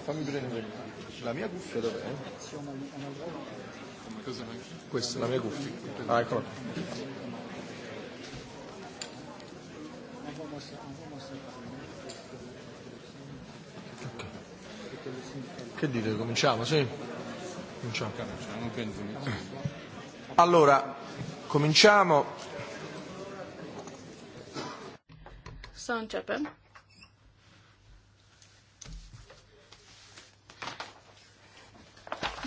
fammi prendere la mia cuffia dov'è? Questa è la mia cuffia. Ah, eccola Che dite, cominciamo, sì? Cominciamo. Allora, cominciamo. Să începem.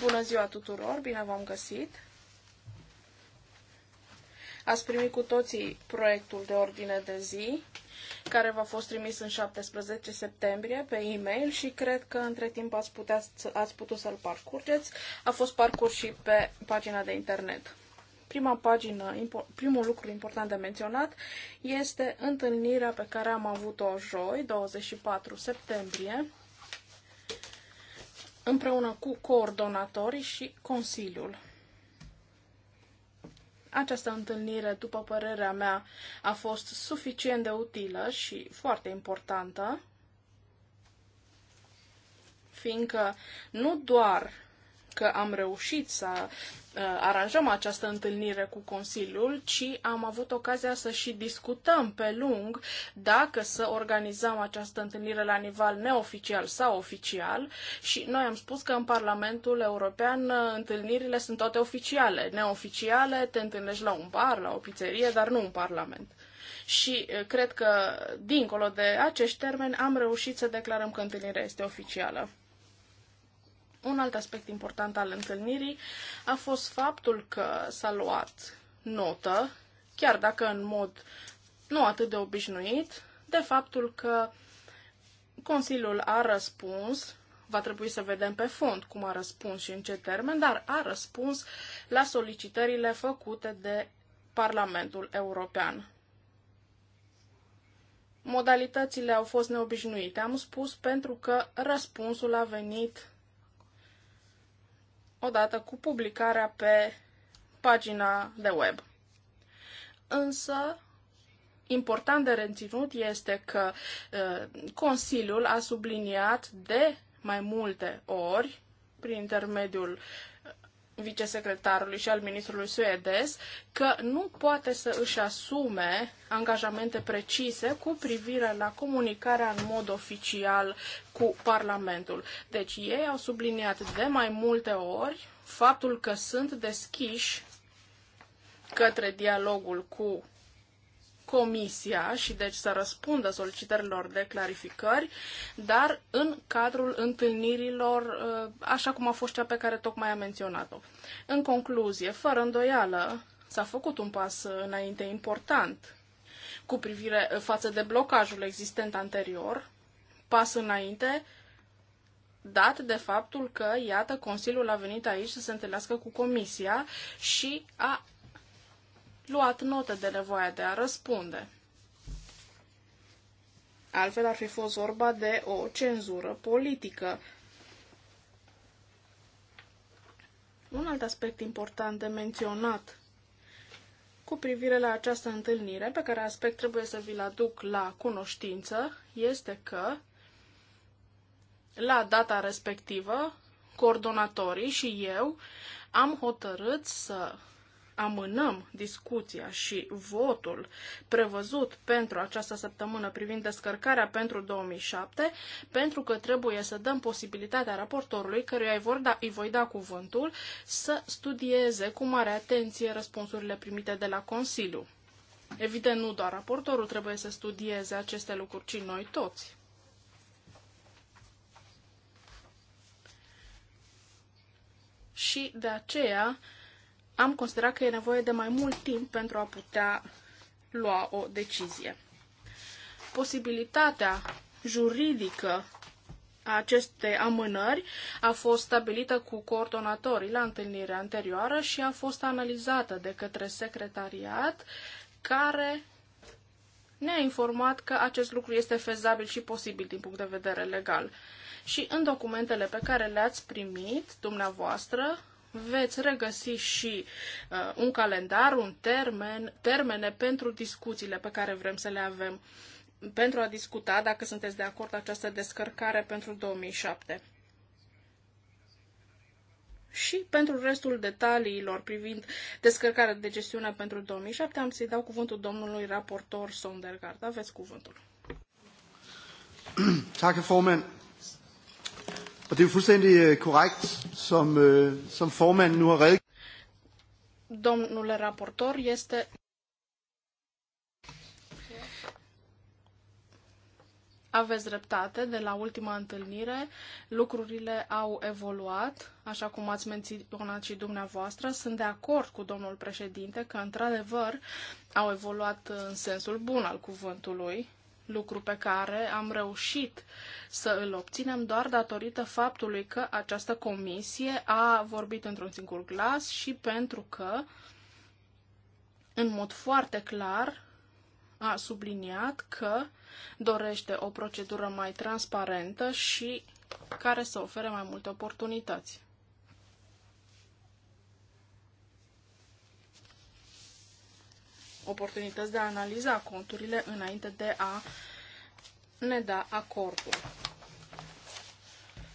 Bună ziua tuturor, bine v-am găsit! Ați primit cu toții proiectul de ordine de zi, care v-a fost trimis în 17 septembrie pe e-mail și cred că între timp ați, putea, ați putut să-l parcurgeți. A fost parcurs și pe pagina de internet. Prima pagină, primul lucru important de menționat este întâlnirea pe care am avut-o joi, 24 septembrie, împreună cu coordonatorii și Consiliul. Această întâlnire, după părerea mea, a fost suficient de utilă și foarte importantă, fiindcă nu doar că am reușit să uh, aranjăm această întâlnire cu Consiliul, ci am avut ocazia să și discutăm pe lung dacă să organizăm această întâlnire la nivel neoficial sau oficial și noi am spus că în Parlamentul European uh, întâlnirile sunt toate oficiale. Neoficiale te întâlnești la un bar, la o pizzerie, dar nu în Parlament. Și uh, cred că, dincolo de acești termeni, am reușit să declarăm că întâlnirea este oficială. Un alt aspect important al întâlnirii a fost faptul că s-a luat notă, chiar dacă în mod nu atât de obișnuit, de faptul că Consiliul a răspuns, va trebui să vedem pe fond cum a răspuns și în ce termen, dar a răspuns la solicitările făcute de Parlamentul European. Modalitățile au fost neobișnuite, am spus, pentru că răspunsul a venit odată cu publicarea pe pagina de web. Însă, important de reținut este că uh, Consiliul a subliniat de mai multe ori, prin intermediul vicesecretarului și al ministrului suedez că nu poate să își asume angajamente precise cu privire la comunicarea în mod oficial cu Parlamentul. Deci ei au subliniat de mai multe ori faptul că sunt deschiși către dialogul cu comisia și deci să răspundă solicitărilor de clarificări, dar în cadrul întâlnirilor, uh, așa cum a fost cea pe care tocmai am menționat-o. În concluzie, fără îndoială, s-a făcut un pas înainte important cu privire uh, față de blocajul existent anterior, pas înainte dat de faptul că, iată, Consiliul a venit aici să se întâlnească cu Comisia și a luat notă de nevoia de a răspunde. Altfel ar fi fost vorba de o cenzură politică. Un alt aspect important de menționat cu privire la această întâlnire, pe care aspect trebuie să vi-l aduc la cunoștință, este că la data respectivă, coordonatorii și eu am hotărât să amânăm discuția și votul prevăzut pentru această săptămână privind descărcarea pentru 2007, pentru că trebuie să dăm posibilitatea raportorului, căruia îi, vor da, îi voi da cuvântul, să studieze cu mare atenție răspunsurile primite de la Consiliu. Evident, nu doar raportorul trebuie să studieze aceste lucruri, ci noi toți. Și de aceea am considerat că e nevoie de mai mult timp pentru a putea lua o decizie. Posibilitatea juridică a acestei amânări a fost stabilită cu coordonatorii la întâlnirea anterioară și a fost analizată de către secretariat, care ne-a informat că acest lucru este fezabil și posibil din punct de vedere legal. Și în documentele pe care le-ați primit dumneavoastră veți regăsi și uh, un calendar, un termen, termene pentru discuțiile pe care vrem să le avem pentru a discuta, dacă sunteți de acord, această descărcare pentru 2007. Și pentru restul detaliilor privind descărcarea de gestiune pentru 2007, am să-i dau cuvântul domnului raportor Sondergaard. Aveți cuvântul. Tack, Og det er jo fuldstændig øh, korrekt, som, øh, som formanden nu har redegjort. Domnule raportor, este aveți dreptate, de la ultima întâlnire lucrurile au evoluat, așa cum ați menționat și dumneavoastră. Sunt de acord cu domnul președinte că, într-adevăr, au evoluat în sensul bun al cuvântului lucru pe care am reușit să îl obținem doar datorită faptului că această comisie a vorbit într-un singur glas și pentru că, în mod foarte clar, a subliniat că dorește o procedură mai transparentă și care să ofere mai multe oportunități. oportunități de a analiza conturile înainte de a ne da acordul.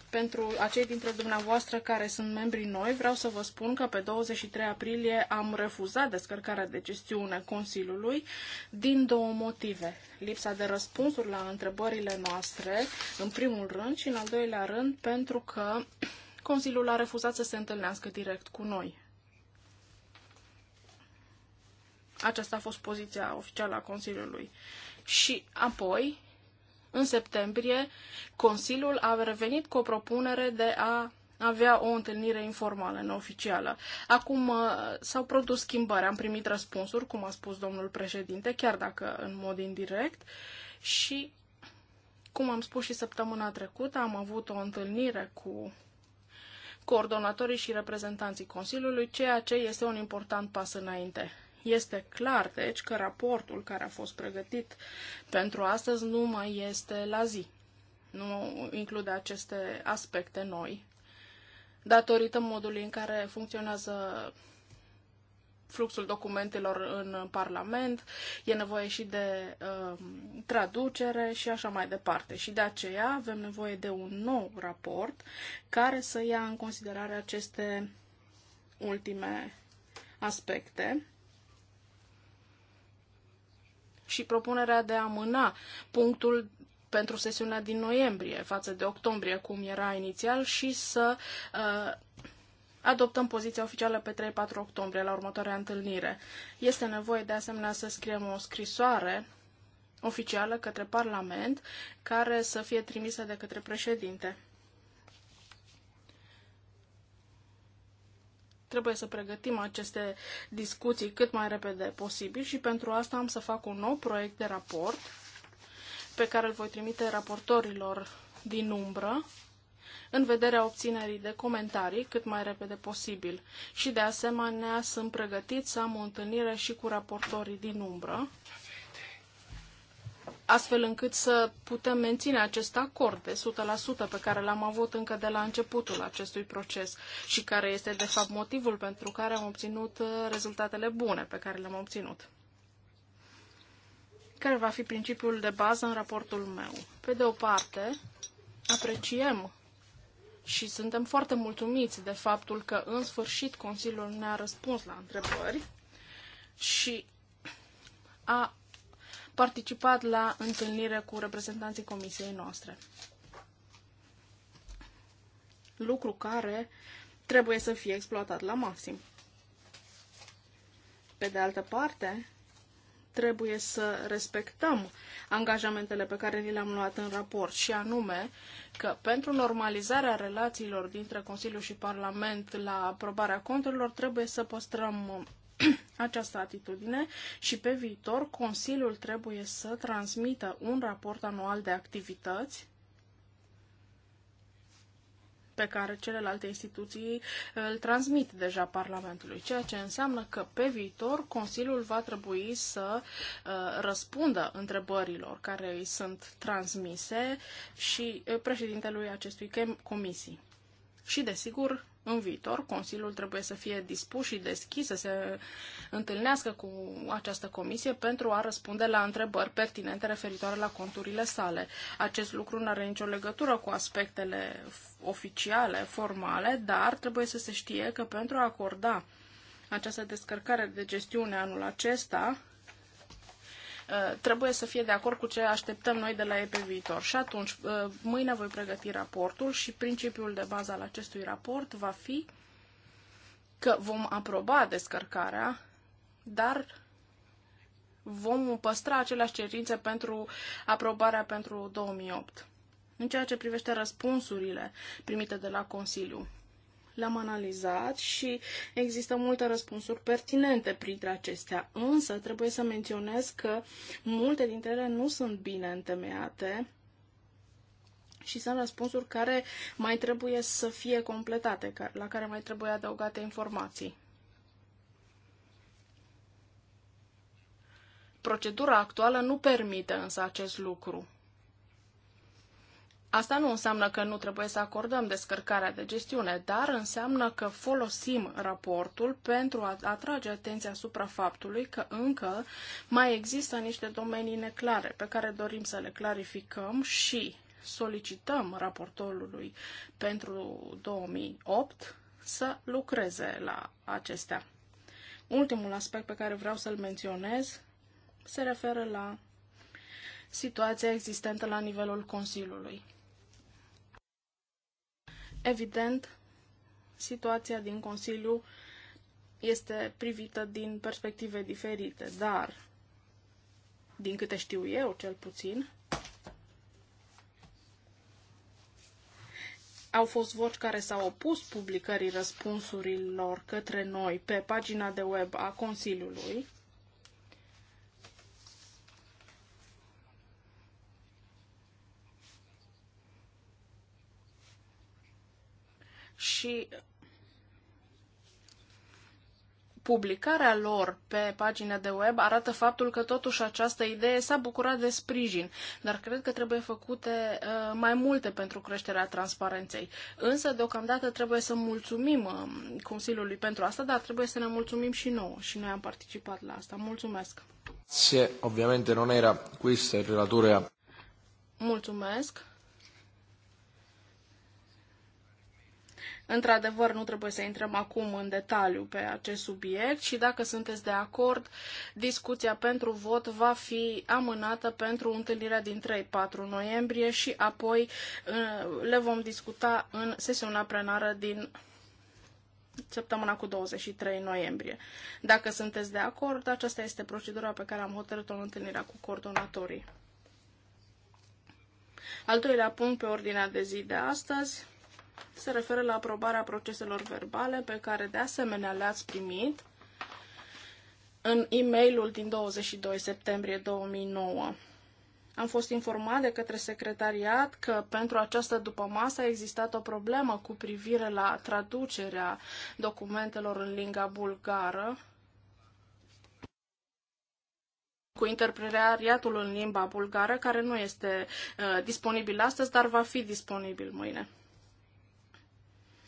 Pentru acei dintre dumneavoastră care sunt membri noi, vreau să vă spun că pe 23 aprilie am refuzat descărcarea de gestiune Consiliului din două motive. Lipsa de răspunsuri la întrebările noastre, în primul rând, și în al doilea rând, pentru că Consiliul a refuzat să se întâlnească direct cu noi. Aceasta a fost poziția oficială a Consiliului. Și apoi, în septembrie, Consiliul a revenit cu o propunere de a avea o întâlnire informală, neoficială. Acum uh, s-au produs schimbări, am primit răspunsuri, cum a spus domnul președinte, chiar dacă în mod indirect, și, cum am spus și săptămâna trecută, am avut o întâlnire cu coordonatorii și reprezentanții Consiliului, ceea ce este un important pas înainte. Este clar, deci, că raportul care a fost pregătit pentru astăzi nu mai este la zi. Nu include aceste aspecte noi, datorită modului în care funcționează fluxul documentelor în Parlament, e nevoie și de uh, traducere și așa mai departe. Și de aceea avem nevoie de un nou raport care să ia în considerare aceste ultime aspecte și propunerea de a amâna punctul pentru sesiunea din noiembrie față de octombrie, cum era inițial, și să uh, adoptăm poziția oficială pe 3-4 octombrie, la următoarea întâlnire. Este nevoie de asemenea să scriem o scrisoare oficială către Parlament, care să fie trimisă de către președinte. Trebuie să pregătim aceste discuții cât mai repede posibil și pentru asta am să fac un nou proiect de raport pe care îl voi trimite raportorilor din umbră în vederea obținerii de comentarii cât mai repede posibil. Și de asemenea sunt pregătit să am o întâlnire și cu raportorii din umbră astfel încât să putem menține acest acord de 100% pe care l-am avut încă de la începutul acestui proces și care este de fapt motivul pentru care am obținut uh, rezultatele bune pe care le-am obținut. Care va fi principiul de bază în raportul meu? Pe de o parte, apreciem și suntem foarte mulțumiți de faptul că în sfârșit Consiliul ne-a răspuns la întrebări și a participat la întâlnire cu reprezentanții comisiei noastre. Lucru care trebuie să fie exploatat la maxim. Pe de altă parte, trebuie să respectăm angajamentele pe care ni le-am luat în raport și anume că pentru normalizarea relațiilor dintre Consiliu și Parlament la aprobarea conturilor trebuie să păstrăm această atitudine și pe viitor Consiliul trebuie să transmită un raport anual de activități pe care celelalte instituții uh, îl transmit deja Parlamentului, ceea ce înseamnă că pe viitor Consiliul va trebui să uh, răspundă întrebărilor care îi sunt transmise și uh, președintelui acestui comisii. Și, desigur, în viitor, Consiliul trebuie să fie dispus și deschis să se întâlnească cu această comisie pentru a răspunde la întrebări pertinente referitoare la conturile sale. Acest lucru nu are nicio legătură cu aspectele oficiale, formale, dar trebuie să se știe că pentru a acorda această descărcare de gestiune anul acesta, Uh, trebuie să fie de acord cu ce așteptăm noi de la ei pe viitor. Și atunci, uh, mâine voi pregăti raportul și principiul de bază al acestui raport va fi că vom aproba descărcarea, dar vom păstra aceleași cerințe pentru aprobarea pentru 2008. În ceea ce privește răspunsurile primite de la Consiliu, le-am analizat și există multe răspunsuri pertinente printre acestea, însă trebuie să menționez că multe dintre ele nu sunt bine întemeiate și sunt răspunsuri care mai trebuie să fie completate, la care mai trebuie adăugate informații. Procedura actuală nu permite însă acest lucru. Asta nu înseamnă că nu trebuie să acordăm descărcarea de gestiune, dar înseamnă că folosim raportul pentru a atrage atenția asupra faptului că încă mai există niște domenii neclare pe care dorim să le clarificăm și solicităm raportorului pentru 2008 să lucreze la acestea. Ultimul aspect pe care vreau să-l menționez se referă la situația existentă la nivelul Consiliului. Evident, situația din Consiliu este privită din perspective diferite, dar, din câte știu eu, cel puțin, au fost voci care s-au opus publicării răspunsurilor către noi pe pagina de web a Consiliului și publicarea lor pe pagina de web arată faptul că totuși această idee s-a bucurat de sprijin, dar cred că trebuie făcute uh, mai multe pentru creșterea transparenței. Însă, deocamdată, trebuie să mulțumim uh, Consiliului pentru asta, dar trebuie să ne mulțumim și nouă și noi am participat la asta. Mulțumesc! Se, ovviamente, non era questo il relatore. Mulțumesc! Într-adevăr, nu trebuie să intrăm acum în detaliu pe acest subiect și dacă sunteți de acord, discuția pentru vot va fi amânată pentru întâlnirea din 3-4 noiembrie și apoi uh, le vom discuta în sesiunea plenară din săptămâna cu 23 noiembrie. Dacă sunteți de acord, aceasta este procedura pe care am hotărât-o în întâlnirea cu coordonatorii. Al doilea punct pe ordinea de zi de astăzi se referă la aprobarea proceselor verbale pe care de asemenea le-ați primit în e din 22 septembrie 2009. Am fost informat de către secretariat că pentru această dupămasă a existat o problemă cu privire la traducerea documentelor în limba bulgară, cu interpretariatul în limba bulgară, care nu este uh, disponibil astăzi, dar va fi disponibil mâine.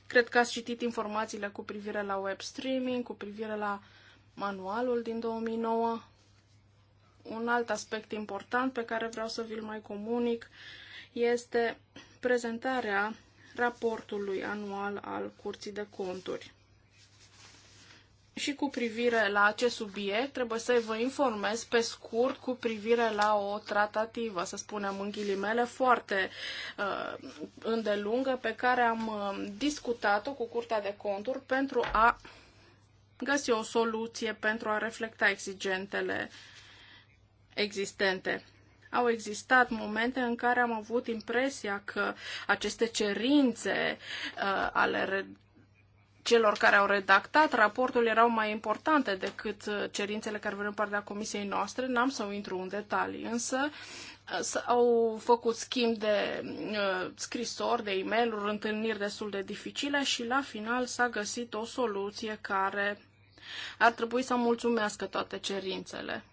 Cred că ați citit informațiile cu privire la web streaming, cu privire la manualul din 2009. Un alt aspect important pe care vreau să vi-l mai comunic este prezentarea raportului anual al Curții de Conturi și cu privire la acest subiect, trebuie să vă informez pe scurt cu privire la o tratativă, să spunem în ghilimele, foarte uh, îndelungă, pe care am uh, discutat-o cu Curtea de Conturi pentru a găsi o soluție pentru a reflecta exigentele existente. Au existat momente în care am avut impresia că aceste cerințe uh, ale celor care au redactat raportul erau mai importante decât uh, cerințele care veneau partea comisiei noastre. N-am să intru în detalii, însă uh, au făcut schimb de uh, scrisori, de e-mail-uri, întâlniri destul de dificile și la final s-a găsit o soluție care ar trebui să mulțumească toate cerințele.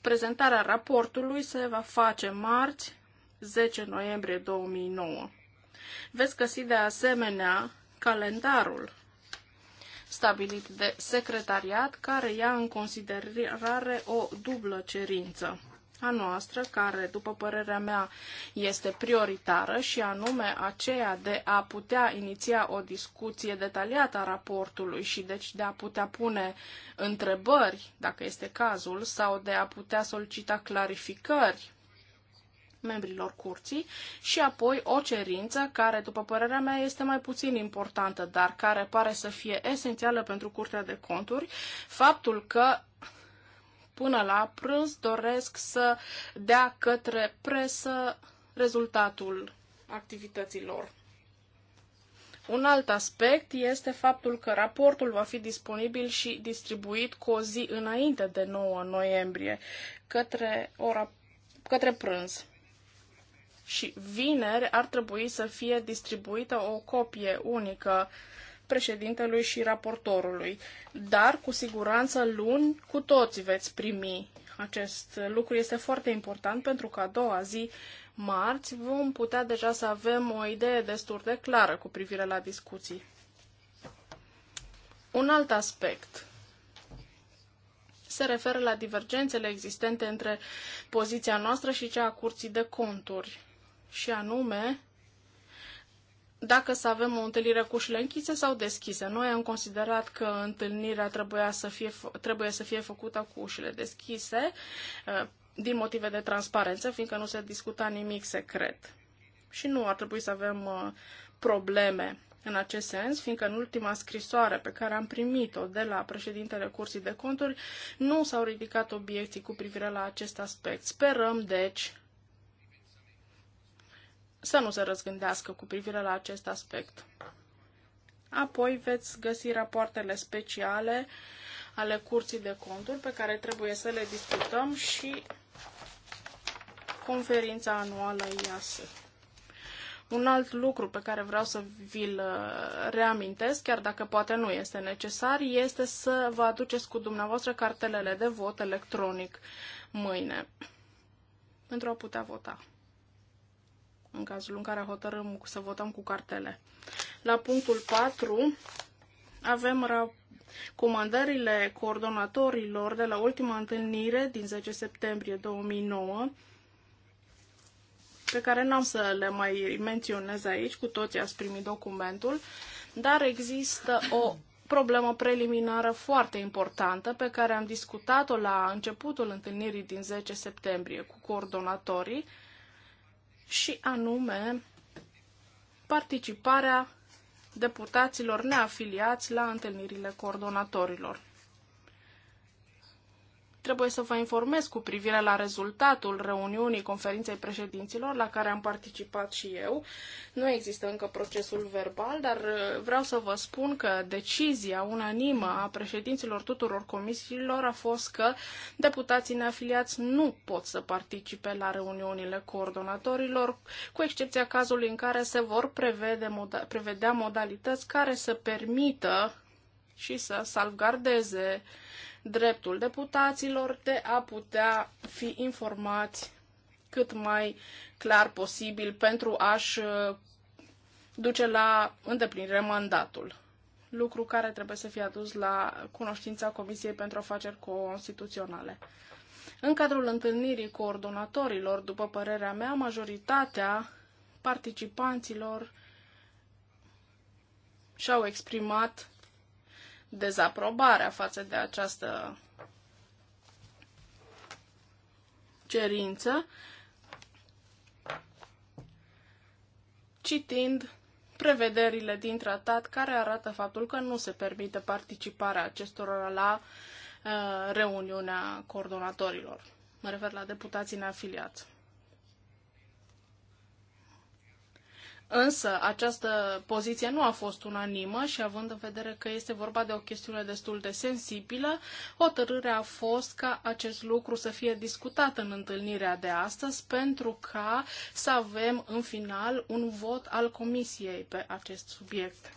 Prezentarea raportului se va face marți, 10 noiembrie 2009. Veți găsi de asemenea calendarul stabilit de secretariat, care ia în considerare o dublă cerință a noastră, care, după părerea mea, este prioritară și anume aceea de a putea iniția o discuție detaliată a raportului și deci de a putea pune întrebări, dacă este cazul, sau de a putea solicita clarificări membrilor curții și apoi o cerință care, după părerea mea, este mai puțin importantă, dar care pare să fie esențială pentru Curtea de Conturi, faptul că până la prânz doresc să dea către presă rezultatul activităților. Un alt aspect este faptul că raportul va fi disponibil și distribuit cu o zi înainte de 9 noiembrie către, ora, către prânz și vineri ar trebui să fie distribuită o copie unică președintelui și raportorului. Dar, cu siguranță, luni cu toți veți primi acest lucru. Este foarte important pentru că a doua zi, marți, vom putea deja să avem o idee destul de clară cu privire la discuții. Un alt aspect se referă la divergențele existente între poziția noastră și cea a curții de conturi și anume dacă să avem o întâlnire cu ușile închise sau deschise. Noi am considerat că întâlnirea trebuia să fie, trebuie să fie făcută cu ușile deschise uh, din motive de transparență, fiindcă nu se discuta nimic secret. Și nu ar trebui să avem uh, probleme în acest sens, fiindcă în ultima scrisoare pe care am primit-o de la președintele Cursii de Conturi, nu s-au ridicat obiecții cu privire la acest aspect. Sperăm, deci, să nu se răzgândească cu privire la acest aspect. Apoi veți găsi rapoartele speciale ale curții de conturi pe care trebuie să le discutăm și conferința anuală IAS. Un alt lucru pe care vreau să vi-l uh, reamintesc, chiar dacă poate nu este necesar, este să vă aduceți cu dumneavoastră cartelele de vot electronic mâine pentru a putea vota în cazul în care hotărâm să votăm cu cartele. La punctul 4 avem comandările coordonatorilor de la ultima întâlnire din 10 septembrie 2009, pe care n-am să le mai menționez aici, cu toții ați primit documentul, dar există o problemă preliminară foarte importantă pe care am discutat-o la începutul întâlnirii din 10 septembrie cu coordonatorii, și anume participarea deputaților neafiliați la întâlnirile coordonatorilor trebuie să vă informez cu privire la rezultatul reuniunii conferinței președinților la care am participat și eu. Nu există încă procesul verbal, dar uh, vreau să vă spun că decizia unanimă a președinților tuturor comisiilor a fost că deputații neafiliați nu pot să participe la reuniunile coordonatorilor, cu excepția cazului în care se vor prevede, prevedea modalități care să permită și să salvgardeze dreptul deputaților de a putea fi informați cât mai clar posibil pentru a-și uh, duce la îndeplinire mandatul. Lucru care trebuie să fie adus la cunoștința Comisiei pentru Afaceri Constituționale. În cadrul întâlnirii coordonatorilor, după părerea mea, majoritatea participanților și-au exprimat dezaprobarea față de această cerință, citind prevederile din tratat care arată faptul că nu se permite participarea acestora la uh, reuniunea coordonatorilor. Mă refer la deputații neafiliați. Însă, această poziție nu a fost unanimă și având în vedere că este vorba de o chestiune destul de sensibilă, hotărârea a fost ca acest lucru să fie discutat în întâlnirea de astăzi pentru ca să avem în final un vot al Comisiei pe acest subiect.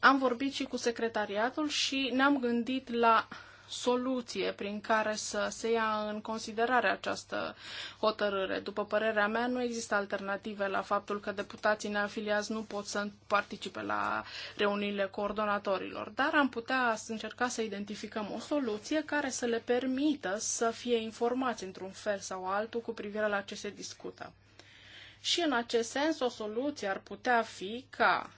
Am vorbit și cu secretariatul și ne-am gândit la soluție prin care să se ia în considerare această hotărâre. După părerea mea, nu există alternative la faptul că deputații neafiliați nu pot să participe la reuniile coordonatorilor, dar am putea încerca să identificăm o soluție care să le permită să fie informați într-un fel sau altul cu privire la ce se discută. Și în acest sens, o soluție ar putea fi ca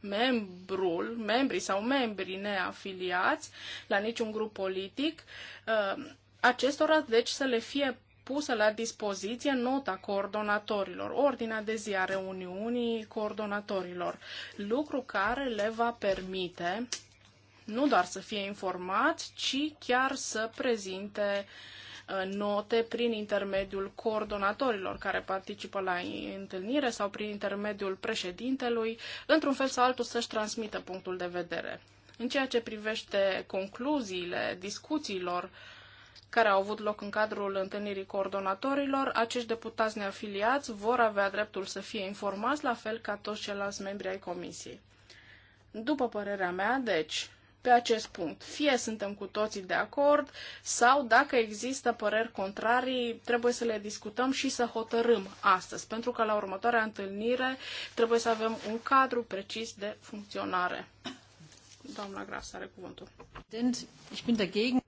membrul, membrii sau membrii neafiliați la niciun grup politic, uh, acestora deci să le fie pusă la dispoziție nota coordonatorilor, ordinea de zi a reuniunii coordonatorilor, lucru care le va permite nu doar să fie informat, ci chiar să prezinte uh, Uh, note prin intermediul coordonatorilor care participă la întâlnire sau prin intermediul președintelui, într-un fel sau altul să-și transmită punctul de vedere. În ceea ce privește concluziile discuțiilor care au avut loc în cadrul întâlnirii coordonatorilor, acești deputați neafiliați vor avea dreptul să fie informați, la fel ca toți ceilalți membri ai comisiei. După părerea mea, deci, pe acest punct. Fie suntem cu toții de acord sau dacă există păreri contrarii, trebuie să le discutăm și să hotărâm astăzi, pentru că la următoarea întâlnire trebuie să avem un cadru precis de funcționare. Doamna Gras are cuvântul. Ich bin dagegen.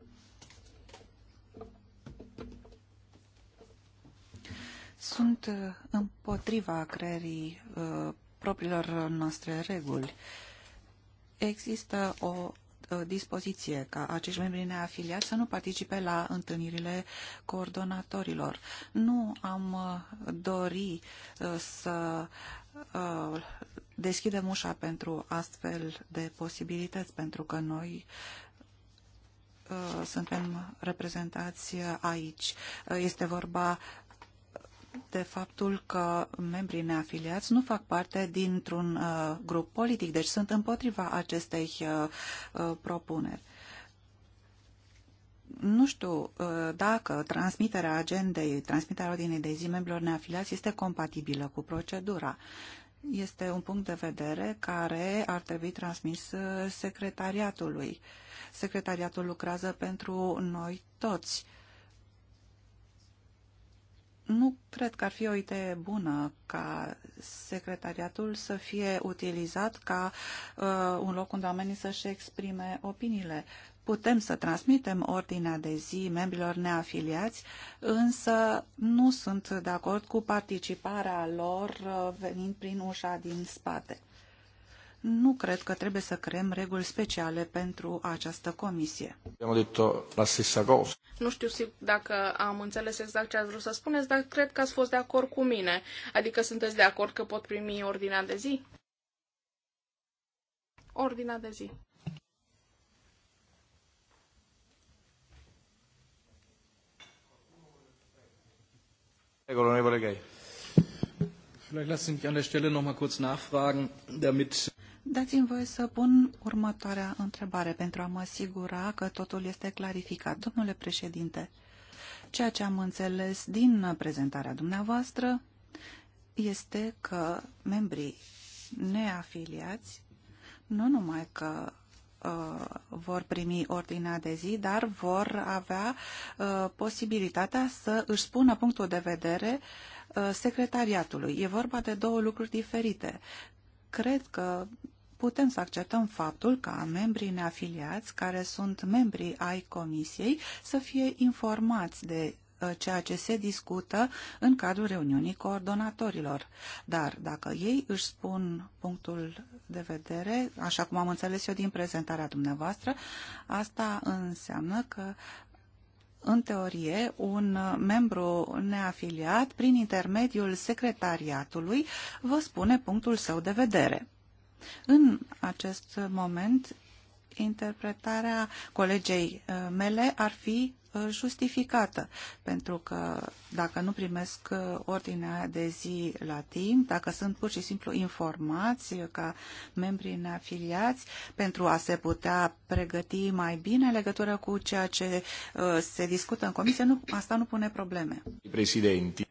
Sunt uh, împotriva creării uh, propriilor noastre reguli. Există o Uh, dispoziție ca acești membri neafiliați să nu participe la întâlnirile coordonatorilor. Nu am uh, dori uh, să deschidem ușa pentru astfel de posibilități, pentru că noi suntem reprezentați aici. Este vorba de faptul că membrii neafiliați nu fac parte dintr-un uh, grup politic, deci sunt împotriva acestei uh, uh, propuneri. Nu știu uh, dacă transmiterea agendei, transmiterea ordinei de zi membrilor neafiliați este compatibilă cu procedura. Este un punct de vedere care ar trebui transmis uh, secretariatului. Secretariatul lucrează pentru noi toți. Uh, nu cred că ar fi o idee bună ca secretariatul să fie utilizat ca uh, un loc unde oamenii să-și exprime opiniile. Putem să transmitem ordinea de zi membrilor neafiliați, însă nu sunt de acord cu participarea lor uh, venind prin ușa din spate nu cred că trebuie să creăm reguli speciale pentru această comisie. Am la Nu știu dacă am înțeles exact ce ați vrut să spuneți, dar cred că ați fost de acord cu mine. Adică sunteți de acord că pot primi ordinea de zi? Ordinea de zi. Vielleicht lassen Sie mich an der Stelle noch mal kurz nachfragen, damit Dați-mi voie să pun următoarea întrebare pentru a mă asigura că totul este clarificat. Domnule președinte, ceea ce am înțeles din prezentarea dumneavoastră este că membrii neafiliați nu numai că uh, vor primi ordinea de zi, dar vor avea uh, posibilitatea să își spună punctul de vedere uh, secretariatului. E vorba de două lucruri diferite cred că putem să acceptăm faptul ca membrii neafiliați, care sunt membri ai comisiei, să fie informați de uh, ceea ce se discută în cadrul reuniunii coordonatorilor. Dar dacă ei își spun punctul de vedere, așa cum am înțeles eu din prezentarea dumneavoastră, asta înseamnă că în teorie, un membru neafiliat, prin intermediul secretariatului, vă spune punctul său de vedere. În acest moment, interpretarea colegei eh, mele ar fi Uh, justificată, pentru că dacă nu primesc uh, ordinea de zi la timp, dacă sunt pur și simplu informați uh, ca membrii neafiliați pentru a se putea pregăti mai bine în legătură cu ceea ce se discută în comisie, nu, asta nu pune probleme. Președinti.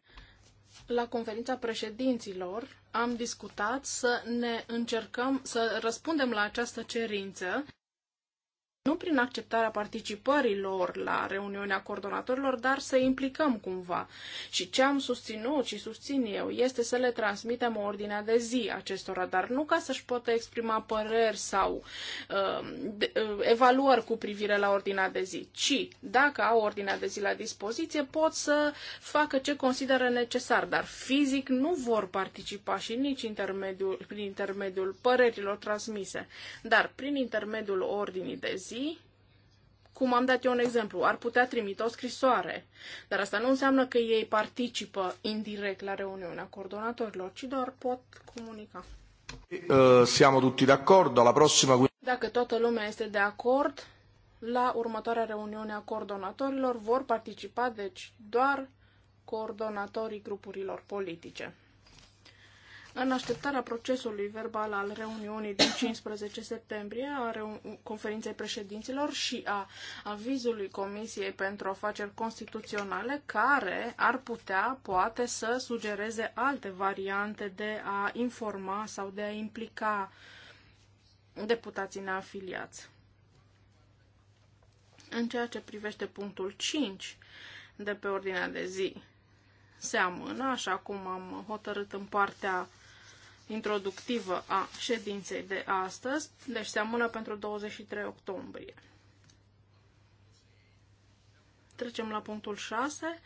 La conferința președinților am discutat să ne încercăm să răspundem la această cerință nu prin acceptarea participării lor la reuniunea coordonatorilor, dar să implicăm cumva. Și ce am susținut și susțin eu este să le transmitem o ordine de zi acestora, dar nu ca să-și poată exprima păreri sau uh, de, uh, evaluări cu privire la ordinea de zi, ci dacă au ordinea de zi la dispoziție, pot să facă ce consideră necesar, dar fizic nu vor participa și nici intermediul, prin intermediul părerilor transmise, dar prin intermediul ordinii de zi alții, cum am dat eu un exemplu, ar putea trimite o scrisoare. Dar asta nu înseamnă că ei participă indirect la reuniunea coordonatorilor, ci doar pot comunica. Uh, siamo tutti d'accordo, la prossima... Dacă toată lumea este de acord, la următoarea reuniune a coordonatorilor vor participa, deci, doar coordonatorii grupurilor politice. În așteptarea procesului verbal al reuniunii din 15 septembrie, a conferinței președinților și a avizului Comisiei pentru Afaceri Constituționale, care ar putea, poate, să sugereze alte variante de a informa sau de a implica deputații neafiliați. În ceea ce privește punctul 5 de pe ordinea de zi, se amână, așa cum am hotărât în partea introductivă a ședinței de astăzi, deci se amână pentru 23 octombrie. Trecem la punctul 6,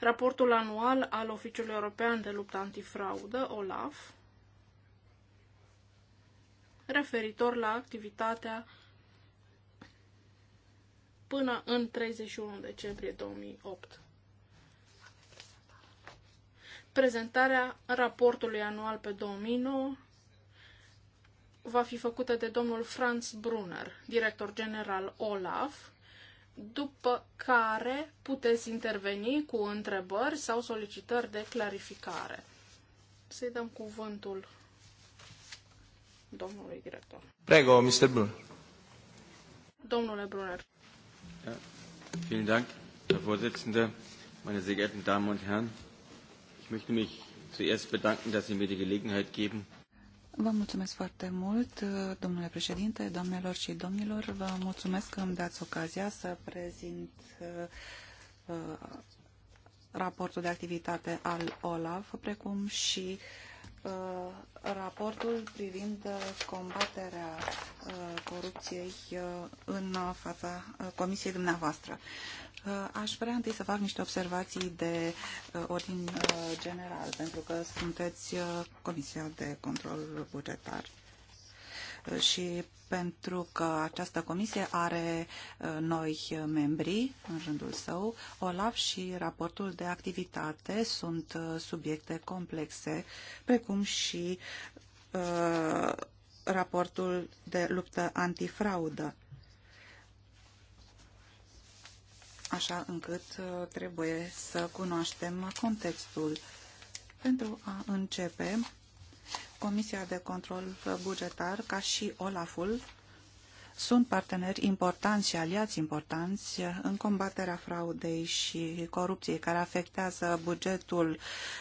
raportul anual al Oficiului European de Luptă Antifraudă, OLAF, referitor la activitatea până în 31 decembrie 2008. Prezentarea raportului anual pe 2009 va fi făcută de domnul Franz Brunner, director general OLAF, după care puteți interveni cu întrebări sau solicitări de clarificare. Să-i dăm cuvântul domnului director. Prego, Mr. Brunner. Domnule Brunner. Ja. Vielen Dank, Herr Vorsitzender, meine sehr geehrten Damen und Herren möchte mich zuerst bedanken, dass Sie mir die Gelegenheit geben. Vă mulțumesc foarte mult, domnule președinte, doamnelor și domnilor. Vă mulțumesc că îmi dați ocazia să prezint uh, raportul de activitate al OLAF, precum și uh, Uh, raportul privind uh, combaterea uh, corupției în fața comisiei dumneavoastră. Aș vrea întâi să fac niște observații de ordin general, pentru că sunteți Comisia de Control Bugetar și pentru că această comisie are uh, noi membri în rândul său, OLAF și raportul de activitate sunt uh, subiecte complexe, precum și uh, raportul de luptă antifraudă. Așa încât uh, trebuie să cunoaștem contextul. Pentru a începe, Comisia de Control Bugetar, ca și OLAF-ul, sunt parteneri importanți și aliați importanți în combaterea fraudei și corupției care afectează bugetul.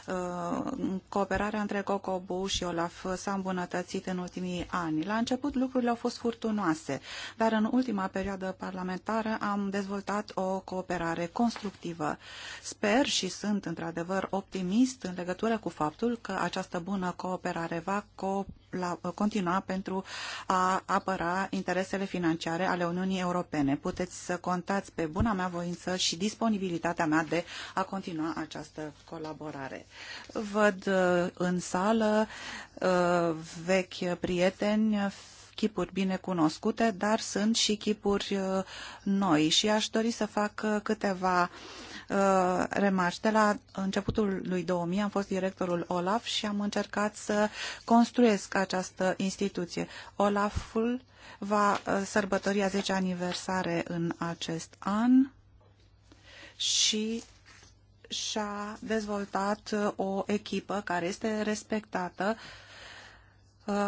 Uh, cooperarea între COCOBU și OLAF s-a îmbunătățit în ultimii ani. La început lucrurile au fost furtunoase, dar în ultima perioadă parlamentară am dezvoltat o cooperare constructivă. Sper și sunt într-adevăr optimist în legătură cu faptul că această bună cooperare va co la, uh, continua pentru a apăra interesele financiare ale Uniunii Europene. Puteți să contați pe buna mea voință și disponibilitatea mea de a continua această colaborare. Văd uh, în sală uh, vechi prieteni, chipuri bine cunoscute, dar sunt și chipuri noi și aș dori să fac câteva uh, Uh, remarci. De la începutul lui 2000 am fost directorul OLAF și am încercat să construiesc această instituție. OLAF-ul va uh, sărbători a 10 aniversare în acest an și și-a dezvoltat uh, o echipă care este respectată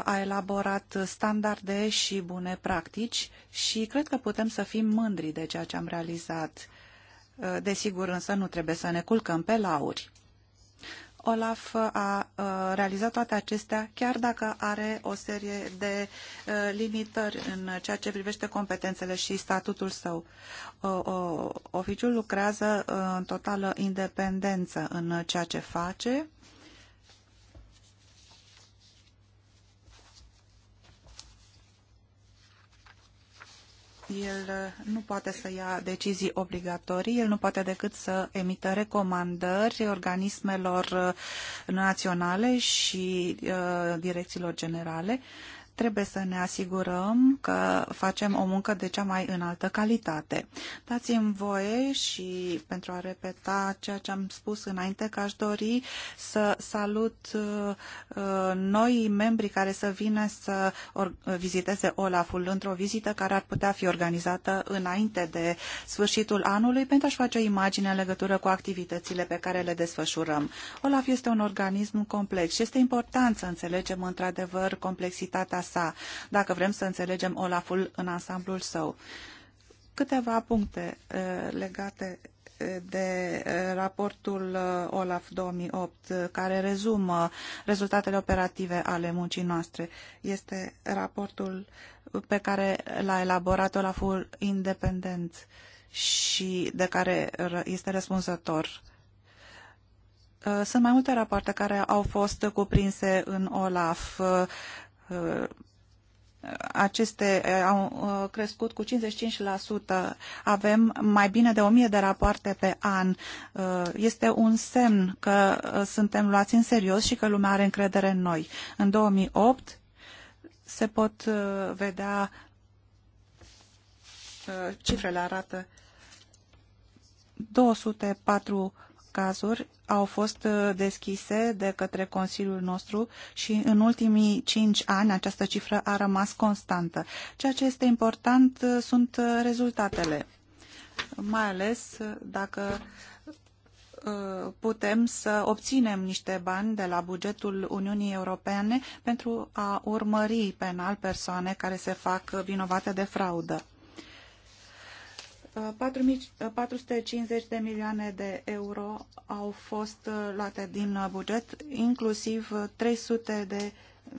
a elaborat standarde și bune practici și cred că putem să fim mândri de ceea ce am realizat. Eh, desigur, însă nu trebuie să ne culcăm pe lauri. Olaf a eh, realizat toate acestea, chiar dacă are o serie de eh, limitări în ceea ce privește competențele și statutul său. Oficiul lucrează în totală independență în ceea ce face el uh, nu poate să ia decizii obligatorii, el nu poate decât să emită recomandări organismelor uh, naționale și uh, direcțiilor generale Trebuie să ne asigurăm că facem o muncă de cea mai înaltă calitate. Dați-mi voie și pentru a repeta ceea ce am spus înainte că aș dori să salut uh, noi membri care să vină să viziteze Olaful într-o vizită care ar putea fi organizată înainte de sfârșitul anului pentru a-și face o imagine în legătură cu activitățile pe care le desfășurăm. Olaf este un organism complex și este important să înțelegem într-adevăr complexitatea sa, dacă vrem să înțelegem Olaful în ansamblul său. Câteva puncte uh, legate uh, de uh, raportul OLAF 2008, care rezumă rezultatele operative ale muncii noastre. Este raportul pe care l-a elaborat olaf independent și de care este răspunzător. Sunt mai multe rapoarte care au fost cuprinse în OLAF Uh, aceste uh, au uh, crescut cu 55%. Avem mai bine de 1000 de rapoarte pe an. Este un semn că suntem luați în serios și că lumea are încredere în noi. În 2008 se pot vedea cifrele arată 204 cazuri au fost uh, deschise de către Consiliul nostru și în ultimii cinci ani această cifră a rămas constantă. Ceea ce este important uh, sunt uh, rezultatele, mai ales dacă putem să obținem niște bani de la bugetul Uniunii Europene pentru a urmări penal persoane care se fac vinovate de fraudă. 450 de milioane de euro au fost uh, luate din uh, buget, inclusiv 300 uh, de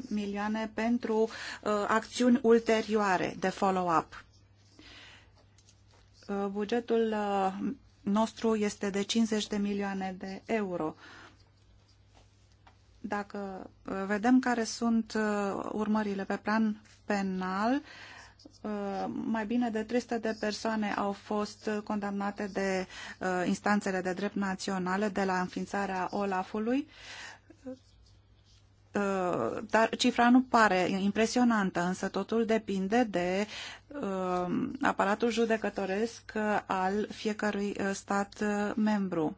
milioane pentru acțiuni ulterioare de follow-up. Bugetul nostru este de 50 de milioane de euro. Dacă vedem care sunt urmările pe plan penal, mai bine de 300 de persoane au fost condamnate de uh, instanțele de drept naționale de la înființarea Olafului, uh, dar cifra nu pare impresionantă, însă totul depinde de uh, aparatul judecătoresc al fiecărui stat membru.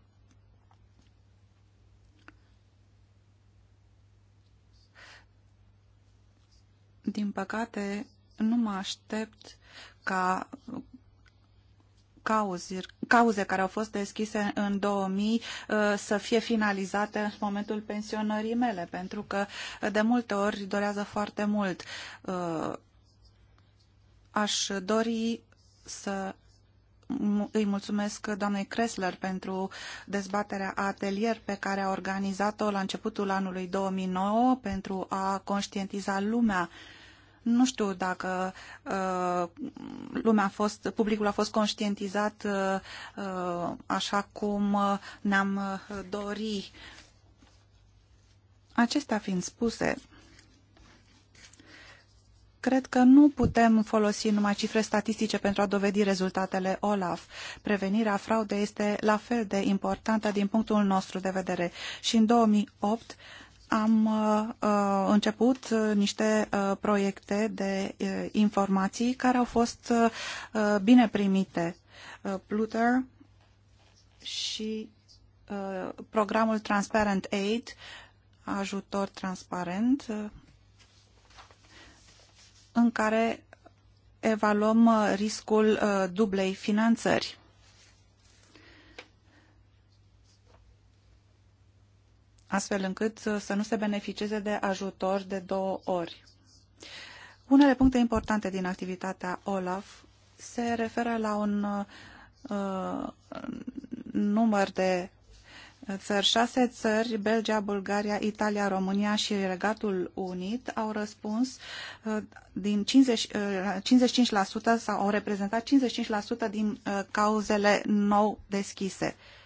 Din păcate, nu mă aștept ca cauze, cauze care au fost deschise în 2000 uh, să fie finalizate în momentul pensionării mele, pentru că de multe ori dorează foarte mult. Uh, aș dori să îi mulțumesc doamnei Kressler pentru dezbaterea atelier pe care a organizat-o la începutul anului 2009 pentru a conștientiza lumea uh, nu știu dacă uh, lumea a fost, publicul a fost conștientizat uh, așa cum uh, ne-am uh, dori. Acestea fiind spuse, cred că nu putem folosi numai cifre statistice pentru a dovedi rezultatele OLAF. Prevenirea fraudei este la fel de importantă din punctul nostru de vedere și în 2008 am uh, uh început uh, niște uh, proiecte de uh, informații care au fost uh, uh, bine primite. Uh, Pluter și uh, programul Transparent Aid, ajutor transparent, uh, în care evaluăm riscul dublei finanțări. astfel încât uh, să nu se beneficieze de ajutor de două ori. Unele puncte importante din activitatea OLAF se referă la un uh, număr de țări. Șase țări, Belgia, Bulgaria, Italia, România și Regatul Unit, au răspuns uh, din 50, uh, 55% sau au reprezentat 55% din uh, cauzele nou deschise. Uh,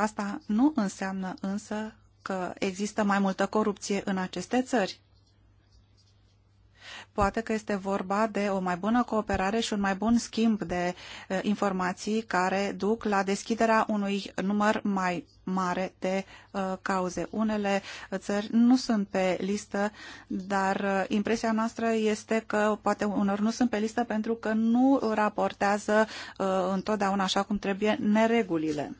Asta nu înseamnă însă că există mai multă corupție în aceste țări. Poate că este vorba de o mai bună cooperare și un mai bun schimb de informații care duc la deschiderea unui număr mai mare de uh, cauze. Unele țări nu sunt pe listă, dar uh, impresia noastră este că poate unor nu sunt pe listă pentru că nu raportează întotdeauna așa cum trebuie neregulile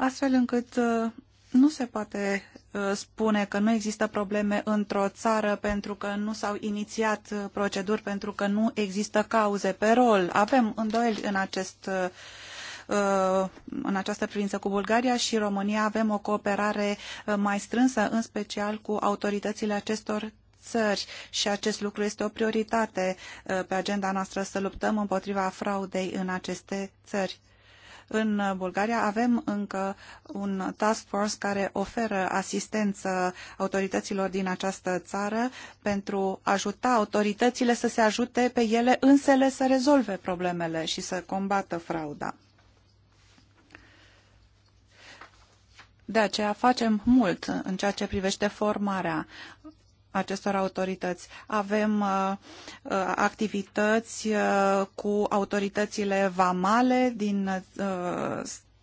astfel încât uh, nu se poate uh, spune că nu există probleme într-o țară pentru că nu s-au inițiat uh, proceduri, pentru că nu există cauze pe rol. Avem îndoieli în acest în această privință cu Bulgaria și România avem o cooperare mai strânsă, în special cu autoritățile acestor țări și acest lucru este o prioritate pe agenda noastră să luptăm împotriva fraudei în aceste țări. În Bulgaria avem încă un task force care oferă asistență autorităților din această țară pentru a ajuta autoritățile să se ajute pe ele însele să rezolve problemele și să combată frauda. De aceea facem mult în ceea ce privește formarea acestor autorități. Avem uh, uh, activități uh, cu autoritățile vamale din uh,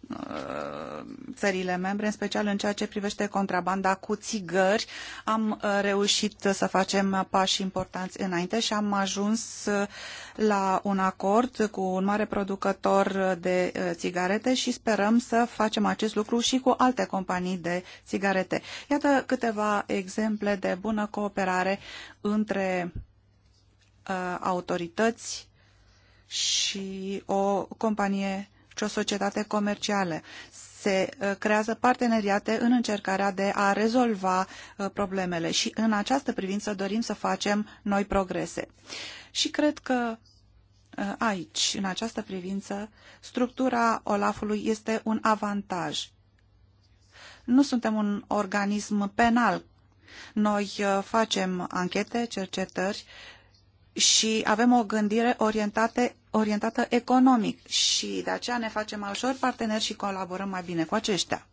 Uh, țările membre, în special în ceea ce privește contrabanda cu țigări. Am uh, reușit să facem pași importanți înainte și am ajuns la un acord cu un mare producător de uh, țigarete și sperăm să facem acest lucru și cu alte companii de țigarete. Iată câteva exemple de bună cooperare între autorități și o companie și o societate comercială. Se uh, creează parteneriate în încercarea de a rezolva uh, problemele și în această privință dorim să facem noi progrese. Și cred că uh, aici, în această privință, structura Olafului este un avantaj. Nu suntem un organism penal. Noi facem anchete, cercetări și avem o gândire orientată orientată economic și de aceea ne facem mai ușor parteneri și colaborăm mai bine cu aceștia.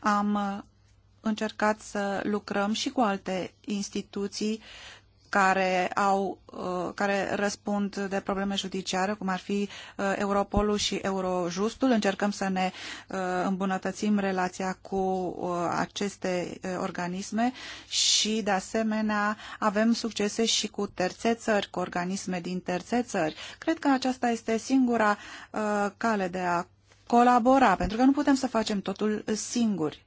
Am uh, încercat să lucrăm și cu alte instituții care, au, uh, care răspund de probleme judiciare, cum ar fi uh, Europolul și Eurojustul. Încercăm să ne uh, îmbunătățim relația cu aceste organisme și, de asemenea, avem succese și cu terțe țări, cu organisme din terțe țări. Cred că aceasta este singura cale de a colabora, pentru că nu putem să facem totul singuri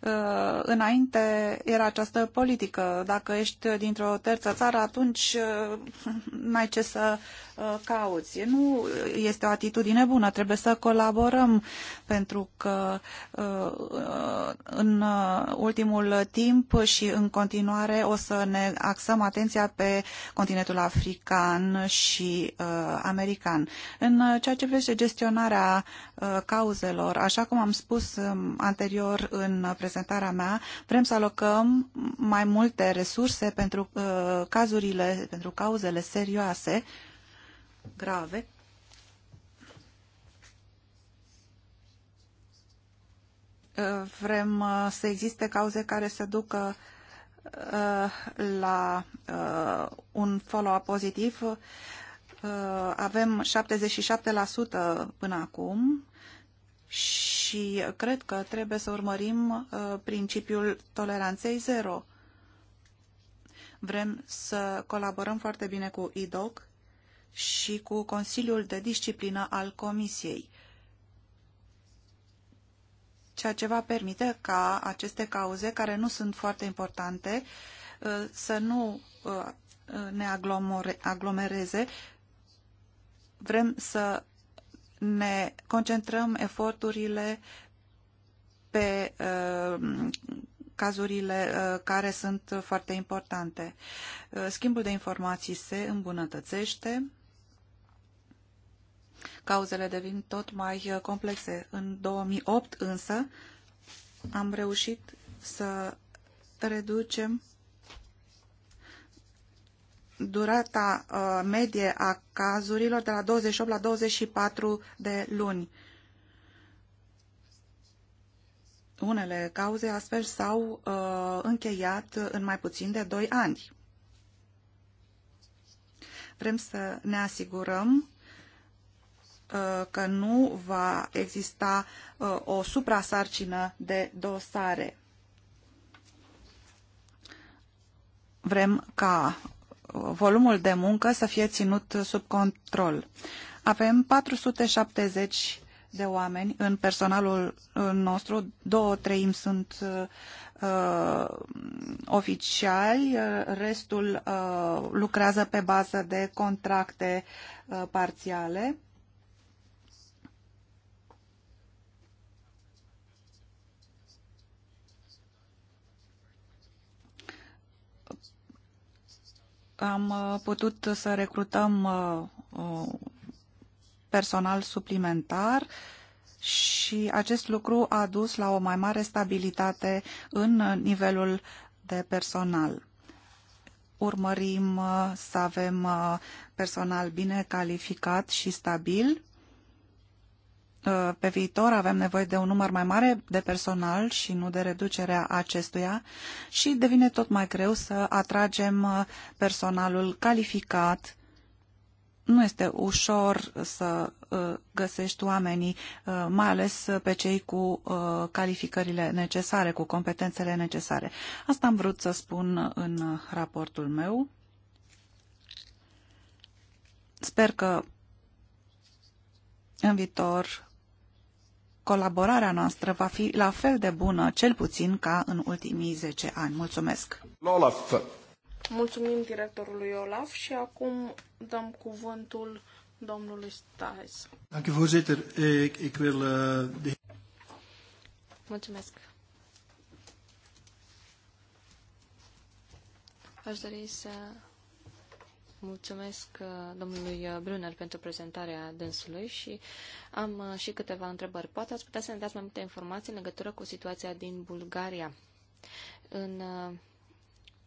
Uh, înainte era această politică. Dacă ești dintr-o terță țară, atunci uh, n-ai ce să uh, cauți. Nu este o atitudine bună, trebuie să colaborăm, pentru că în ultimul timp și în continuare o să ne axăm atenția pe continentul african și american. În ceea ce privește gestionarea cauzelor, așa cum am spus um, anterior în prezentare, prezentarea mea, vrem să alocăm mai multe resurse pentru uh, cazurile, pentru cauzele serioase, grave. Uh, vrem uh, să existe cauze care să ducă uh, la un follow-up pozitiv avem 77% până acum și cred că trebuie să urmărim uh, principiul toleranței zero. Vrem să colaborăm foarte bine cu IDOC și cu Consiliul de Disciplină al Comisiei, ceea ce va permite ca aceste cauze, care nu sunt foarte importante, uh, să nu uh, ne aglomereze. Vrem să ne concentrăm eforturile pe uh, cazurile uh, care sunt foarte importante. Uh, schimbul de informații se îmbunătățește, cauzele devin tot mai uh, complexe. În 2008 însă am reușit să reducem durata uh, medie a cazurilor de la 28 la 24 de luni. Unele cauze astfel s-au uh, încheiat în mai puțin de 2 ani. Vrem să ne asigurăm uh, că nu va exista uh, o suprasarcină de dosare. Vrem ca volumul de muncă să fie ținut sub control. Avem 470 de oameni în personalul nostru, două treimi sunt uh, oficiali, uh, restul uh, lucrează pe bază de contracte uh, parțiale. am uh, putut să recrutăm uh, uh, personal suplimentar și acest lucru a dus la o mai mare stabilitate în nivelul de personal. Urmărim să avem personal bine calificat și stabil Ă, pe viitor avem nevoie de un număr mai mare de personal și nu de reducerea acestuia și devine tot mai greu să atragem ă, personalul calificat. Nu este ușor să ă, găsești oamenii, mai ales pe cei cu calificările necesare, cu competențele necesare. Asta am vrut să spun în raportul meu. Sper că în viitor colaborarea noastră va fi la fel de bună, cel puțin ca în ultimii 10 ani. Mulțumesc! Olaf. Mulțumim directorului Olaf și acum dăm cuvântul domnului Stais. Eh, Mulțumesc! Aș dori să Mulțumesc uh, domnului uh, Brunner pentru prezentarea dânsului și am uh, și câteva întrebări. Poate ați putea să ne dați mai multe informații în legătură cu situația din Bulgaria. În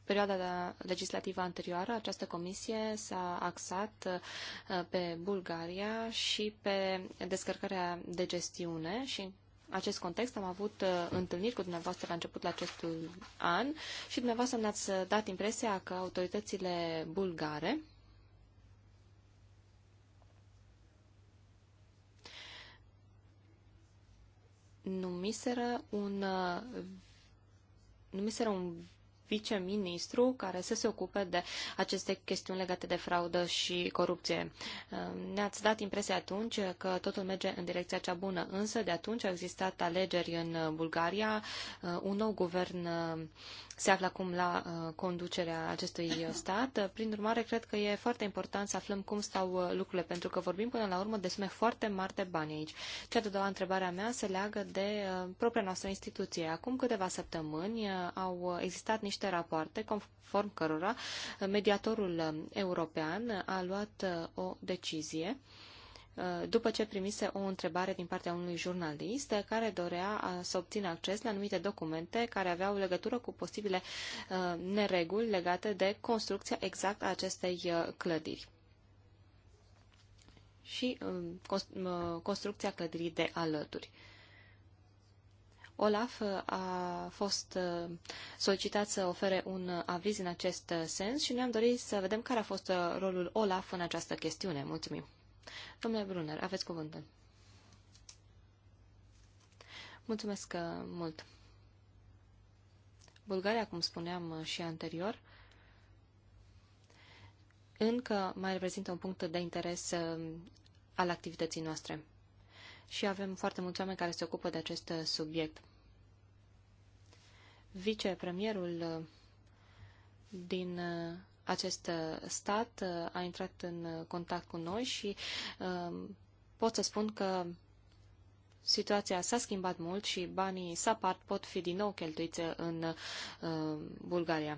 perioada da, legislativă anterioară, această comisie s-a axat pe Bulgaria și pe descărcarea de gestiune și acest context am avut uh, întâlniri cu dumneavoastră la începutul acestui an și dumneavoastră ne-ați uh, dat impresia că autoritățile bulgare numiseră un uh, numiseră un viceministru care să se ocupe de aceste chestiuni legate de fraudă și corupție. Uh, ne-ați dat impresia atunci că totul merge în direcția cea bună, însă de atunci au existat alegeri în Bulgaria, uh, un nou guvern uh, se află acum la uh, conducerea acestui uh, stat. Prin urmare, cred că e foarte important să aflăm cum stau uh, lucrurile, pentru că vorbim până la urmă de sume foarte mari de bani aici. Cea de-a doua întrebare a mea se leagă de propria noastră instituție. Acum câteva săptămâni au existat niște rapoarte conform cărora mediatorul european a luat o decizie Uh, după ce primise o întrebare din partea unui jurnalist care dorea uh, să obțină acces la anumite documente care aveau legătură cu posibile uh, nereguli legate de construcția exactă a acestei clădiri și um, construcția clădirii de alături. Olaf a fost solicitat să ofere un aviz în acest sens și ne am dorit să vedem care a fost rolul Olaf în această chestiune. Mulțumim! Domnule Brunner, aveți cuvântul. Mulțumesc uh, mult. Bulgaria, cum spuneam uh, și anterior, încă mai reprezintă un punct de interes uh, al activității noastre. Și avem foarte mulți oameni care se ocupă de acest subiect. Vicepremierul din acest uh, stat uh, a intrat în contact cu noi și um, pot să spun că situația s-a schimbat mult și banii SAPART pot fi din nou cheltuiți în um, Bulgaria.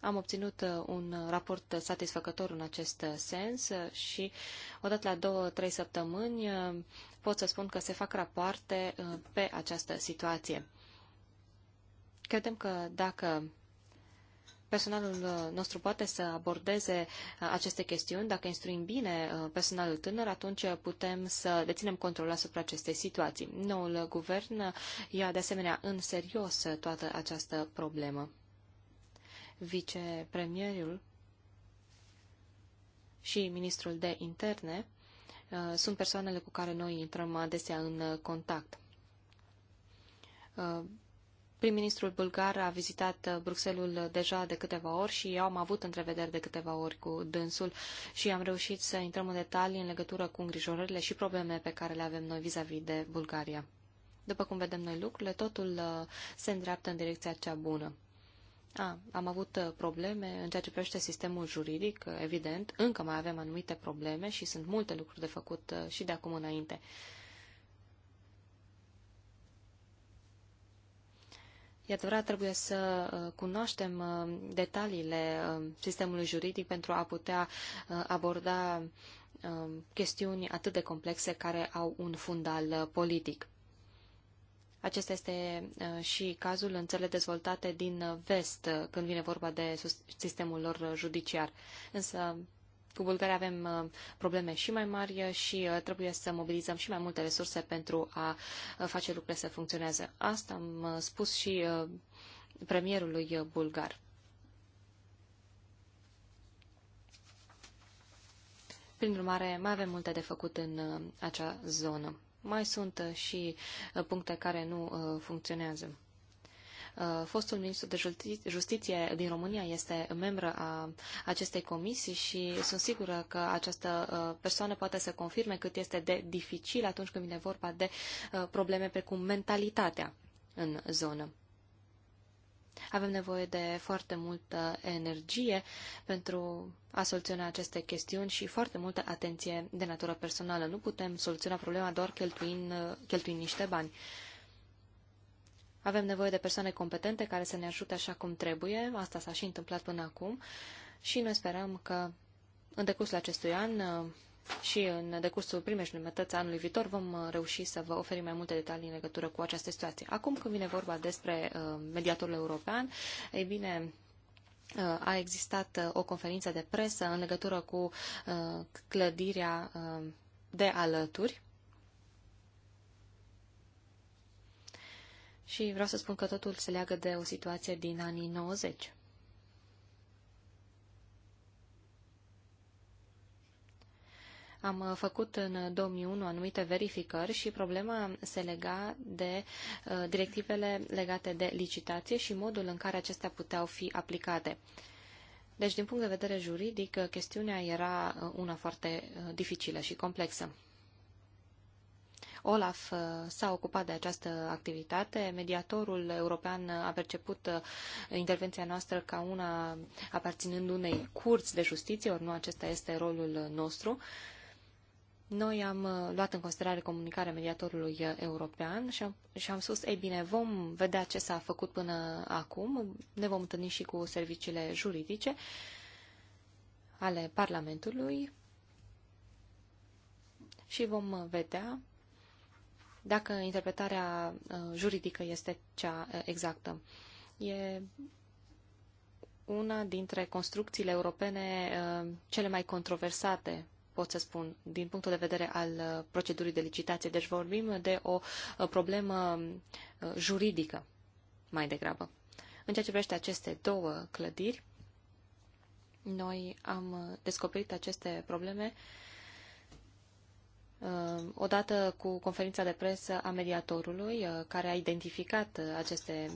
Am obținut uh, un raport satisfăcător în acest sens și odată la două, trei săptămâni pot să spun că se fac rapoarte pe această situație. Credem că dacă personalul uh, nostru poate să abordeze uh, aceste chestiuni. Dacă instruim bine uh, personalul tânăr, atunci putem să deținem controlul asupra acestei situații. Noul guvern ia de asemenea în serios toată această problemă. Vicepremierul și ministrul de interne sunt persoanele cu care noi intrăm adesea în contact Prim-ministrul bulgar a vizitat uh, Bruxelles deja de câteva ori și eu am avut întrevederi de câteva ori cu dânsul și am reușit să intrăm în detalii în legătură cu îngrijorările și problemele pe care le avem noi vis a -vis de Bulgaria. După cum vedem noi lucrurile, totul uh, se îndreaptă în direcția cea bună. A, am avut uh, probleme în ceea ce privește sistemul juridic, evident, încă mai avem anumite probleme și sunt multe lucruri de făcut și de acum înainte. E adevărat, trebuie să uh, cunoaștem uh, detaliile uh, sistemului juridic pentru a putea aborda chestiuni atât de complexe care au un fundal politic. Acesta este și cazul în țările dezvoltate din vest, când vine vorba de sistemul lor judiciar. Însă cu Bulgaria avem uh, probleme și mai mari și uh, trebuie să mobilizăm și mai multe resurse pentru a uh, face lucrurile să funcționeze. Asta am spus și premierului bulgar. Prin urmare, mai avem multe de făcut în acea zonă. Mai sunt și puncte care nu funcționează. Uh, fostul ministru de justiție din România este membră a acestei comisii și sunt sigură că această uh, persoană poate să confirme cât este de dificil atunci când vine vorba de uh, probleme precum mentalitatea în zonă. Avem nevoie de foarte multă energie pentru a soluționa aceste chestiuni și foarte multă atenție de natură personală. Nu putem soluționa problema doar cheltuind, cheltuind niște bani. Avem nevoie de persoane competente care să ne ajute așa cum trebuie. Asta s-a și întâmplat până acum și noi sperăm că în decursul acestui an uh, și în decursul primei jumătăți anului viitor vom uh, reuși să vă oferim mai multe detalii în legătură cu această situație. Acum când vine vorba despre uh, mediatorul european, ei bine, a existat o conferință de presă în legătură cu clădirea de alături Și vreau să spun că totul se leagă de o situație din anii 90. Am uh, făcut în 2001 anumite verificări și problema se lega de uh, directivele legate de licitație și modul în care acestea puteau fi aplicate. Deci, din punct de vedere juridic, uh, chestiunea era una foarte dificilă și complexă. Olaf uh, s-a ocupat de această activitate. Mediatorul european a perceput uh, intervenția noastră ca una aparținând unei curți de justiție, ori nu acesta este rolul nostru. Noi am uh, luat în considerare comunicarea mediatorului european și am, și am spus, ei bine, vom vedea ce s-a făcut până acum, ne vom întâlni și cu serviciile juridice ale Parlamentului și vom vedea dacă interpretarea uh, juridică este cea uh, exactă. E una dintre construcțiile europene uh, cele mai controversate pot să spun, din punctul de vedere al procedurii de licitație. Deci vorbim de o problemă juridică mai degrabă. În ceea ce privește aceste două clădiri, noi am descoperit aceste probleme uh, Uh, odată cu conferința de presă a mediatorului, uh, care a identificat uh, aceste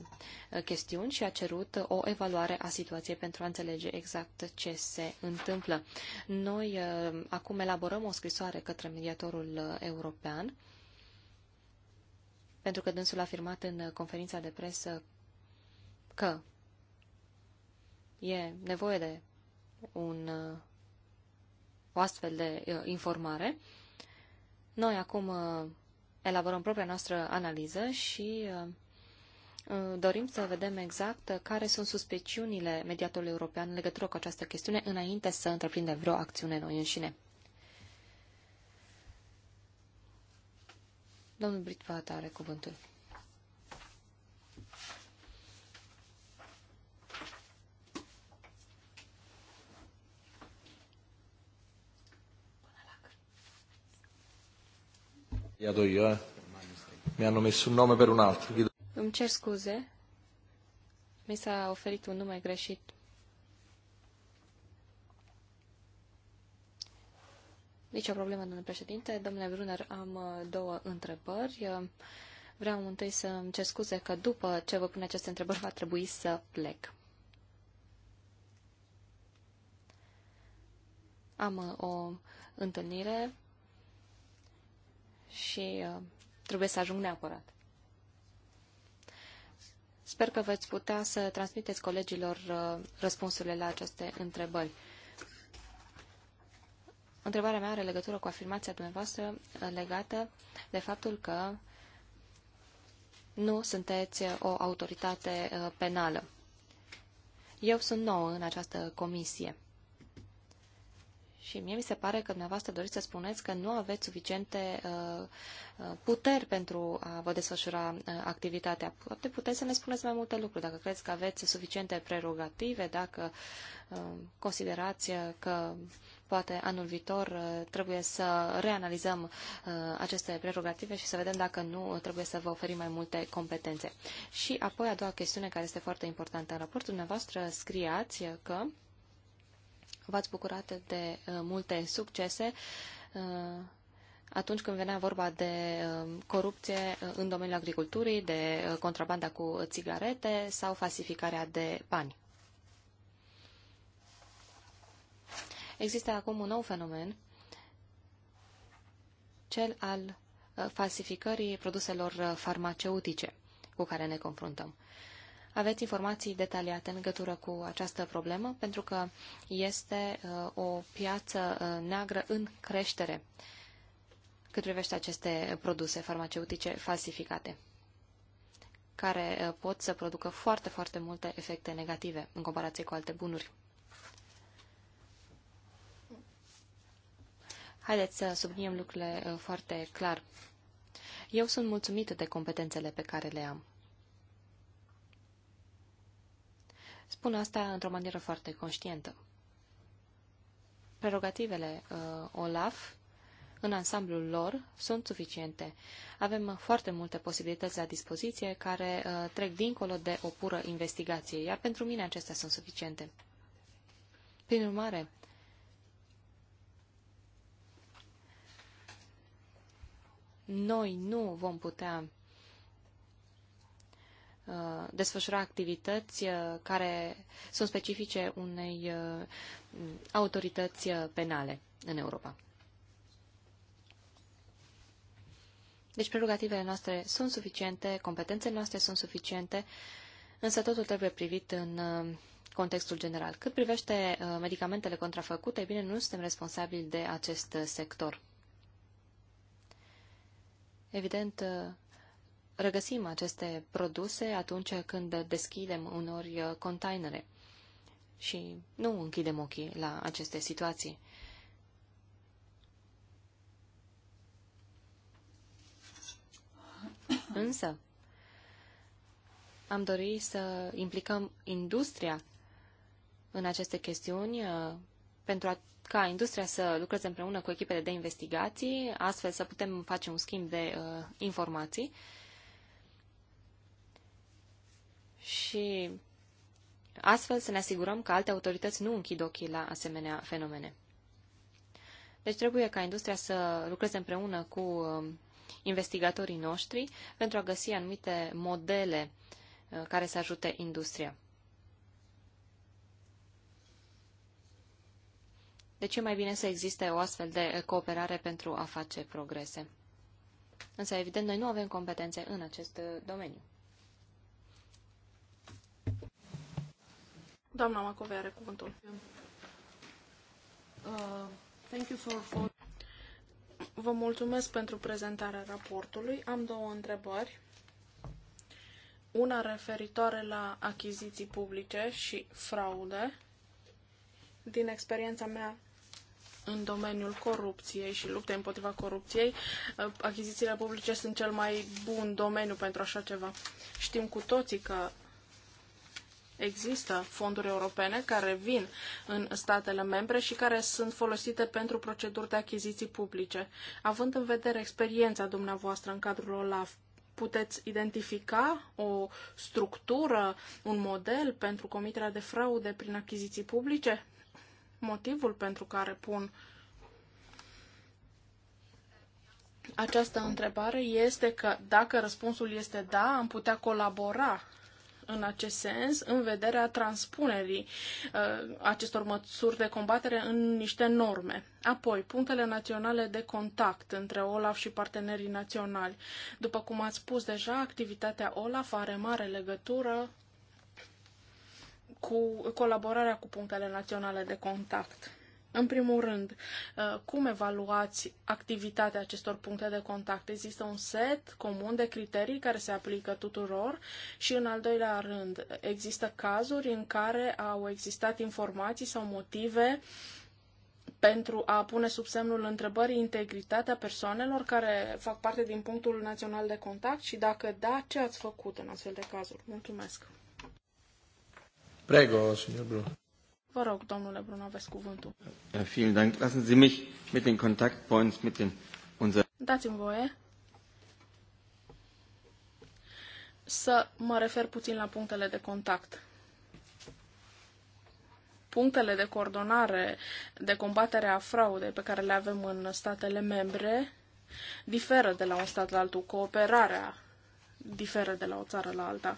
chestiuni și a cerut o evaluare a situației pentru a înțelege exact ce se întâmplă. Noi acum elaborăm o scrisoare către mediatorul european, pentru că dânsul a afirmat în conferința de presă că e nevoie de un, o astfel de informare noi acum uh, elaborăm propria noastră analiză și uh, uh, dorim să vedem exact care sunt suspiciunile mediatorului european în legătură cu această chestiune înainte să întreprindem vreo acțiune noi înșine. Domnul Britva, are cuvântul. Iado io, mi-hanno messo un nome per un altro. Îmi cer scuze. Mi s-a oferit un nume greșit. Nici o problemă, domnule președinte. Domnule Brunner, am uh, două întrebări. Uh, vreau întâi să îmi cer scuze că după ce vă pun aceste întrebări va trebui să plec. Am uh, o întâlnire și uh, trebuie să ajung neapărat. Sper că veți putea să transmiteți colegilor uh, răspunsurile la aceste întrebări. Întrebarea mea are legătură cu afirmația dumneavoastră uh, legată de faptul că nu sunteți uh, o autoritate uh, penală. Eu sunt nouă în această comisie și mie mi se pare că dumneavoastră doriți să spuneți că nu aveți suficiente uh, uh, puteri pentru a vă desfășura uh, activitatea. Poate puteți să ne spuneți mai multe lucruri, dacă credeți că aveți suficiente prerogative, dacă considerați că poate anul viitor trebuie să reanalizăm aceste prerogative și să vedem dacă nu trebuie să vă oferim mai multe competențe. Și apoi a doua chestiune care este foarte importantă în raportul dumneavoastră scriați că v-ați bucurat de uh, multe succese uh, atunci când venea vorba de uh, corupție în domeniul agriculturii, de contrabanda cu țigarete sau falsificarea de bani. Există acum un nou fenomen, cel al falsificării produselor farmaceutice cu care ne confruntăm. Uh, aveți informații detaliate în legătură cu această problemă, pentru că este uh, o piață uh, neagră în creștere cât privește aceste produse farmaceutice falsificate, care uh, pot să producă foarte, foarte multe efecte negative în comparație cu alte bunuri. Haideți să subliniem lucrurile foarte clar. Eu sunt mulțumită de competențele pe care le am. Spun asta într-o manieră foarte conștientă. Prerogativele uh, OLAF în ansamblul lor sunt suficiente. Avem foarte multe posibilități la dispoziție care uh, trec dincolo de o pură investigație, iar pentru mine acestea sunt suficiente. Prin urmare, noi nu vom putea Uh, desfășura activități uh, care sunt specifice unei uh, autorități penale în Europa. Deci prerogativele noastre sunt suficiente, competențele noastre sunt suficiente, însă totul trebuie privit în contextul general. Cât privește medicamentele contrafăcute, bine, nu suntem responsabili de acest sector. Evident, regăsim aceste produse atunci când deschidem unori uh, containere și nu închidem ochii la aceste situații. Însă, am dorit să implicăm industria în aceste chestiuni uh, pentru a, ca industria să lucreze împreună cu echipele de investigații, astfel să putem face un schimb de uh, informații și astfel să ne asigurăm că alte autorități nu închid ochii la asemenea fenomene. Deci trebuie ca industria să lucreze împreună cu um, investigatorii noștri pentru a găsi anumite modele uh, care să ajute industria. Deci ce mai bine să existe o astfel de cooperare pentru a face progrese. Însă, evident, noi nu avem competențe în acest uh, domeniu. Doamna Macovei are cuvântul. Uh, thank you for, Vă mulțumesc pentru prezentarea raportului. Am două întrebări. Una referitoare la achiziții publice și fraude. Din experiența mea în domeniul corupției și luptei împotriva corupției, uh, achizițiile publice sunt cel mai bun domeniu pentru așa ceva. Știm cu toții că Există fonduri europene care vin în statele membre și care sunt folosite pentru proceduri de achiziții publice. Având în vedere experiența dumneavoastră în cadrul OLAF, puteți identifica o structură, un model pentru comiterea de fraude prin achiziții publice? Motivul pentru care pun această întrebare este că dacă răspunsul este da, am putea colabora în acest sens în vederea transpunerii uh, acestor măsuri de combatere în niște norme. Apoi, punctele naționale de contact între OLAF și partenerii naționali. După cum ați spus deja, activitatea OLAF are mare legătură cu colaborarea cu punctele naționale de contact. În primul rând, uh, cum evaluați activitatea acestor puncte de contact? Există un set comun de criterii care se aplică tuturor și, în al doilea rând, există cazuri în care au existat informații sau motive pentru a pune sub semnul întrebării integritatea persoanelor care fac parte din punctul național de contact și dacă da, ce ați făcut în astfel de cazuri? Mulțumesc! Prego, signor Vă rog, domnule Brun, aveți cuvântul. Vielen Dank. Lassen Sie mich mit den Kontaktpoints, mit den unser... Dați-mi voie să mă refer puțin la punctele de contact punctele de coordonare de combatere a fraudei pe care le avem în statele membre diferă de la un stat la altul, cooperarea diferă de la o țară la alta.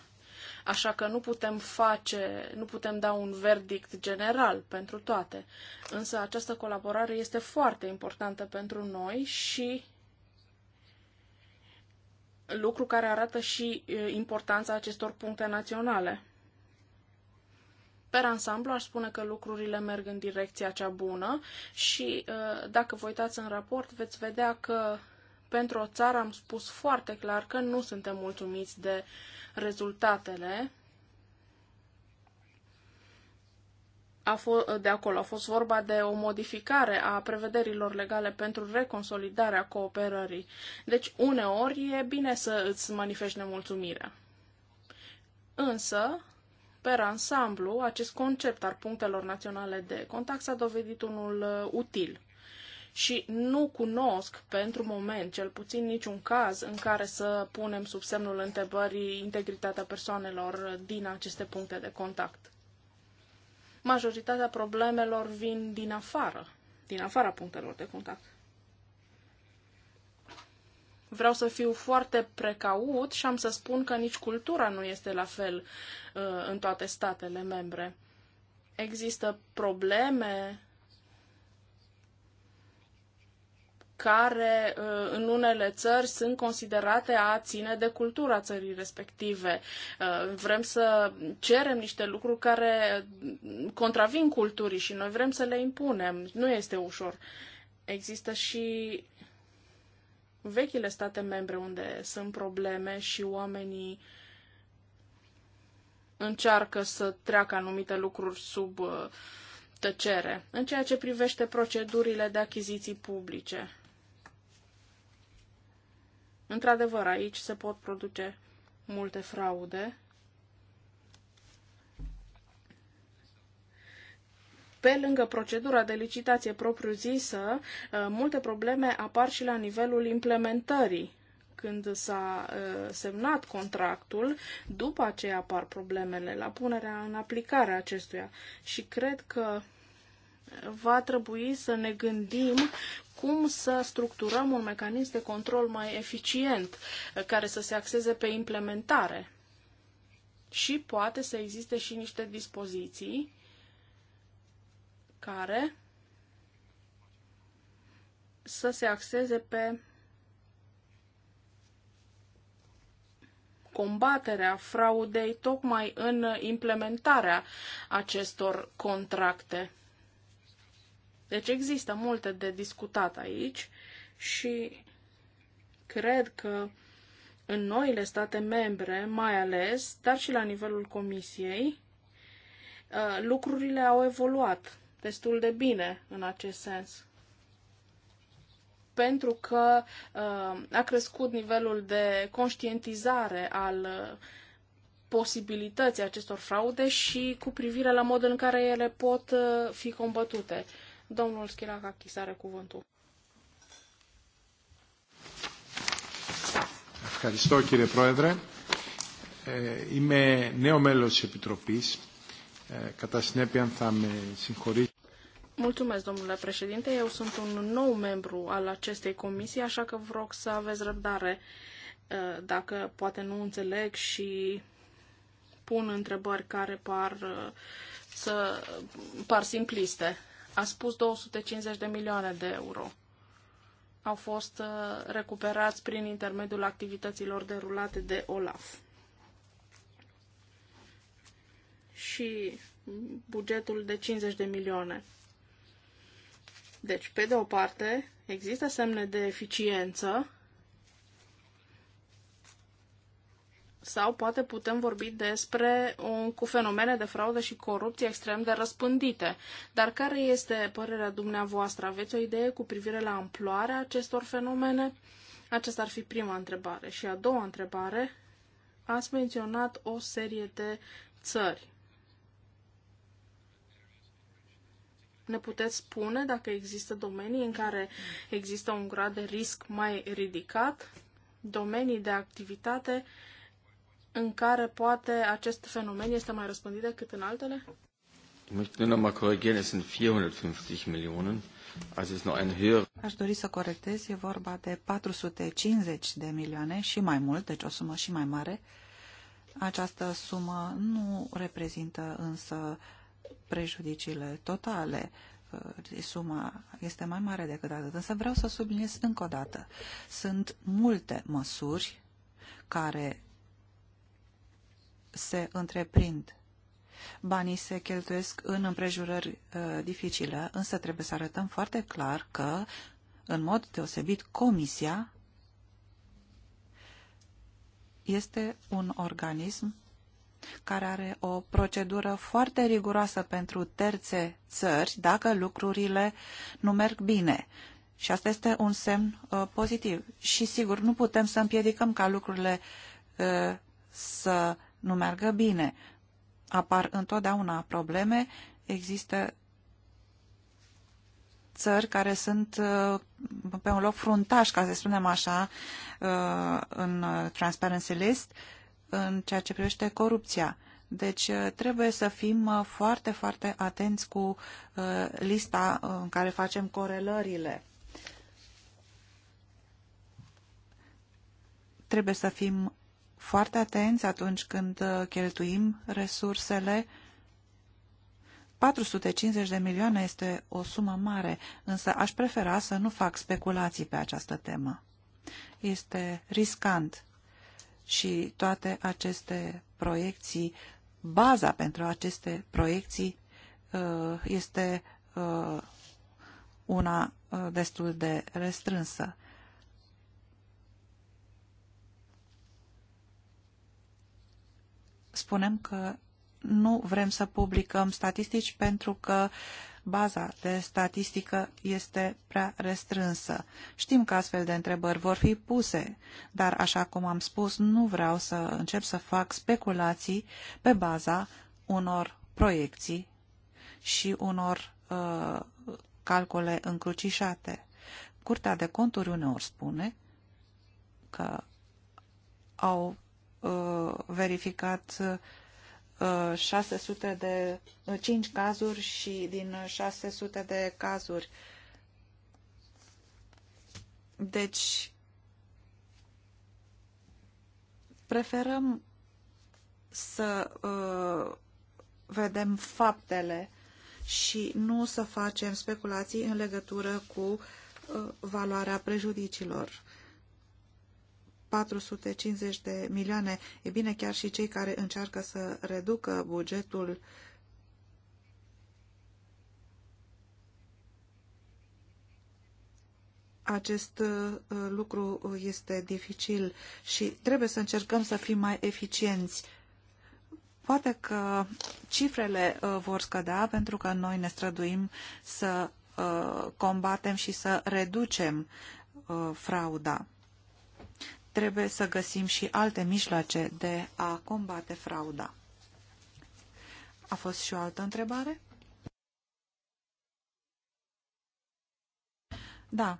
Așa că nu putem face, nu putem da un verdict general pentru toate. Însă această colaborare este foarte importantă pentru noi și lucru care arată și importanța acestor puncte naționale. Per ansamblu, aș spune că lucrurile merg în direcția cea bună și dacă vă uitați în raport, veți vedea că pentru o țară am spus foarte clar că nu suntem mulțumiți de uh, rezultatele a de acolo. A fost vorba de o modificare a prevederilor legale pentru reconsolidarea cooperării. Deci, uneori e bine să îți manifesti nemulțumirea. Însă, per ansamblu, acest concept al punctelor naționale de contact s-a dovedit unul uh, util și nu cunosc pentru moment, cel puțin niciun caz în care să punem sub semnul întrebării integritatea persoanelor din aceste puncte de contact. Majoritatea problemelor vin din afară, din afara punctelor de contact. Vreau să fiu foarte precaut și am să spun că nici cultura nu este la fel uh, în toate statele membre. Există probleme care uh, în unele țări sunt considerate a ține de cultura țării respective. Uh, vrem să cerem niște lucruri care contravin culturii și noi vrem să le impunem. Nu este ușor. Există și vechile state membre unde sunt probleme și oamenii încearcă să treacă anumite lucruri sub uh, tăcere în ceea ce privește procedurile de achiziții publice. Într-adevăr, aici se pot produce multe fraude. Pe lângă procedura de licitație propriu-zisă, uh, multe probleme apar și la nivelul implementării când s-a uh, semnat contractul, după aceea apar problemele la punerea în aplicare acestuia. Și cred că va trebui să ne gândim cum să structurăm un mecanism de control mai eficient, care să se axeze pe implementare. Și poate să existe și niște dispoziții care să se axeze pe combaterea fraudei tocmai în implementarea acestor contracte. Deci există multe de discutat aici și cred că în noile state membre, mai ales, dar și la nivelul Comisiei, uh, lucrurile au evoluat destul de bine în acest sens. Pentru că uh, a crescut nivelul de conștientizare al uh, posibilității acestor fraude și cu privire la modul în care ele pot fi combătute. Domnul Schilacachis are cuvântul. Ευχαριστώ κύριε Πρόεδρε. Ε, είμαι νέο μέλος της Επιτροπής. Ε, κατά συνέπεια θα με Mulțumesc, domnule președinte. Eu sunt un nou membru al acestei comisii, așa că vă rog să aveți răbdare dacă poate nu înțeleg și pun întrebări care par să par simpliste a spus 250 de milioane de euro au fost uh, recuperați prin intermediul activităților derulate de OLAF. Și bugetul de 50 de milioane. Deci, pe de o parte, există semne de eficiență Sau poate putem vorbi despre un, cu fenomene de fraudă și corupție extrem de răspândite. Dar care este părerea dumneavoastră? Aveți o idee cu privire la amploarea acestor fenomene? Aceasta ar fi prima întrebare. Și a doua întrebare, ați menționat o serie de țări. Ne puteți spune dacă există domenii în care există un grad de risc mai ridicat, domenii de activitate uh, în care poate acest fenomen este mai răspândit decât în altele? Aș dori să corectez, e vorba de 450 de milioane și mai mult, deci o sumă și mai mare. Această sumă nu reprezintă însă prejudiciile totale. Uh, suma este mai mare decât atât, însă vreau să subliniez încă o dată. Sunt multe măsuri care se întreprind. Banii se cheltuiesc în împrejurări uh, dificile, însă trebuie să arătăm foarte clar că, în mod deosebit, Comisia este un organism care are o procedură foarte riguroasă pentru terțe țări dacă lucrurile nu merg bine. Și asta este un semn uh, pozitiv. Și sigur, nu putem să împiedicăm ca lucrurile uh, să nu meargă bine. Apar întotdeauna probleme, există țări care sunt uh, pe un loc fruntaș, ca să spunem așa, uh, în Transparency List, în ceea ce privește corupția. Deci uh, trebuie să fim foarte, foarte atenți cu lista în care facem corelările. Trebuie să fim foarte atenți atunci când uh, cheltuim resursele. 450 de milioane este o sumă mare, însă aș prefera să nu fac speculații pe această temă. Este riscant și toate aceste proiecții, baza pentru aceste proiecții uh, este uh, una destul de restrânsă. spunem că nu vrem să publicăm statistici pentru că baza de statistică este prea restrânsă. Știm că astfel de întrebări vor fi puse, dar, așa cum am spus, nu vreau să încep să fac speculații pe baza unor proiecții și unor uh, calcule încrucișate. Curtea de conturi uneori spune că au Uh, verificat 600 uh, de 5 uh, cazuri și din 600 de cazuri. Deci preferăm să uh, vedem faptele și nu să facem speculații în legătură cu uh, valoarea prejudiciilor. 450 de milioane. E bine, chiar și cei care încearcă să reducă bugetul acest uh, lucru este dificil și trebuie să încercăm să fim mai eficienți. Poate că cifrele uh, vor scădea pentru că noi ne străduim să uh, combatem și să reducem frauda trebuie să găsim și alte mijloace de a combate frauda. A fost și o altă întrebare? Da.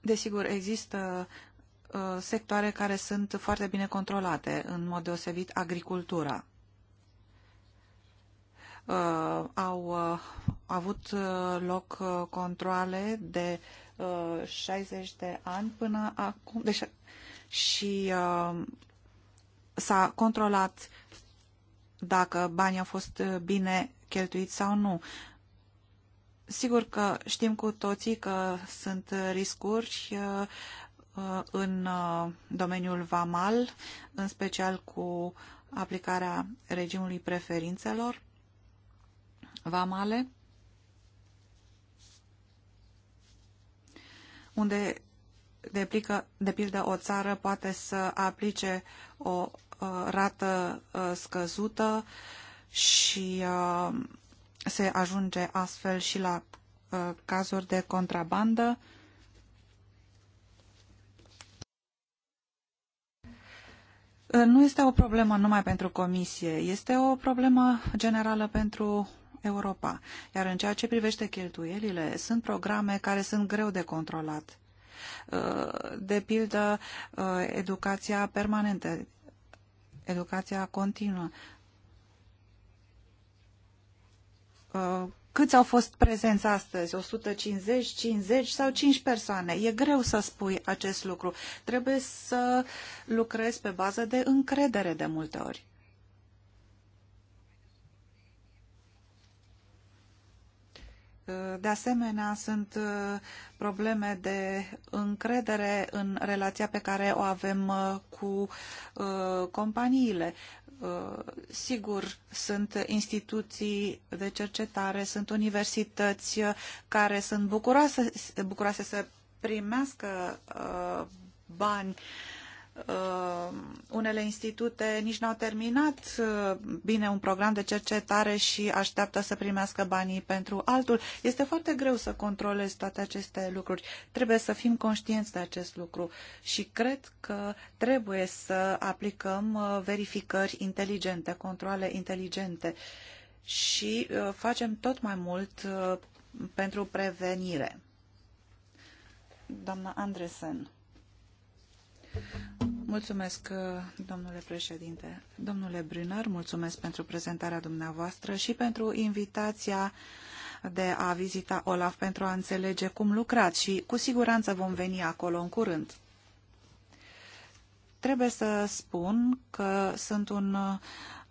Desigur, există uh, sectoare care sunt foarte bine controlate, în mod deosebit agricultura. Uh, au uh, avut uh, loc controle de 60 de ani până acum deci, și s-a controlat dacă banii au fost bine cheltuiți sau nu. Sigur că știm cu toții că sunt riscuri în domeniul vamal, în special cu aplicarea regimului preferințelor vamale, unde, de, plică, de pildă, o țară poate să aplice o uh, rată uh, scăzută și uh, se ajunge astfel și la uh, cazuri de contrabandă. Uh, nu este o problemă numai pentru Comisie, este o problemă generală pentru Europa. Iar în ceea ce privește cheltuielile, sunt programe care sunt greu de controlat. Uh, de pildă, uh, educația permanentă, educația continuă. Uh, câți au fost prezenți astăzi? 150, 50 sau 5 persoane? E greu să spui acest lucru. Trebuie să lucrezi pe bază de încredere de multe ori. De asemenea, sunt uh, probleme de încredere în relația pe care o avem uh, cu uh, companiile. Sigur, sunt instituții de cercetare, sunt universități care sunt bucuroase, bucuroase să primească bani uh, Uh, unele institute nici n-au terminat uh, bine un program de cercetare și așteaptă să primească banii pentru altul. Este foarte greu să controlezi toate aceste lucruri. Trebuie să fim conștienți de acest lucru și cred că trebuie să aplicăm uh, verificări inteligente, controle inteligente și facem tot mai mult pentru prevenire. Doamna Andresen. Mulțumesc, domnule președinte. Domnule Brunner, mulțumesc pentru prezentarea dumneavoastră și pentru invitația de a vizita Olaf pentru a înțelege cum lucrați și cu siguranță vom veni acolo în curând. Trebuie să spun că sunt un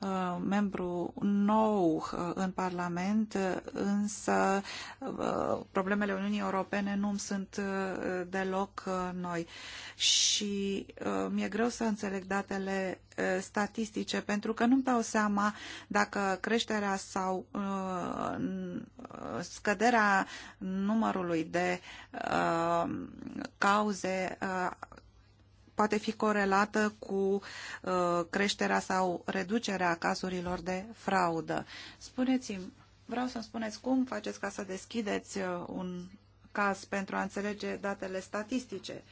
Uh, membru nou uh, în Parlament, uh, însă problemele Uniunii Europene nu îmi sunt deloc noi. Și mi-e greu să înțeleg datele statistice, pentru că nu-mi dau seama dacă creșterea sau scăderea numărului de cauze poate fi corelată cu uh, creșterea sau reducerea cazurilor de fraudă. Spuneți-mi, vreau să-mi spuneți cum faceți ca să deschideți uh, un caz pentru a înțelege datele statistice.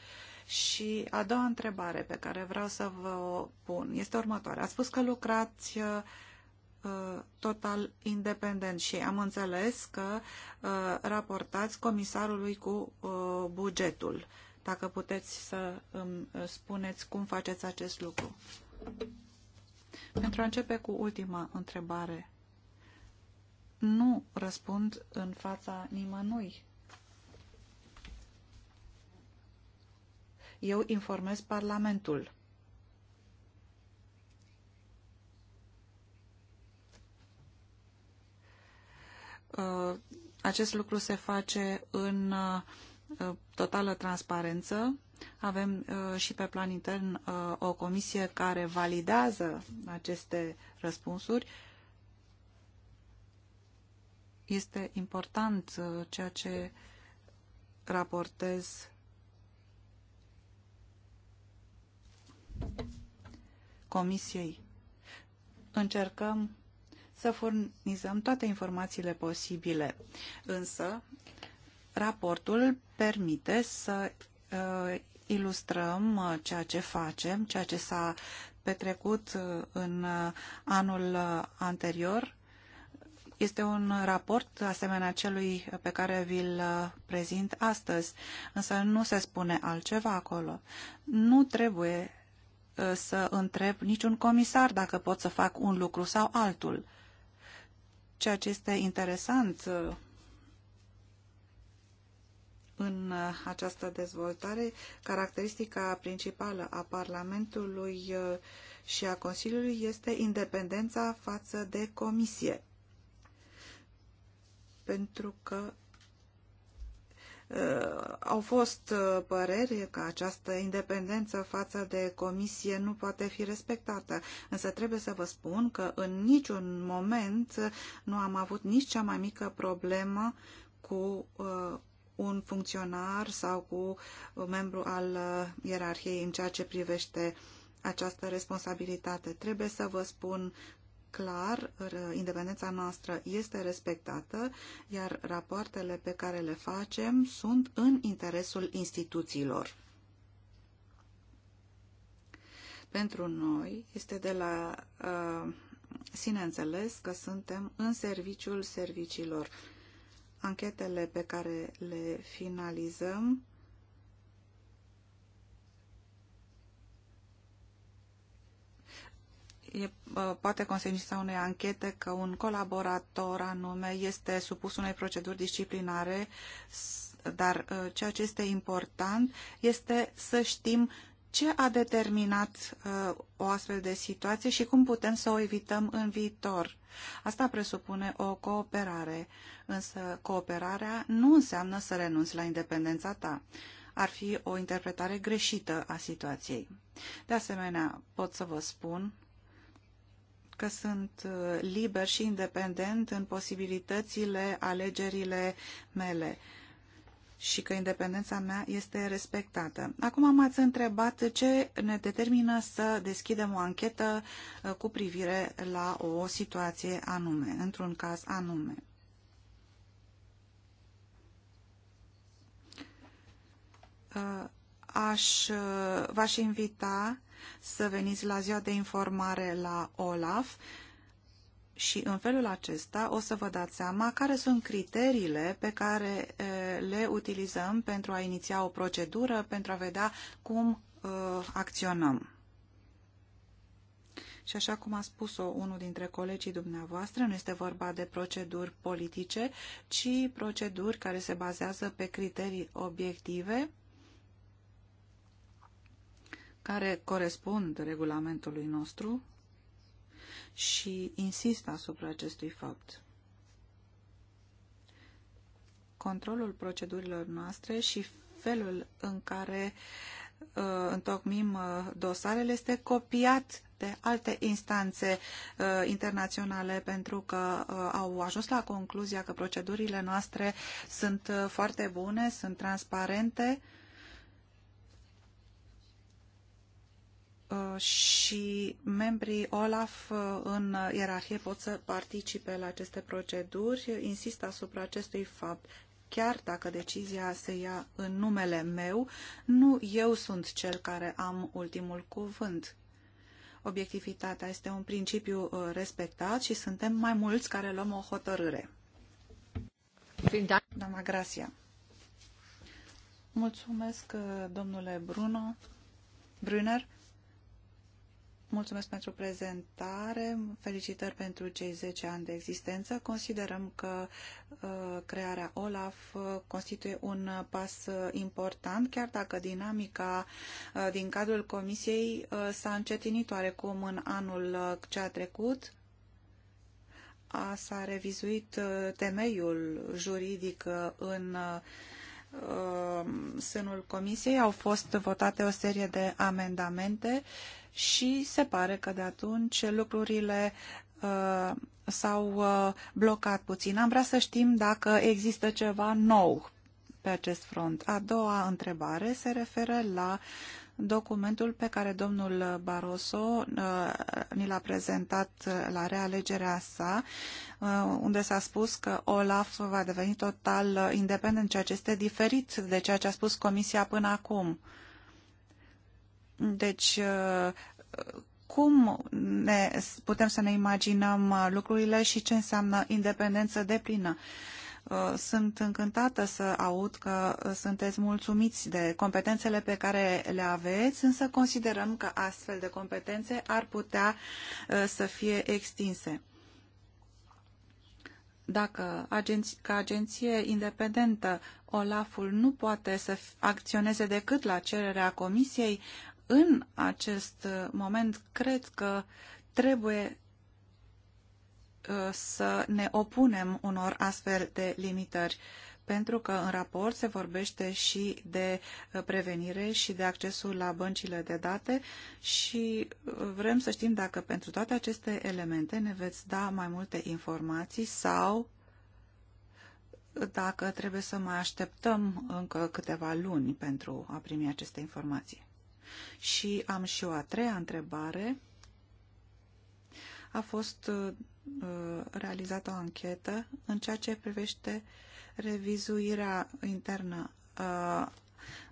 Și a doua întrebare pe care vreau să vă o pun este următoarea. Ați spus că lucrați uh, total independent și am înțeles că raportați comisarului cu bugetul dacă puteți să îmi spuneți cum faceți acest lucru. Pentru a începe cu ultima întrebare, nu răspund în fața nimănui. Eu informez Parlamentul. Uh, acest lucru se face în uh, Uh, totală transparență. Avem uh, și pe plan intern uh, o comisie care validează aceste răspunsuri. Este important ceea ce raportez comisiei. Încercăm să furnizăm toate informațiile posibile, însă Raportul permite să uh, ilustrăm uh, ceea ce facem, ceea ce s-a petrecut uh, în anul anterior. Este un raport asemenea celui pe care vi-l prezint astăzi, însă nu se spune altceva acolo. Nu trebuie să întreb niciun comisar dacă pot să fac un lucru sau altul. Ceea ce este interesant în uh, această dezvoltare, caracteristica principală a Parlamentului uh, și a Consiliului este independența față de Comisie. Pentru că uh, au fost uh, păreri că această independență față de Comisie nu poate fi respectată, însă trebuie să vă spun că în niciun moment nu am avut nici cea mai mică problemă cu uh, un funcționar sau cu un membru al uh, ierarhiei în ceea ce privește această responsabilitate. Trebuie să vă spun clar, independența noastră este respectată, iar rapoartele pe care le facem sunt în interesul instituțiilor. Pentru noi este de la uh, sine înțeles că suntem în serviciul serviciilor Anchetele pe care le finalizăm e, uh, poate consecința unei anchete că un colaborator anume este supus unei proceduri disciplinare, dar uh, ceea ce este important este să știm uh, ce a determinat uh, o astfel de situație și cum putem să o evităm în viitor? Asta presupune o cooperare, însă cooperarea nu înseamnă să renunți la independența ta. Ar fi o interpretare greșită a situației. De asemenea, pot să vă spun că sunt uh, liber și independent în posibilitățile, alegerile mele. Uh, și că independența mea este respectată. Acum m-ați întrebat ce ne determină să deschidem o anchetă uh, cu privire la o situație anume, într-un caz anume. Uh, aș, uh, v-aș invita să veniți la ziua de informare la OLAF și în felul acesta o să vă dați seama care sunt criteriile pe care le utilizăm pentru a iniția o procedură, pentru a vedea cum acționăm. Și așa cum a spus-o unul dintre colegii dumneavoastră, nu este vorba de proceduri politice, ci proceduri care se bazează pe criterii obiective care corespund regulamentului nostru și insist asupra acestui fapt. Controlul procedurilor noastre și felul în care uh, întocmim uh, dosarele este copiat de alte instanțe uh, internaționale pentru că uh, au ajuns la concluzia că procedurile noastre sunt uh, foarte bune, sunt transparente uh, Uh, și membrii OLAF uh, în ierarhie pot să participe la aceste proceduri. Insist asupra acestui fapt. Chiar dacă decizia se ia în numele meu, nu eu sunt cel care am ultimul cuvânt. Obiectivitatea este un principiu uh, respectat și suntem mai mulți care luăm o hotărâre. Doamna Gracia. Mulțumesc, domnule Bruno. Brunner. Mulțumesc pentru prezentare, felicitări pentru cei 10 ani de existență. Considerăm că uh, crearea OLAF uh, constituie un pas uh, important, chiar dacă dinamica uh, din cadrul Comisiei uh, s-a încetinit oarecum în anul uh, ce a trecut. A, s-a revizuit temeiul juridic în sânul Comisiei. Au fost votate o serie de amendamente uh, și se pare că de atunci lucrurile uh, s-au uh, blocat puțin. Am vrea să știm dacă există ceva nou pe acest front. A doua întrebare se referă la documentul pe care domnul Barroso uh, ni l-a prezentat la realegerea sa, uh, unde s-a spus că Olaf va deveni total uh, independent, ceea ce este diferit de ceea ce a spus Comisia până acum. Deci, uh, cum ne putem să ne imaginăm uh, lucrurile și ce înseamnă independență deplină? Uh, sunt încântată să aud că sunteți mulțumiți de competențele pe care le aveți, însă considerăm că astfel de competențe ar putea să fie extinse. Dacă agenție, ca agenție independentă OLAF-ul nu poate să acționeze decât la cererea Comisiei, în acest uh, moment, cred că trebuie uh, să ne opunem unor astfel de limitări, pentru că în raport se vorbește și de uh, prevenire și de accesul la băncile de date și vrem să știm dacă pentru toate aceste elemente ne veți da mai multe informații sau dacă trebuie să mai așteptăm încă câteva luni pentru a primi aceste informații. Și am și o a treia întrebare. A fost uh, realizată o anchetă în ceea ce privește revizuirea internă uh,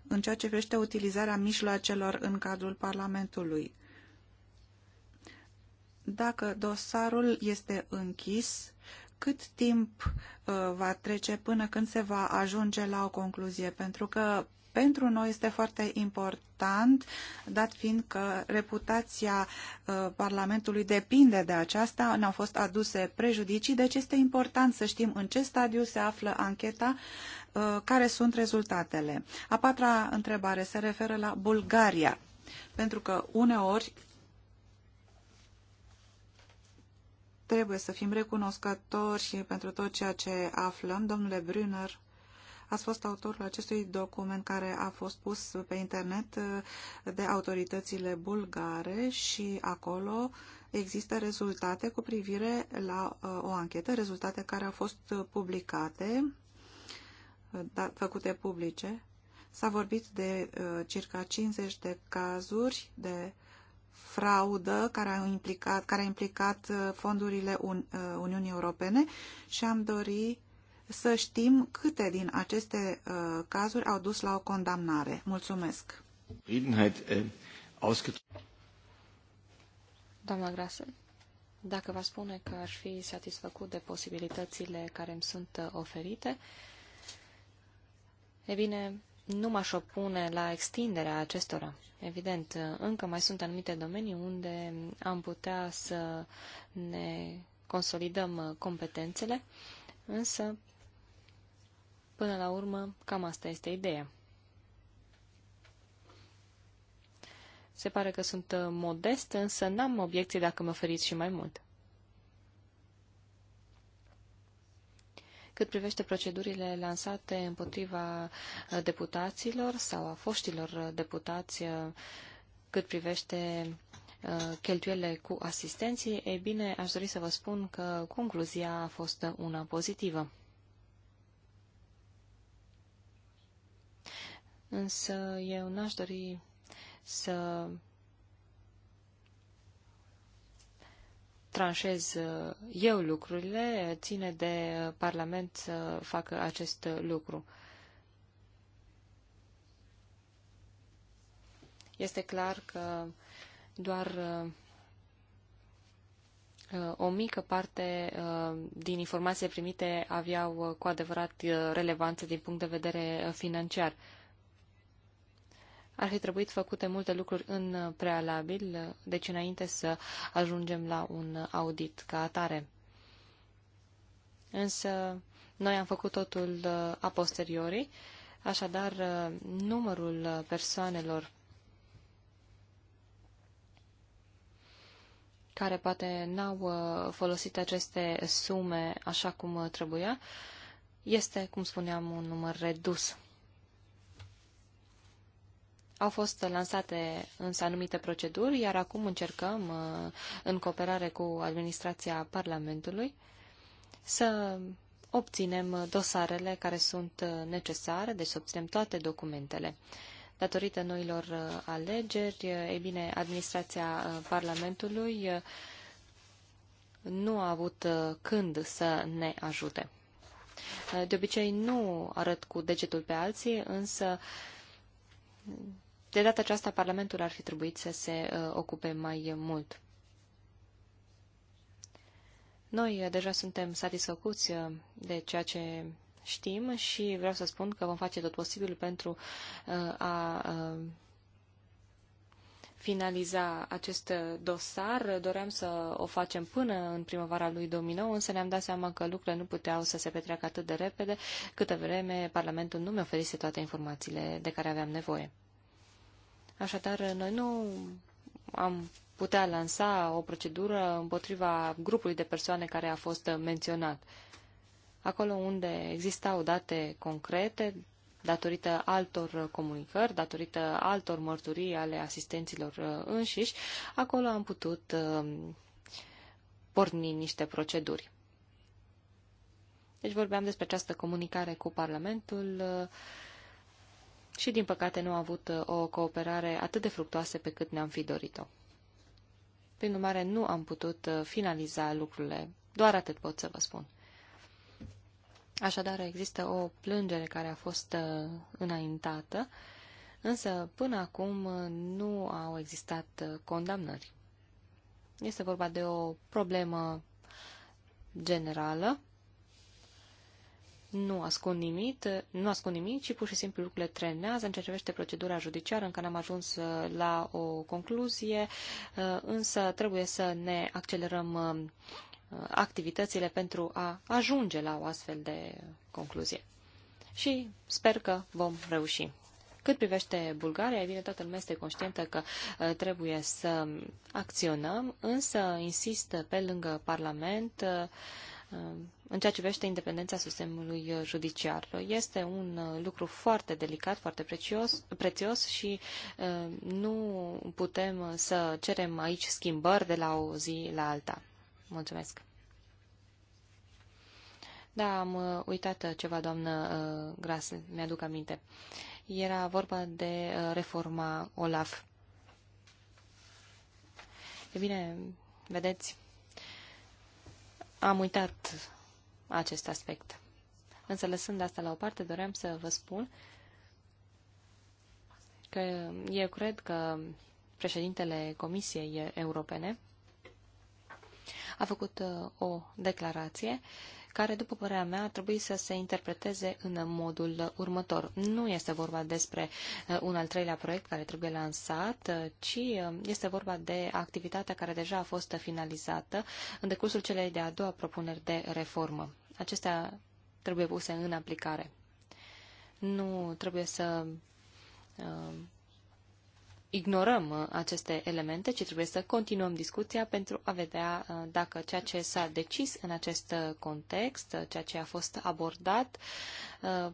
în ceea ce privește utilizarea mijloacelor în cadrul Parlamentului. Dacă dosarul este închis, cât timp uh, va trece până când se va ajunge la o concluzie? Pentru că pentru noi este foarte important, dat fiind că reputația uh, Parlamentului depinde de aceasta, ne-au fost aduse prejudicii, deci este important să știm în ce stadiu se află ancheta, uh, care sunt rezultatele. A patra întrebare se referă la Bulgaria, pentru că uneori trebuie să fim recunoscători pentru tot ceea ce aflăm. Domnule Brunner, Ați fost autorul acestui document care a fost pus pe internet uh, de autoritățile bulgare și acolo există rezultate cu privire la uh, o anchetă, rezultate care au fost publicate, uh, da, făcute publice. S-a vorbit de circa 50 de cazuri de fraudă care a implicat, care a implicat fondurile Uniunii Europene și am dori să știm câte din aceste uh, cazuri au dus la o condamnare. Mulțumesc. Uh, Doamna Grasă, dacă vă spune că aș fi satisfăcut de posibilitățile care îmi sunt uh, oferite, e bine, nu m-aș opune la extinderea acestora. Evident, uh, încă mai sunt anumite domenii unde am putea să ne consolidăm competențele, însă Până la urmă, cam asta este ideea. Se pare că sunt uh, modest, însă n-am obiecții dacă mă feriți și mai mult. Cât privește procedurile lansate împotriva uh, deputaților sau a foștilor uh, deputați, cât privește cheltuielile cu asistenții, e bine, aș dori să vă spun că concluzia a fost una pozitivă. Însă eu n-aș dori să tranșez uh, eu lucrurile, ține de uh, Parlament să facă acest lucru. Este clar că doar uh, o mică parte din informațiile primite aveau cu adevărat relevanță din punct de vedere financiar ar fi trebuit făcute multe lucruri în prealabil, deci înainte să ajungem la un audit ca atare. Însă noi am făcut totul uh, a posteriori, așadar uh, numărul persoanelor care poate n-au uh, folosit aceste sume așa cum trebuia, este, cum spuneam, un număr redus. Au fost lansate însă anumite proceduri, iar acum încercăm, uh, în cooperare cu administrația Parlamentului, să obținem dosarele care sunt uh, necesare, deci să obținem toate documentele. Datorită noilor uh, alegeri, e bine, administrația Parlamentului nu a avut când să ne ajute. De obicei nu arăt cu degetul pe alții, însă de data aceasta, Parlamentul ar fi trebuit să se uh, ocupe mai mult. Noi uh, deja suntem satisfăcuți uh, de ceea ce știm și vreau să spun că vom face tot posibilul pentru a finaliza acest dosar. Doream să o facem până în primăvara lui 2009, însă ne-am dat seama că lucrurile nu puteau să se petreacă atât de repede, câtă vreme Parlamentul nu mi-oferise toate informațiile de care aveam nevoie. Așadar, noi nu am putea lansa o procedură împotriva grupului de persoane care a fost menționat. Acolo unde existau date concrete, datorită altor comunicări, datorită altor mărturii ale asistenților uh, înșiși, acolo am putut uh, porni niște proceduri. Deci vorbeam despre această comunicare cu Parlamentul, uh, și, din păcate, nu a avut uh, o cooperare atât de fructoasă pe cât ne-am fi dorit-o. Prin urmare, nu am putut uh, finaliza lucrurile. Doar atât pot să vă spun. Așadar, există o plângere care a fost uh, înaintată, însă până acum nu au existat condamnări. Este vorba de o problemă generală nu ascund nimic, nu ascund nimic, ci pur și simplu lucrurile trenează în ceea ce privește procedura judiciară, încă n-am ajuns uh, la o concluzie, uh, însă trebuie să ne accelerăm uh, activitățile pentru a ajunge la o astfel de concluzie. Și sper că vom reuși. Cât privește Bulgaria, evident, toată lumea este conștientă că trebuie să acționăm, însă insist pe lângă Parlament în ceea ce privește independența sistemului uh, judiciar. Este un uh, lucru foarte delicat, foarte prețios, prețios și uh, nu putem să cerem aici schimbări de la o zi la alta. Mulțumesc! Da, am uitat ceva, doamnă Gras, mi-aduc aminte. Era vorba de reforma OLAF. E bine, vedeți, am uitat acest aspect. Însă, lăsând asta la o parte, doream să vă spun că eu cred că președintele Comisiei Europene a făcut uh, o declarație uh, care, după părerea mea, ar trebui să se interpreteze în modul următor. Nu este vorba despre uh, un al treilea proiect care trebuie lansat, uh, ci uh, este vorba de activitatea care deja a fost finalizată în decursul celei de-a doua propuneri de reformă. Acestea trebuie puse în aplicare. Nu trebuie să ignorăm uh, aceste elemente, ci trebuie să continuăm discuția pentru a vedea uh, dacă ceea ce s-a decis în acest uh, context, ceea ce a fost abordat,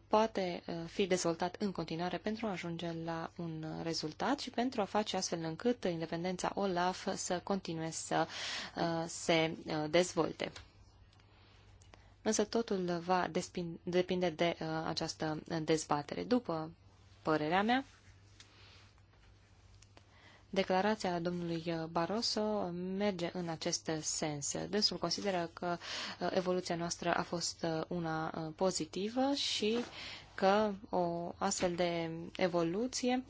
poate fi dezvoltat în continuare pentru a ajunge la un rezultat și pentru a face astfel încât independența OLAF să continue să se dezvolte însă totul va depinde de această dezbatere. După părerea mea, Declarația domnului Barroso merge în acest sens. Dânsul consideră că uh, evoluția noastră a fost uh, una uh, pozitivă și că o astfel de evoluție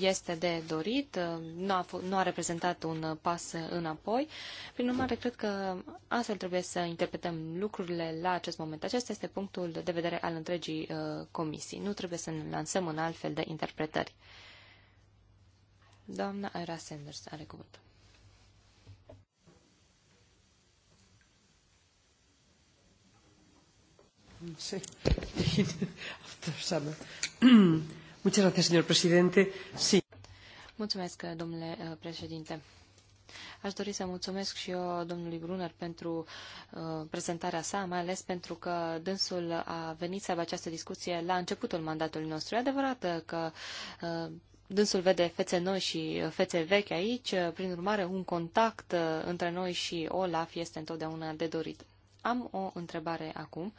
este de dorit, nu a, nu a reprezentat un pas înapoi. Prin urmare, cred că astfel trebuie să interpretăm lucrurile la acest moment. Acesta este punctul de vedere al întregii uh, comisii. Nu trebuie să ne lansăm în altfel de interpretări. Doamna Era Sanders are cuvântul. Sí. After Mulțumesc, domnule uh, președinte. Aș dori să mulțumesc și eu domnului Brunner pentru uh, prezentarea sa, mai ales pentru că dânsul a venit să aibă această discuție la începutul mandatului nostru. E adevărat uh, că uh, dânsul vede fețe noi și uh, fețe vechi aici, uh, prin urmare un contact uh, între noi și Olaf este întotdeauna de dorit. Am o întrebare acum,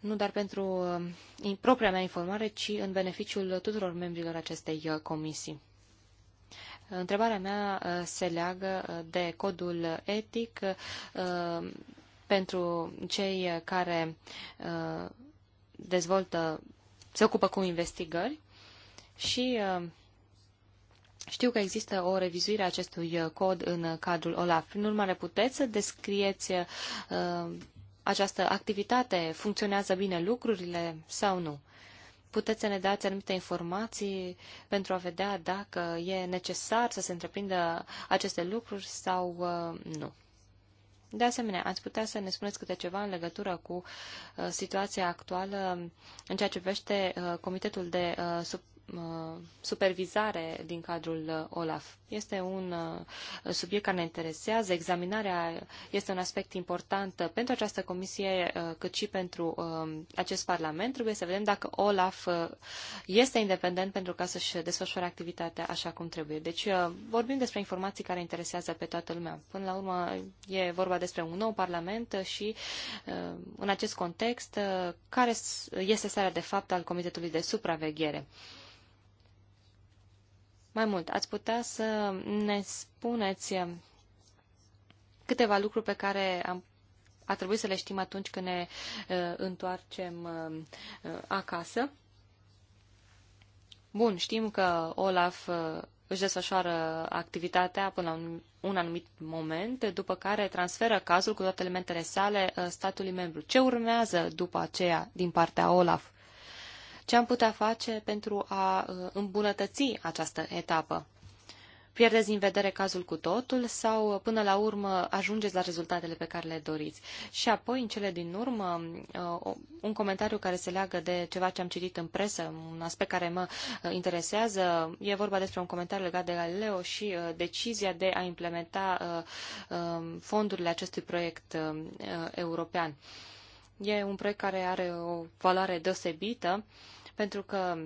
nu doar pentru propria mea informare, ci în beneficiul tuturor membrilor acestei comisii. Întrebarea mea se leagă de codul etic pentru cei care dezvoltă, se ocupă cu investigări și uh, știu că există o revizuire a acestui uh, cod în uh, cadrul OLAF. Prin urmare, puteți să descrieți această activitate? Funcționează bine lucrurile sau nu? Puteți să ne dați anumite informații pentru a vedea dacă e necesar să se întreprindă aceste lucruri sau nu. De asemenea, ați putea să ne spuneți câte ceva în legătură cu uh, situația actuală în ceea ce privește uh, Comitetul de uh, sub Uh, supervizare din cadrul uh, OLAF. Este un uh, subiect care ne interesează. Examinarea este un aspect important pentru această comisie, cât și pentru acest Parlament. Trebuie să vedem dacă OLAF este independent pentru ca să-și desfășoare activitatea așa cum trebuie. Deci vorbim despre informații care interesează pe toată lumea. Până la urmă e vorba despre un nou Parlament și în acest context care este starea de fapt al Comitetului de Supraveghere. Mai mult, ați putea să ne spuneți câteva lucruri pe care am, a trebuit să le știm atunci când ne uh, întoarcem uh, acasă. Bun, știm că Olaf uh, își desfășoară activitatea până la un, un anumit moment, după care transferă cazul cu toate elementele sale uh, statului membru. Ce urmează după aceea din partea Olaf? Ce am putea face pentru a uh, îmbunătăți această etapă? Pierdeți din vedere cazul cu totul sau uh, până la urmă ajungeți la rezultatele pe care le doriți? Și apoi, în cele din urmă, uh, un comentariu care se leagă de ceva ce am citit în presă, un aspect care mă interesează. E vorba despre un comentariu legat de Galileo și decizia de a implementa um, fondurile acestui proiect european. E un proiect care are o valoare deosebită pentru că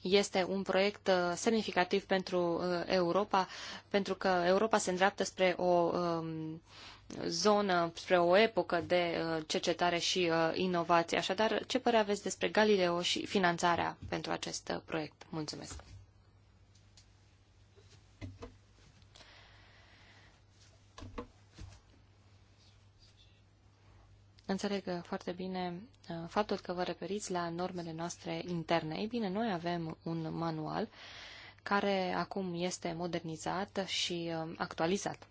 este un proiect uh, semnificativ pentru uh, Europa, pentru că Europa se îndreaptă spre o um, zonă, spre o epocă de uh, cercetare și inovație. Așadar, ce părere aveți despre Galileo și finanțarea pentru acest proiect? Mulțumesc! Înțeleg foarte bine uh, faptul că vă referiți la normele noastre interne. Ei bine, noi avem un manual care acum este modernizat și uh, actualizat.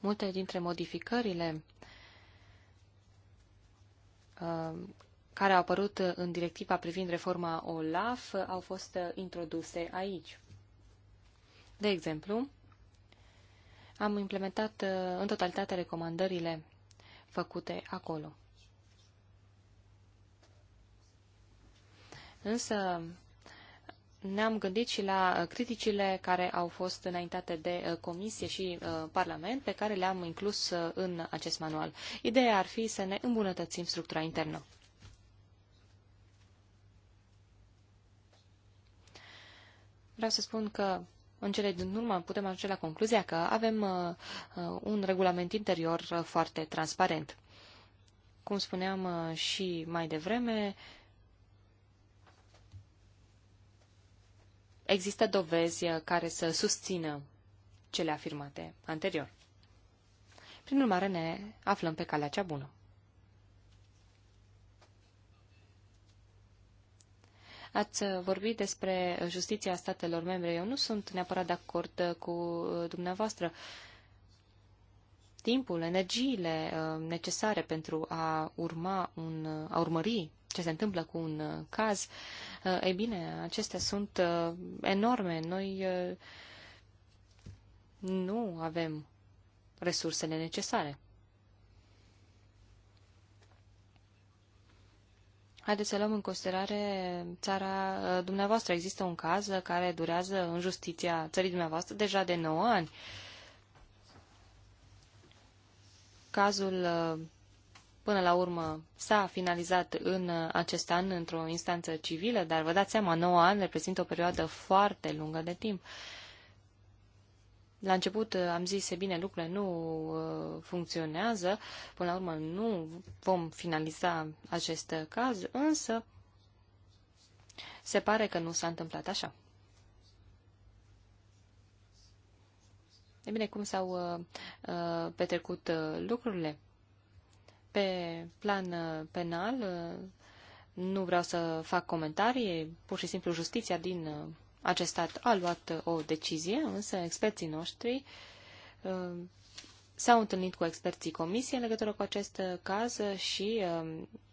Multe dintre modificările uh, care au apărut în directiva privind reforma OLAF au fost introduse aici. De exemplu, am implementat uh, în totalitate recomandările făcute acolo. Însă ne-am gândit și la uh, criticile care au fost înaintate de uh, Comisie și Parlament, pe care le-am inclus în acest manual. Ideea ar fi să ne îmbunătățim structura internă. Vreau să spun că în cele din urmă putem ajunge la concluzia că avem uh, uh, un regulament interior uh, foarte transparent. Cum spuneam și mai devreme, există dovezi care să susțină cele afirmate anterior. Prin urmare, ne aflăm pe calea cea bună. Ați vorbit despre justiția statelor membre. Eu nu sunt neapărat de acord uh, cu uh, dumneavoastră. Timpul, energiile uh, necesare pentru a urma un, a urmări ce se întâmplă cu un caz, ei bine, acestea sunt enorme. Noi nu avem resursele necesare. Haideți să luăm în considerare țara uh, dumneavoastră. Există un caz care durează în justiția țării dumneavoastră deja de 9 ani. Cazul uh, până la urmă s-a finalizat în uh, acest an într-o instanță civilă, dar vă dați seama, 9 ani reprezintă o perioadă foarte lungă de timp. Uh, la început uh, am zis, e bine, lucrurile nu uh, funcționează, până la urmă nu vom finaliza acest uh, caz, însă se pare că nu s-a întâmplat așa. E bine, cum s-au uh, petrecut uh, lucrurile? Pe plan uh, penal, uh, nu vreau să fac comentarii, pur și simplu justiția din uh, acest stat a luat uh, o decizie, însă experții noștri uh, s-au întâlnit cu experții comisiei în legătură cu acest uh, caz și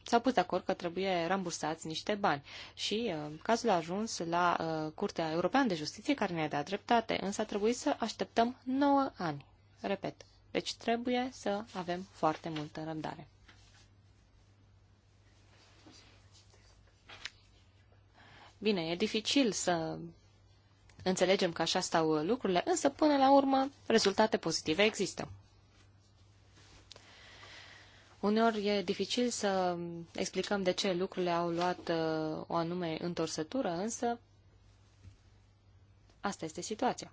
s-au pus de acord că trebuie rambursați niște bani. Și cazul a ajuns la Curtea Europeană de Justiție, care ne-a dat dreptate, însă a trebuit să așteptăm 9 ani. Repet, deci trebuie să avem foarte multă răbdare. Bine, e dificil să Înțelegem că așa stau uh, lucrurile, însă până la urmă rezultate pozitive există. Uneori e dificil să explicăm de ce lucrurile au luat uh, o anume întorsătură, însă asta este situația.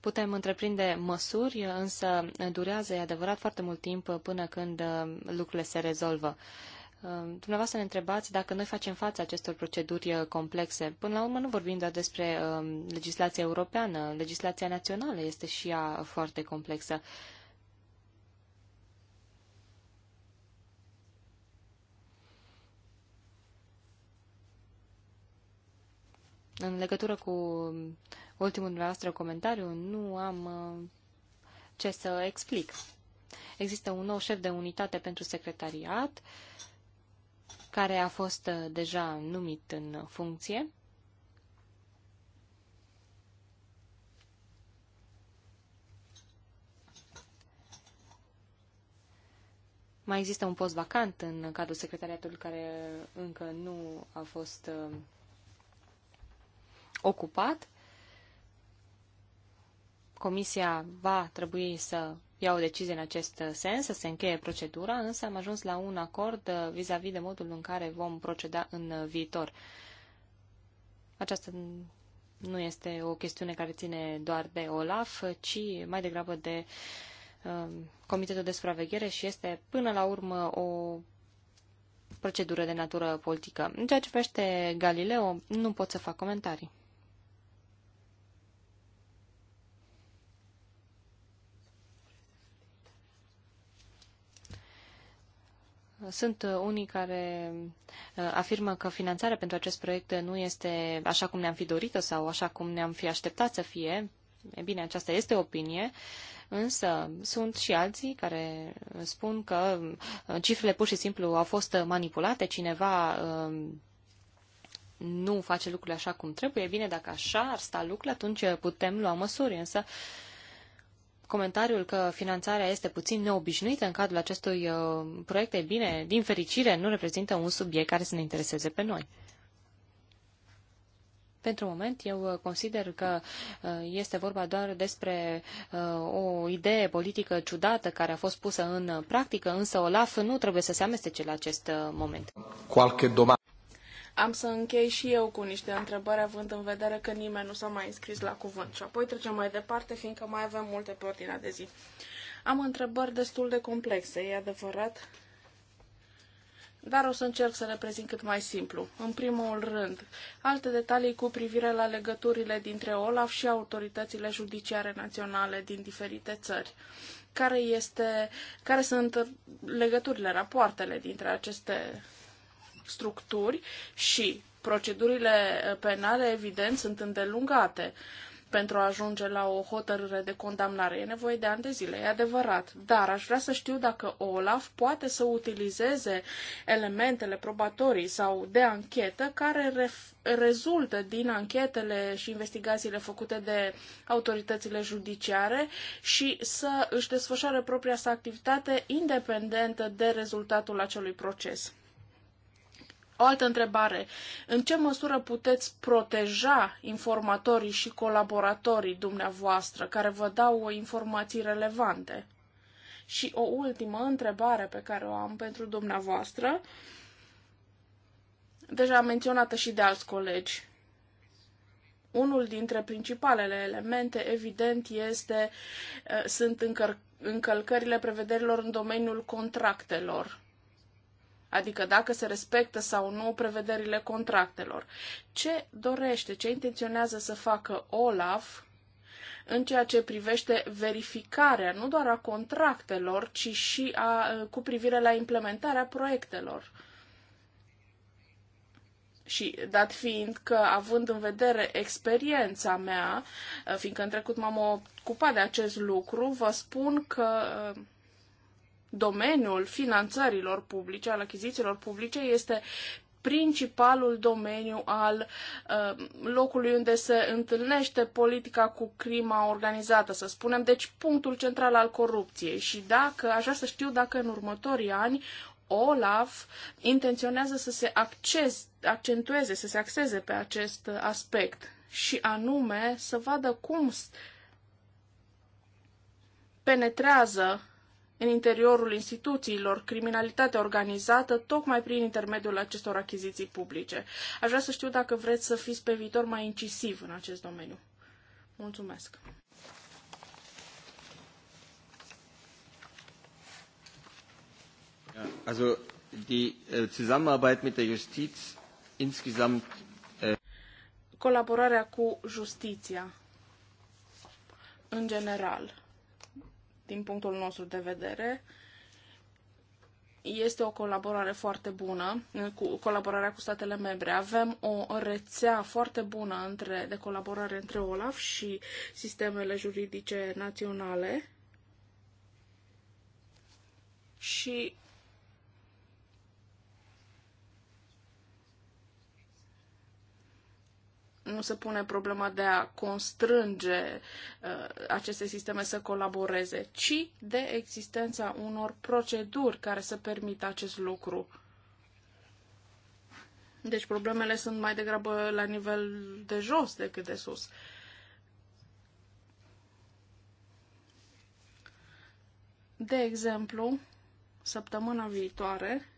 Putem întreprinde măsuri, însă durează, e adevărat, foarte mult timp până când uh, lucrurile se rezolvă. Uh, dumneavoastră ne întrebați dacă noi facem față acestor proceduri uh, complexe. Până la urmă nu vorbim doar despre legislația europeană, legislația națională este și ea foarte complexă. În legătură cu ultimul dumneavoastră comentariu, nu am uh, ce să explic. Există un nou șef de unitate pentru secretariat, care a fost uh, deja numit în funcție. Mai există un post vacant în cadrul secretariatului care încă nu a fost uh, ocupat Comisia va trebui să ia o decizie în acest sens, să se încheie procedura, însă am ajuns la un acord uh, vis-a-vis -vis de modul în care vom proceda în uh, viitor. Aceasta nu este o chestiune care ține doar de OLAF, ci mai degrabă de um, Comitetul de Supraveghere și este până la urmă o procedură de natură politică. În ceea ce privește Galileo, nu pot să fac comentarii. Sunt uh, unii care uh, afirmă că finanțarea pentru acest proiect nu este așa cum ne-am fi dorit-o sau așa cum ne-am fi așteptat să fie. E bine, aceasta este o opinie, însă sunt și alții care spun că uh, cifrele pur și simplu au fost manipulate, cineva nu face lucrurile așa cum trebuie. E bine, dacă așa ar sta lucrurile, atunci putem lua măsuri, însă comentariul că finanțarea este puțin neobișnuită în cadrul acestui uh, proiect, e bine, din fericire, nu reprezintă un subiect care să ne intereseze pe noi. Pentru moment, eu uh, consider că uh, este vorba doar despre o idee politică ciudată care a fost pusă în practică, însă Olaf nu trebuie să se amestece la acest moment. Qualche domani. Am să închei și eu cu niște întrebări, având în vedere că nimeni nu s-a mai înscris la cuvânt. Și apoi trecem mai departe, fiindcă mai avem multe pe ordinea de zi. Am întrebări destul de complexe, e adevărat, dar o să încerc să le prezint cât mai simplu. În primul rând, alte detalii cu privire la legăturile dintre OLAF și autoritățile judiciare naționale din diferite țări. Care, este, care sunt legăturile, rapoartele dintre aceste structuri și procedurile penale, evident, sunt îndelungate pentru a ajunge la o hotărâre de condamnare. E nevoie de ani de zile, e adevărat. Dar aș vrea să știu dacă Olaf poate să utilizeze elementele probatorii sau de anchetă care rezultă din anchetele și investigațiile făcute de autoritățile judiciare și să își desfășoare propria sa activitate independentă de rezultatul acelui proces. O altă întrebare. În ce măsură puteți proteja informatorii și colaboratorii dumneavoastră care vă dau informații relevante? Și o ultimă întrebare pe care o am pentru dumneavoastră, deja menționată și de alți colegi. Unul dintre principalele elemente, evident, este, eh, sunt încăr- încălcările prevederilor în domeniul contractelor adică dacă se respectă sau nu prevederile contractelor. Ce dorește, ce intenționează să facă Olaf în ceea ce privește verificarea nu doar a contractelor, ci și a, cu privire la implementarea proiectelor. Și dat fiind că, având în vedere experiența mea, fiindcă în trecut m-am ocupat de acest lucru, vă spun că domeniul finanțărilor publice, al achizițiilor publice, este principalul domeniu al uh, locului unde se întâlnește politica cu crima organizată, să spunem, deci punctul central al corupției. Și dacă, așa să știu dacă în următorii ani Olaf intenționează să se acces, accentueze, să se axeze pe acest aspect și anume să vadă cum penetrează în interiorul instituțiilor criminalitatea organizată tocmai prin intermediul acestor achiziții publice. Aș vrea să știu dacă vreți să fiți pe viitor mai incisiv în acest domeniu. Mulțumesc! Also die äh, Zusammenarbeit mit der Justiz insgesamt äh, Colaborarea cu justiția în general din punctul nostru de vedere. Este o colaborare foarte bună, cu colaborarea cu statele membre. Avem o rețea foarte bună între, de colaborare între OLAF și sistemele juridice naționale. Și nu se pune problema de a constrânge uh, aceste sisteme să colaboreze, ci de existența unor proceduri care să permită acest lucru. Deci problemele sunt mai degrabă la nivel de jos decât de sus. De exemplu, săptămâna viitoare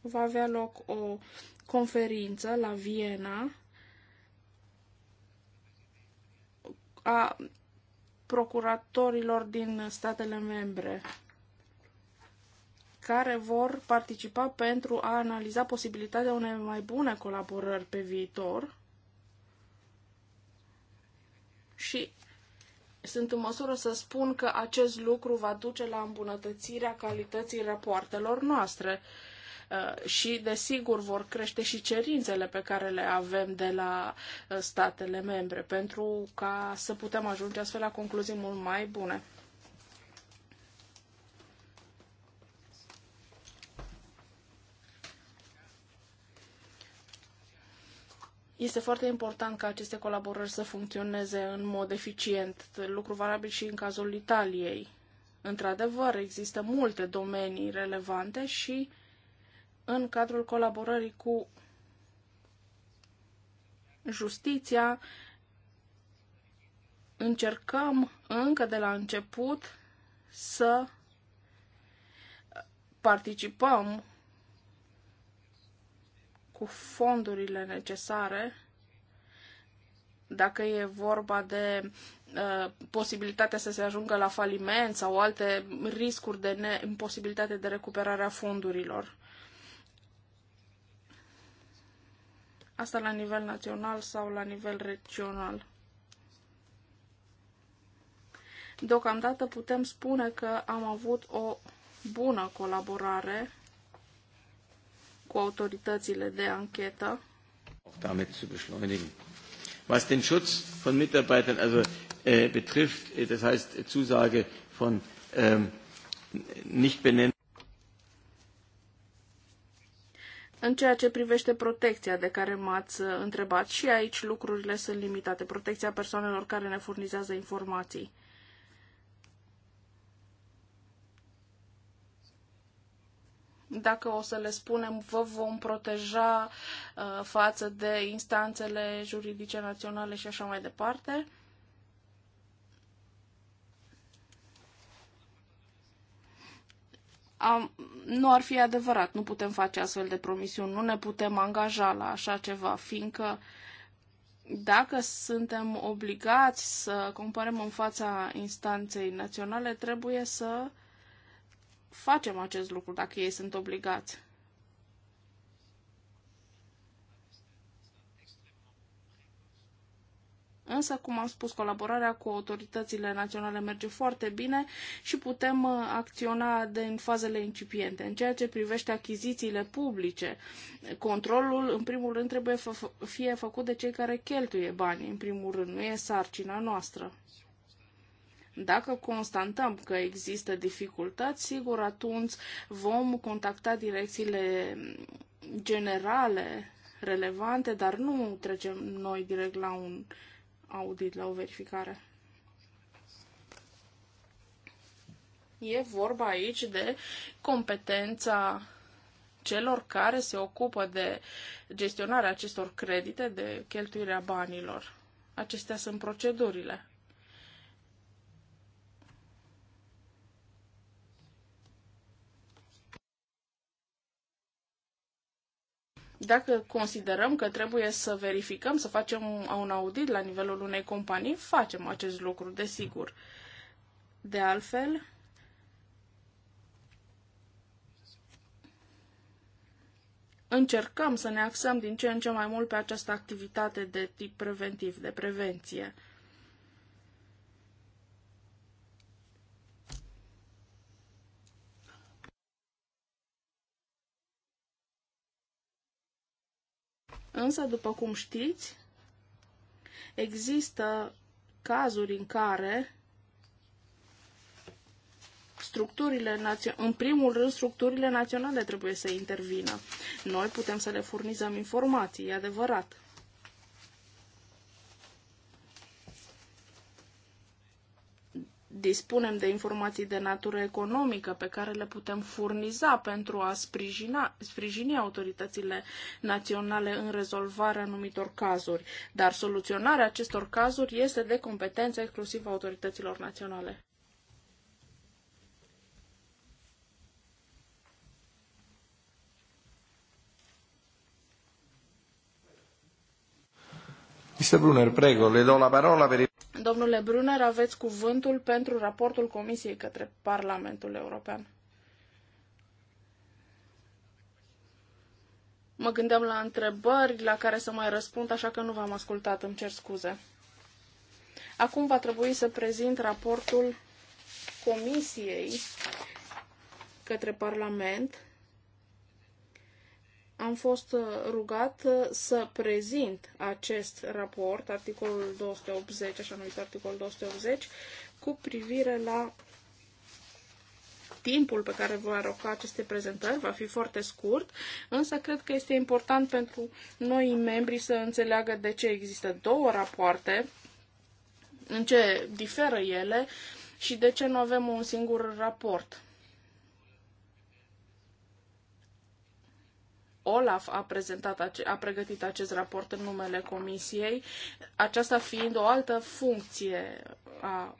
va avea loc o conferință la Viena a procuratorilor din statele membre care vor participa pentru a analiza posibilitatea unei mai bune colaborări pe viitor și sunt în măsură să spun că acest lucru va duce la îmbunătățirea calității rapoartelor noastre. Uh, și, desigur, vor crește și cerințele pe care le avem de la uh, statele membre pentru ca să putem ajunge astfel la concluzii mult mai bune. Este foarte important ca aceste colaborări să funcționeze în mod eficient, lucru valabil și în cazul Italiei. Într-adevăr, există multe domenii relevante și uh, în cadrul colaborării cu justiția, încercăm încă de la început să participăm cu fondurile necesare dacă e vorba de uh, posibilitatea să se ajungă la faliment sau alte riscuri de ne- imposibilitate de recuperare a fondurilor. Asta la nivel național sau la nivel regional. Deocamdată putem spune că am avut o bună colaborare cu autoritățile de anchetă. Auch damit zu beschleunigen. Was den Schutz von Mitarbeitern also äh, betrifft, äh, das heißt Zusage von ähm, nicht benennen În ceea ce privește protecția de care m-ați uh, întrebat, și aici lucrurile sunt limitate. Protecția persoanelor care ne furnizează informații. dacă o să le spunem, vă vom proteja uh, față de instanțele juridice naționale și așa mai departe. am, nu ar fi adevărat. Nu putem face astfel de promisiuni, nu ne putem angaja la așa ceva, fiindcă dacă suntem obligați să comparăm în fața instanței naționale, trebuie să facem acest lucru dacă ei sunt obligați. Însă, cum am spus, colaborarea cu autoritățile naționale merge foarte bine și putem uh, acționa de în fazele incipiente. În ceea ce privește achizițiile publice, controlul, în primul rând, trebuie să fie făcut de cei care cheltuie banii, în primul rând, nu e sarcina noastră. Dacă constatăm că există dificultăți, sigur, atunci vom contacta direcțiile generale relevante, dar nu trecem noi direct la un uh, audit, la o verificare. E vorba aici de competența celor care se ocupă de gestionarea acestor credite, de cheltuirea banilor. Acestea sunt procedurile. Dacă considerăm că trebuie să verificăm, să facem un audit la nivelul unei companii, facem acest lucru, desigur. De altfel, încercăm să ne axăm din ce în ce mai mult pe această activitate de tip preventiv, de prevenție. Însă, după cum știți, există cazuri în care structurile naționale, în primul rând, structurile naționale trebuie să intervină. Noi putem să le furnizăm informații, e adevărat. dispunem de informații de natură economică pe care le putem furniza pentru a sprijina, sprijini autoritățile naționale în rezolvarea anumitor cazuri, dar soluționarea acestor cazuri este de competență exclusivă a autorităților naționale. Mr. Brunner, prego, le do la parola per Domnule Brunner, aveți cuvântul pentru raportul Comisiei către Parlamentul European. Mă gândeam la întrebări la care să mai răspund, așa că nu v-am ascultat, îmi cer scuze. Acum va trebui să prezint raportul Comisiei către Parlament am fost uh, rugat uh, să prezint acest raport, articolul 280, așa numit articolul 280, cu privire la timpul pe care voi aroca aceste prezentări va fi foarte scurt, însă cred că este important pentru noi membri să înțeleagă de ce există două rapoarte, în ce diferă ele și de ce nu avem un singur raport. Olaf a, prezentat, a pregătit acest raport în numele Comisiei, aceasta fiind o altă funcție a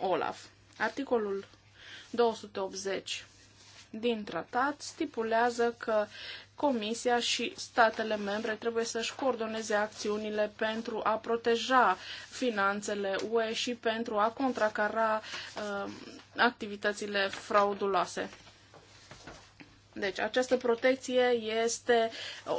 Olaf. Articolul 280 din tratat stipulează că Comisia și statele membre trebuie să-și coordoneze acțiunile pentru a proteja finanțele UE și pentru a contracara uh, activitățile frauduloase. Deci această protecție este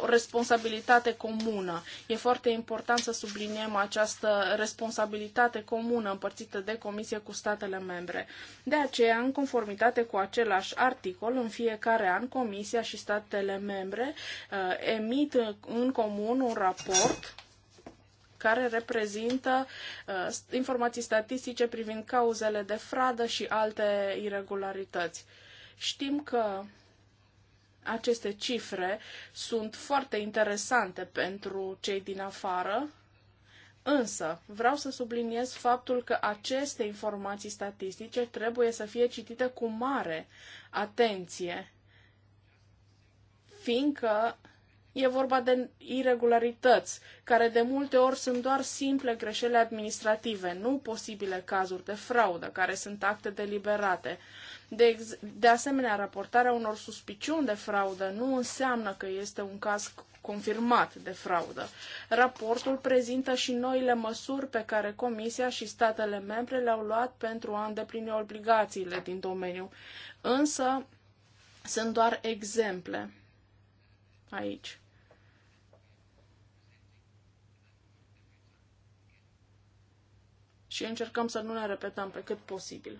o responsabilitate comună. E foarte important să subliniem această responsabilitate comună împărțită de Comisie cu statele membre. De aceea, în conformitate cu același articol, în fiecare an Comisia și statele membre uh, emit în comun un raport care reprezintă uh, informații statistice privind cauzele de fradă și alte irregularități. Știm că aceste cifre sunt foarte interesante pentru cei din afară, Însă, vreau să subliniez faptul că aceste informații statistice trebuie să fie citite cu mare atenție, fiindcă e vorba de irregularități, care de multe ori sunt doar simple greșeli administrative, nu posibile cazuri de fraudă, care sunt acte deliberate. De, de asemenea, raportarea unor suspiciuni de fraudă nu înseamnă că este un caz confirmat de fraudă. Raportul prezintă și noile măsuri pe care Comisia și statele membre le-au luat pentru a îndeplini obligațiile din domeniu. Însă, sunt doar exemple aici. Și încercăm să nu ne repetăm pe cât posibil.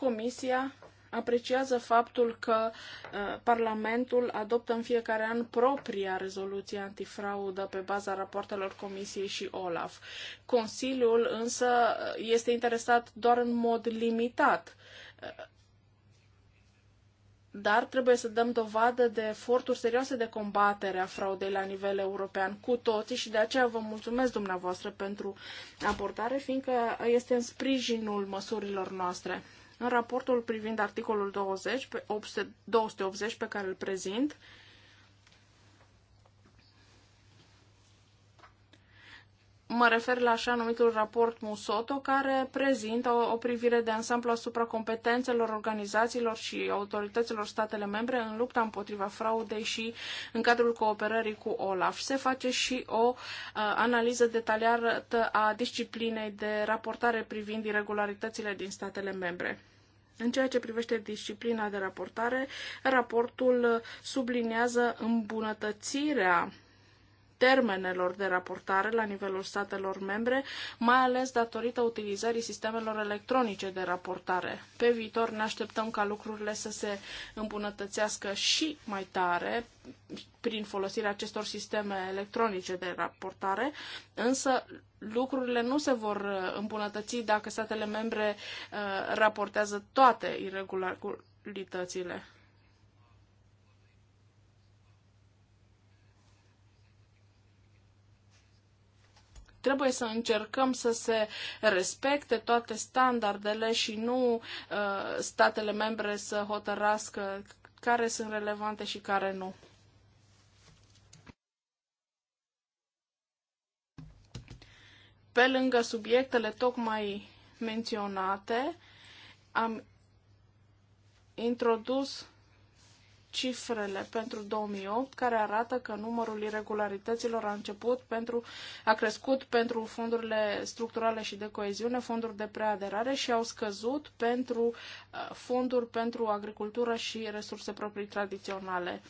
Comisia apreciază faptul că uh, Parlamentul adoptă în fiecare an propria rezoluție antifraudă pe baza rapoartelor Comisiei și OLAF. Consiliul însă uh, este interesat doar în mod limitat. Uh, dar trebuie să dăm dovadă de eforturi serioase de combatere a fraudei la nivel european cu toții și de aceea vă mulțumesc dumneavoastră pentru abordare, fiindcă este în sprijinul măsurilor noastre. În raportul privind articolul 20, pe 280 pe care îl prezint, mă refer la așa numitul raport Musoto, care prezintă o, o privire de ansamblu asupra competențelor organizațiilor și autorităților statele membre în lupta împotriva fraudei și în cadrul cooperării cu OLAF. Se face și o a, uh, analiză detaliată a disciplinei de raportare privind irregularitățile din statele membre. În ceea ce privește disciplina de raportare, raportul subliniază îmbunătățirea termenelor de raportare la nivelul statelor membre, mai ales datorită utilizării sistemelor electronice de raportare. Pe viitor ne așteptăm ca lucrurile să se îmbunătățească și mai tare prin folosirea acestor sisteme electronice de raportare, însă lucrurile nu se vor uh, îmbunătăți dacă statele membre uh, raportează toate irregularitățile. Trebuie să încercăm să se respecte toate standardele și nu uh, statele membre să hotărască care sunt relevante și care nu. Pe lângă subiectele tocmai menționate, am introdus cifrele pentru 2008 care arată că numărul irregularităților a început pentru, a crescut pentru fondurile structurale și de coeziune, fonduri de preaderare și au scăzut pentru uh, fonduri pentru agricultură și resurse proprii tradiționale.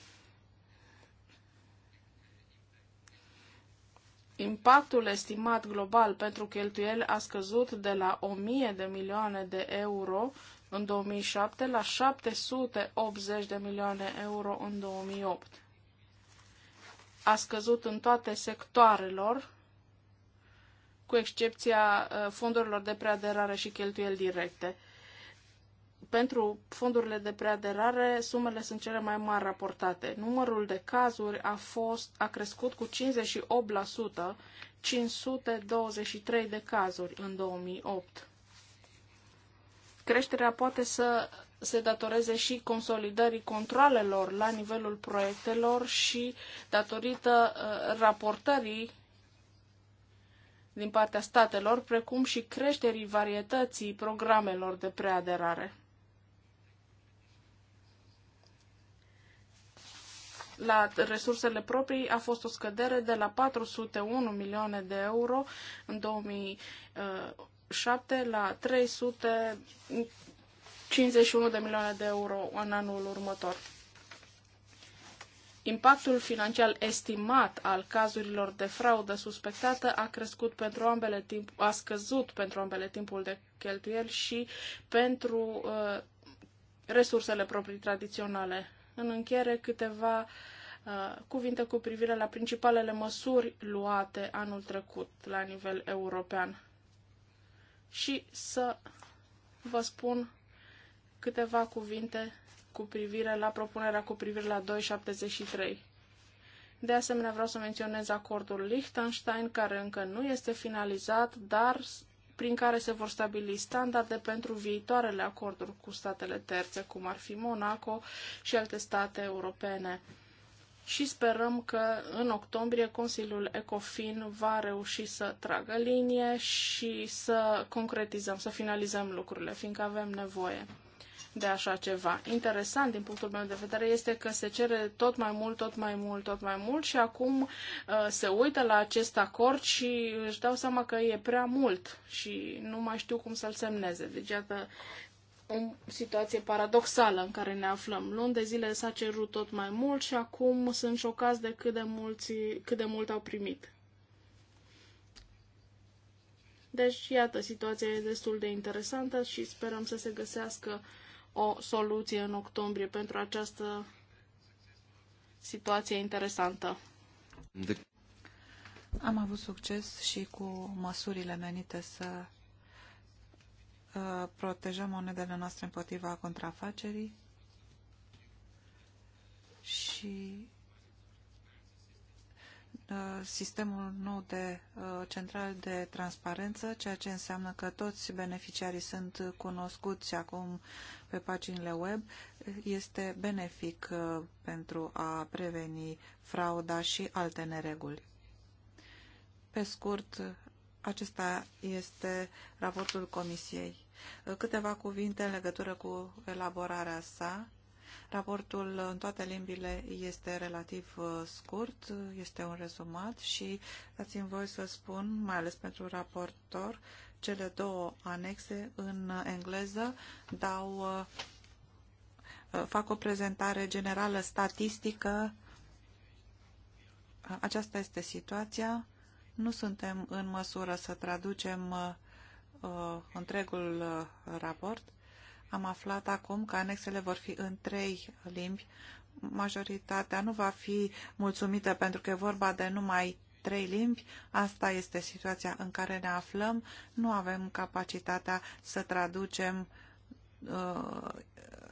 Impactul estimat global pentru cheltuieli a scăzut de la 1000 de milioane de euro în 2007 la 780 de milioane euro în 2008. A scăzut în toate sectoarelor, cu excepția uh, fondurilor de preaderare și cheltuieli directe. Pentru fondurile de preaderare, sumele sunt cele mai mari raportate. Numărul de cazuri a, fost, a crescut cu 58%, 523 de cazuri în 2008. Creșterea poate să se datoreze și consolidării controlelor la nivelul proiectelor și datorită uh, raportării din partea statelor, precum și creșterii varietății programelor de preaderare. la resursele proprii a fost o scădere de la 401 milioane de euro în 2000 7 la 351 de milioane de euro în anul următor. Impactul financiar estimat al cazurilor de fraudă suspectată a crescut pentru ambele timp, a scăzut pentru ambele timpul de cheltuieli și pentru uh, resursele proprii tradiționale. În încheiere, câteva uh, cuvinte cu privire la principalele măsuri luate anul trecut la nivel european și să vă spun câteva cuvinte cu privire la propunerea cu privire la 273. De asemenea, vreau să menționez acordul Liechtenstein, care încă nu este finalizat, dar prin care se vor stabili standarde pentru viitoarele acorduri cu statele terțe, cum ar fi Monaco și alte state europene și sperăm că în octombrie Consiliul ECOFIN va reuși să tragă linie și să concretizăm, să finalizăm lucrurile, fiindcă avem nevoie de așa ceva. Interesant din punctul meu de vedere este că se cere tot mai mult, tot mai mult, tot mai mult și acum uh, se uită la acest acord și își dau seama că e prea mult și nu mai știu cum să-l semneze. Deci, iată, o situație paradoxală în care ne aflăm. Luni de zile s-a cerut tot mai mult și acum sunt șocați de cât de, mulți, cât de mult au primit. Deci, iată, situația e destul de interesantă și sperăm să se găsească o soluție în octombrie pentru această situație interesantă. Am avut succes și cu măsurile menite să Uh, protejăm monedele noastre împotriva contrafacerii și uh, sistemul nou de uh, central de transparență, ceea ce înseamnă că toți beneficiarii sunt cunoscuți acum pe paginile web, este benefic pentru a preveni frauda și alte nereguli. Pe scurt, acesta este raportul Comisiei. Câteva cuvinte în legătură cu elaborarea sa. Raportul în toate limbile este relativ uh, scurt, este un rezumat și dați-mi voi să spun, mai ales pentru raportor, cele două anexe în engleză dau, uh, uh, fac o prezentare generală statistică. Aceasta este situația. Nu suntem în măsură să traducem uh, întregul uh, raport. Am aflat acum că anexele vor fi în trei limbi. Majoritatea nu va fi mulțumită pentru că e vorba de numai trei limbi. Asta este situația în care ne aflăm. Nu avem capacitatea să traducem uh,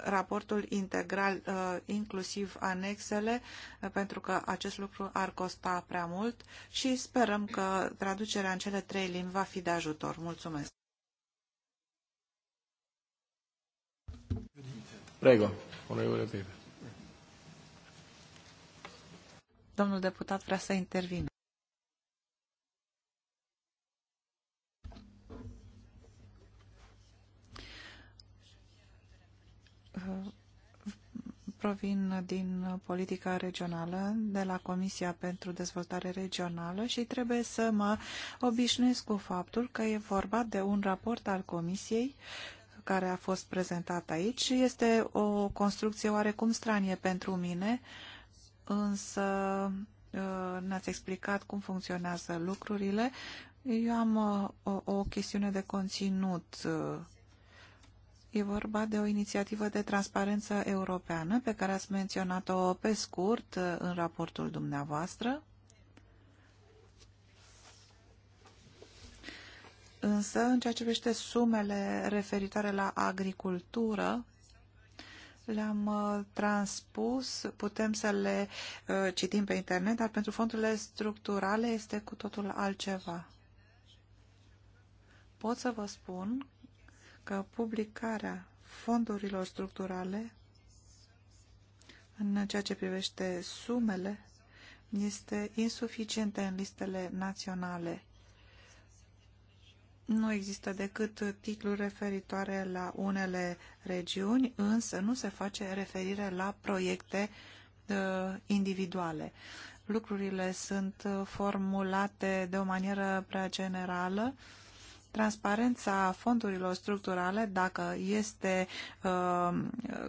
raportul integral, uh, inclusiv anexele, uh, pentru că acest lucru ar costa prea mult și sperăm că traducerea în cele trei limbi va fi de ajutor. Mulțumesc! Prego, onorevole Pepe. Domnul deputat vrea să intervină. provin din politica regională, de la Comisia pentru Dezvoltare Regională și trebuie să mă obișnuiesc cu faptul că e vorba de un raport al Comisiei care a fost prezentat aici. Este o construcție oarecum stranie pentru mine, însă uh, ne-ați explicat cum funcționează lucrurile. Eu am uh, o, o chestiune de conținut uh, E vorba de o inițiativă de transparență europeană pe care ați menționat-o pe scurt uh, în raportul dumneavoastră. Însă, în ceea ce privește sumele referitoare la agricultură, le-am uh, transpus, putem să le uh, citim pe internet, dar pentru fondurile structurale este cu totul altceva. Pot să vă spun că publicarea fondurilor structurale în ceea ce privește sumele este insuficientă în listele naționale. Nu există decât titluri referitoare la unele regiuni, însă nu se face referire la proiecte uh, individuale. Lucrurile sunt uh, formulate de o manieră prea generală uh, transparența fondurilor structurale, dacă este uh,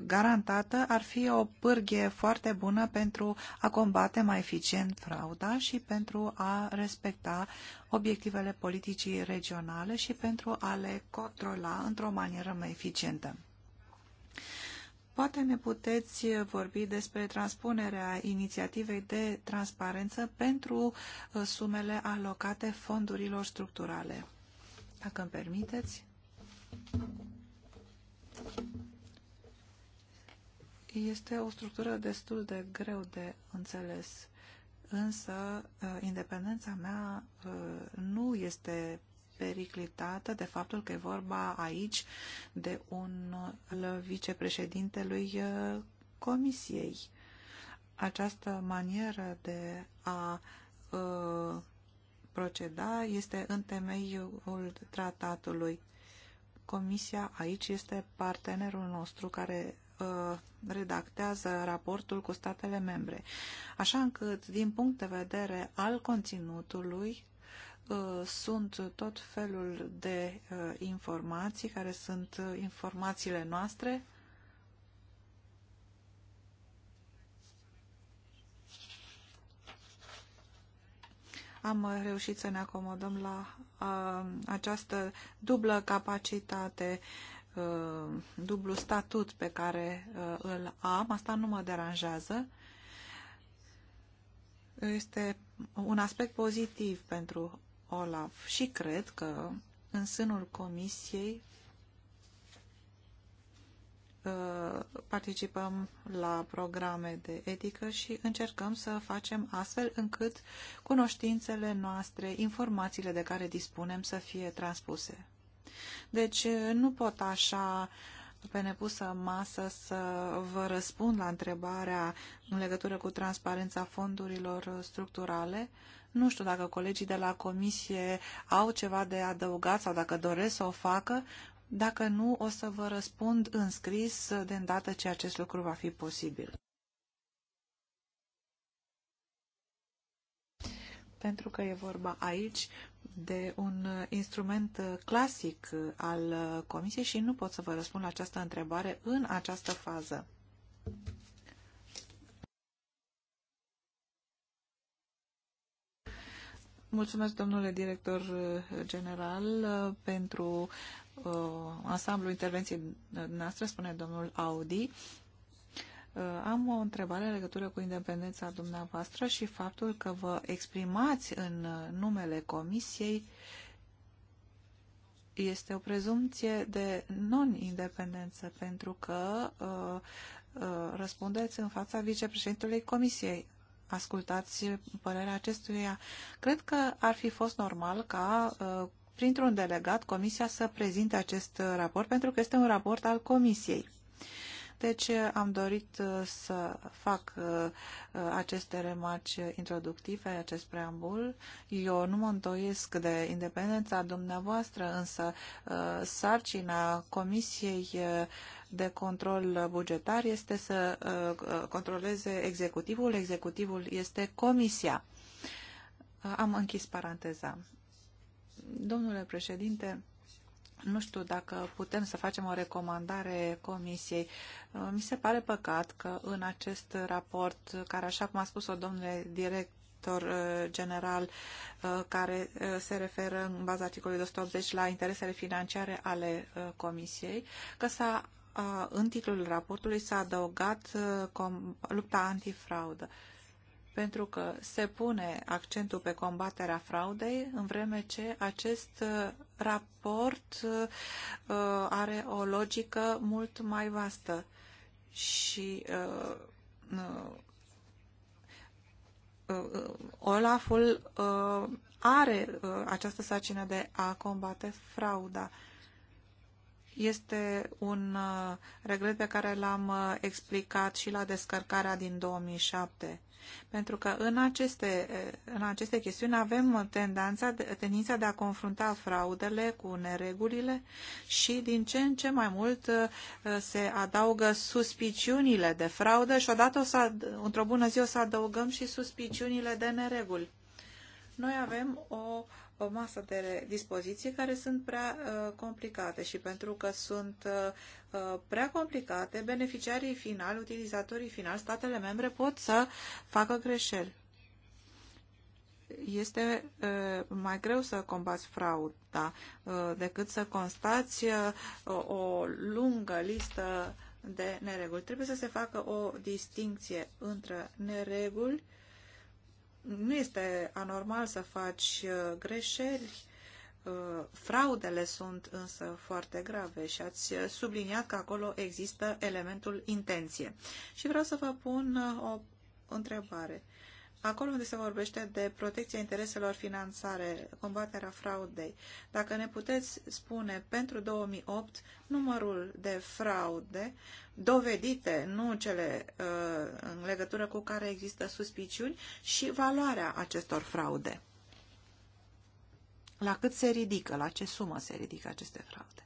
garantată, ar fi o pârghie foarte bună pentru a combate mai eficient frauda și pentru a respecta obiectivele politicii regionale și pentru a le controla într-o manieră mai eficientă. Poate ne puteți vorbi despre transpunerea inițiativei de transparență pentru uh, sumele alocate fondurilor structurale dacă îmi permiteți. Este o structură destul de greu de înțeles, însă uh, independența mea uh, nu este periclitată de faptul că e vorba aici de un uh, vicepreședintelui Comisiei. Această manieră de a proceda este în temeiul tratatului. Comisia aici este partenerul nostru care uh, redactează raportul cu statele membre, așa încât, din punct de vedere al conținutului, uh, sunt tot felul de uh, informații care sunt uh, informațiile noastre am reușit să ne acomodăm la uh, această dublă capacitate, uh, dublu statut pe care uh, îl am. Asta nu mă deranjează. Este un aspect pozitiv pentru Olaf și cred că în sânul comisiei Uh, participăm la programe de etică și încercăm să facem astfel încât cunoștințele noastre, informațiile de care dispunem să fie transpuse. Deci nu pot așa pe nepusă masă să vă răspund la întrebarea în legătură cu transparența fondurilor structurale. Nu știu dacă colegii de la comisie au ceva de adăugat sau dacă doresc să o facă, dacă nu, o să vă răspund în scris de îndată ce acest lucru va fi posibil. Pentru că e vorba aici de un instrument clasic al Comisiei și nu pot să vă răspund la această întrebare în această fază. Mulțumesc, domnule director general, pentru uh, ansamblu intervenției noastre, spune domnul Audi. Uh, am o întrebare în legătură cu independența dumneavoastră și faptul că vă exprimați în uh, numele Comisiei este o prezumție de non-independență, pentru că uh, uh, răspundeți în fața vicepreședintelui Comisiei. Ascultați părerea acestuia. Cred că ar fi fost normal ca uh, printr-un delegat, Comisia să prezinte acest uh, raport, pentru că este un raport al Comisiei. Deci uh, am dorit uh, să fac aceste remarci introductive, acest preambul. Eu nu mă întoiesc de independența dumneavoastră, însă sarcina Comisiei de control bugetar este să controleze executivul. Executivul este Comisia. Am închis paranteza. Domnule președinte, nu știu dacă putem să facem o recomandare comisiei. Uh, mi se pare păcat că în acest raport, care așa cum a spus-o domnule direct, uh, general uh, care se referă în baza articolului 280 la interesele financiare ale Comisiei, că s-a, în titlul raportului s-a adăugat lupta antifraudă pentru că se pune accentul pe combaterea fraudei, în vreme ce acest uh, raport uh, uh, are o logică mult mai vastă și Olaful are această sarcină de a combate frauda este un regret pe care l-am explicat și la descărcarea din 2007. Pentru că în aceste, în aceste chestiuni avem tendanța, tendința de a confrunta fraudele cu neregulile și din ce în ce mai mult uh, se adaugă suspiciunile de fraudă și odată o să, într-o bună zi o să adăugăm și suspiciunile de nereguli. Noi avem o o masă de dispoziții care sunt prea uh, complicate și pentru că sunt uh, uh prea complicate, beneficiarii finali, utilizatorii finali, statele membre pot să facă greșeli. Este uh, mai greu să combați frauda uh, decât să constați uh, o lungă listă de nereguli. Trebuie să se facă o distinție între nereguli uh, nu este anormal să faci uh, greșeli. Uh, fraudele sunt însă foarte grave și ați uh, subliniat că acolo există elementul intenție. Și vreau să vă pun o întrebare acolo unde se vorbește de protecția intereselor finanțare, combaterea fraudei, dacă ne puteți spune pentru 2008 numărul de fraude dovedite, nu cele uh, în legătură cu care există suspiciuni, și valoarea acestor fraude. La cât se ridică, la ce sumă se ridică aceste fraude.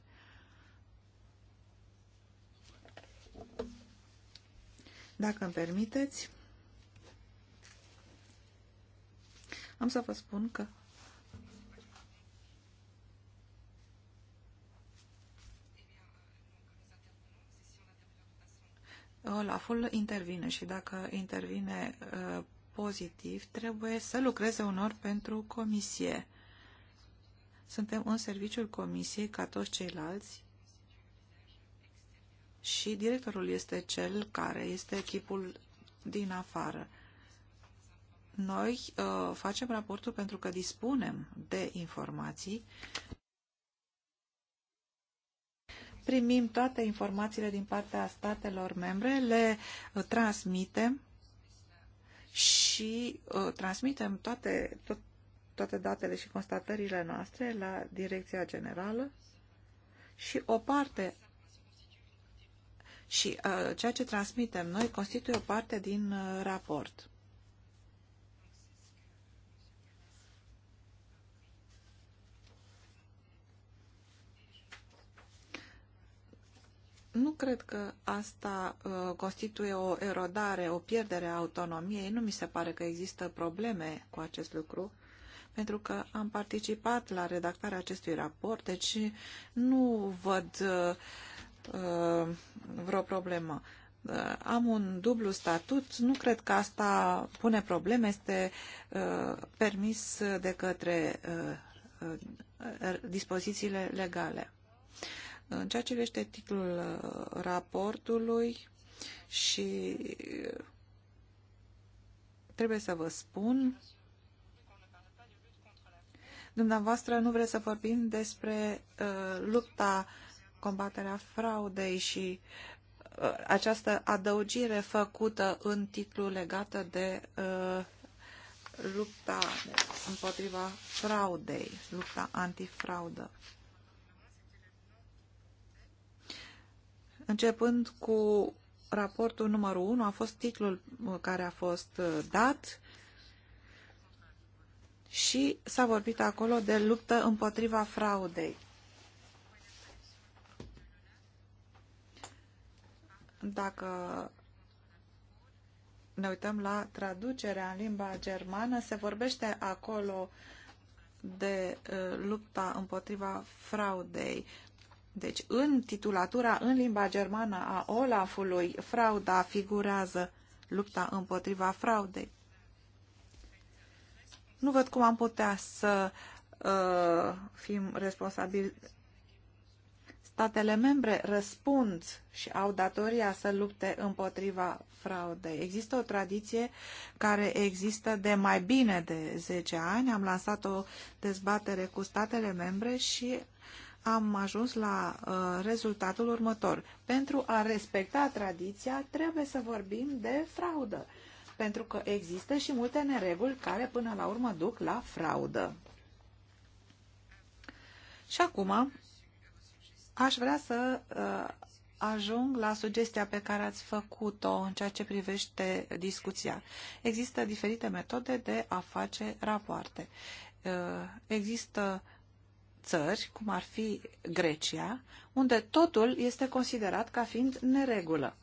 Dacă îmi permiteți, am să vă spun că Olaful intervine și dacă intervine uh, pozitiv, trebuie să lucreze unor pentru comisie. Suntem în serviciul comisiei ca toți ceilalți și directorul este cel care este echipul din afară. Noi uh, facem raportul pentru că dispunem de informații. Primim toate informațiile din partea statelor membre, le uh, transmitem și uh, transmitem toate, tot, toate datele și constatările noastre la Direcția Generală și o parte și uh, ceea ce transmitem noi constituie o parte din uh, raport. Nu cred că asta uh, constituie o erodare, o pierdere a autonomiei. Nu mi se pare că există probleme cu acest lucru, pentru că am participat la redactarea acestui raport, deci nu văd uh, uh vreo problemă. Uh, am un dublu statut, nu cred că asta pune probleme, este uh, permis de către uh, uh dispozițiile legale. În ceea ce vește titlul uh, raportului și uh, trebuie să vă spun dumneavoastră nu vreți să vorbim despre uh, lupta, combaterea fraudei și uh, această adăugire făcută în titlu legată de uh, lupta împotriva fraudei, lupta antifraudă. Începând cu raportul numărul 1, a fost titlul uh, care a fost uh, dat și s-a vorbit acolo de luptă împotriva fraudei. Dacă ne uităm la traducerea în limba germană, se vorbește acolo de uh, lupta împotriva fraudei. Deci, în titulatura în limba germană a Olafului, frauda figurează lupta împotriva fraudei. Nu văd cum am putea să uh, fim responsabili. Statele membre răspund și au datoria să lupte împotriva fraudei. Există o tradiție care există de mai bine de 10 ani. Am lansat o dezbatere cu statele membre și am ajuns la uh, rezultatul următor. Pentru a respecta tradiția, trebuie să vorbim de fraudă, pentru că există și multe nereguli care până la urmă duc la fraudă. Și acum aș vrea să uh, ajung la sugestia pe care ați făcut-o în ceea ce privește discuția. Există diferite metode de a face rapoarte. Uh, există uh, țări, cum ar fi Grecia, unde totul este considerat ca fiind neregulă.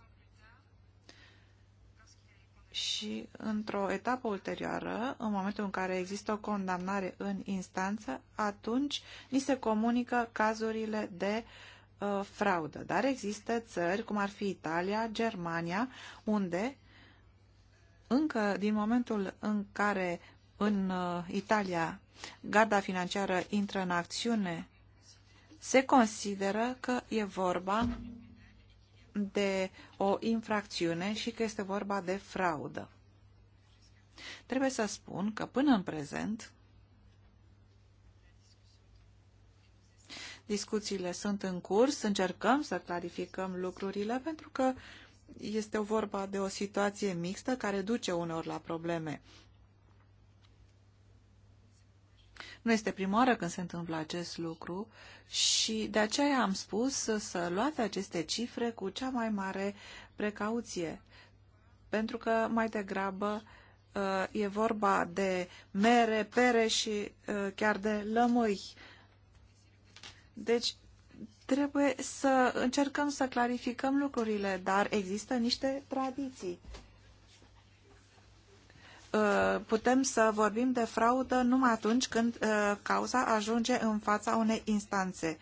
Și într-o etapă ulterioară, în momentul în care există o condamnare în instanță, atunci ni se comunică cazurile de uh, fraudă. Dar există țări, cum ar fi Italia, Germania, unde încă din momentul în care în uh, Italia garda financiară intră în acțiune, se consideră că e vorba de o infracțiune și că este vorba de fraudă. Trebuie să spun că până în prezent discuțiile sunt în curs, încercăm să clarificăm lucrurile pentru că este vorba de o situație mixtă care duce uneori la probleme. Nu este prima oară când se întâmplă acest lucru și de aceea am spus să luați aceste cifre cu cea mai mare precauție, pentru că mai degrabă uh, e vorba de mere, pere și uh, chiar de lămâi. Deci trebuie să încercăm să clarificăm lucrurile, dar există niște tradiții Uh, putem să vorbim de fraudă numai atunci când uh, cauza ajunge în fața unei instanțe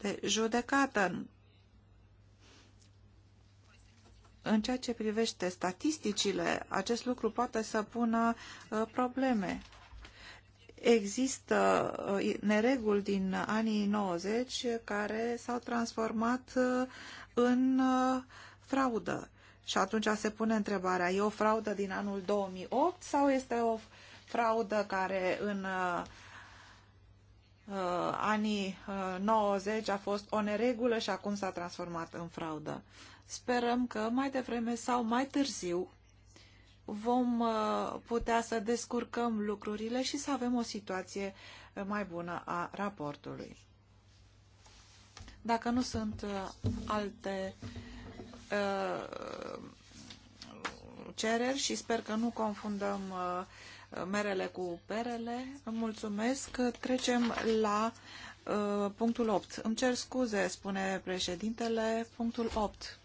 de judecată. În ceea ce privește statisticile, acest lucru poate să pună uh, probleme. Există nereguli din anii 90 care s-au transformat în fraudă. Și atunci se pune întrebarea, e o fraudă din anul 2008 sau este o fraudă care în uh, uh anii uh, 90 a fost o neregulă și acum s-a transformat în fraudă. Sperăm că mai devreme sau mai târziu vom uh, putea să descurcăm lucrurile și să avem o situație mai bună a raportului. Dacă nu sunt uh, alte Uh, cereri și sper că nu confundăm uh, merele cu perele. Mulțumesc. Trecem la uh, punctul 8. Îmi cer scuze, spune președintele. Punctul 8.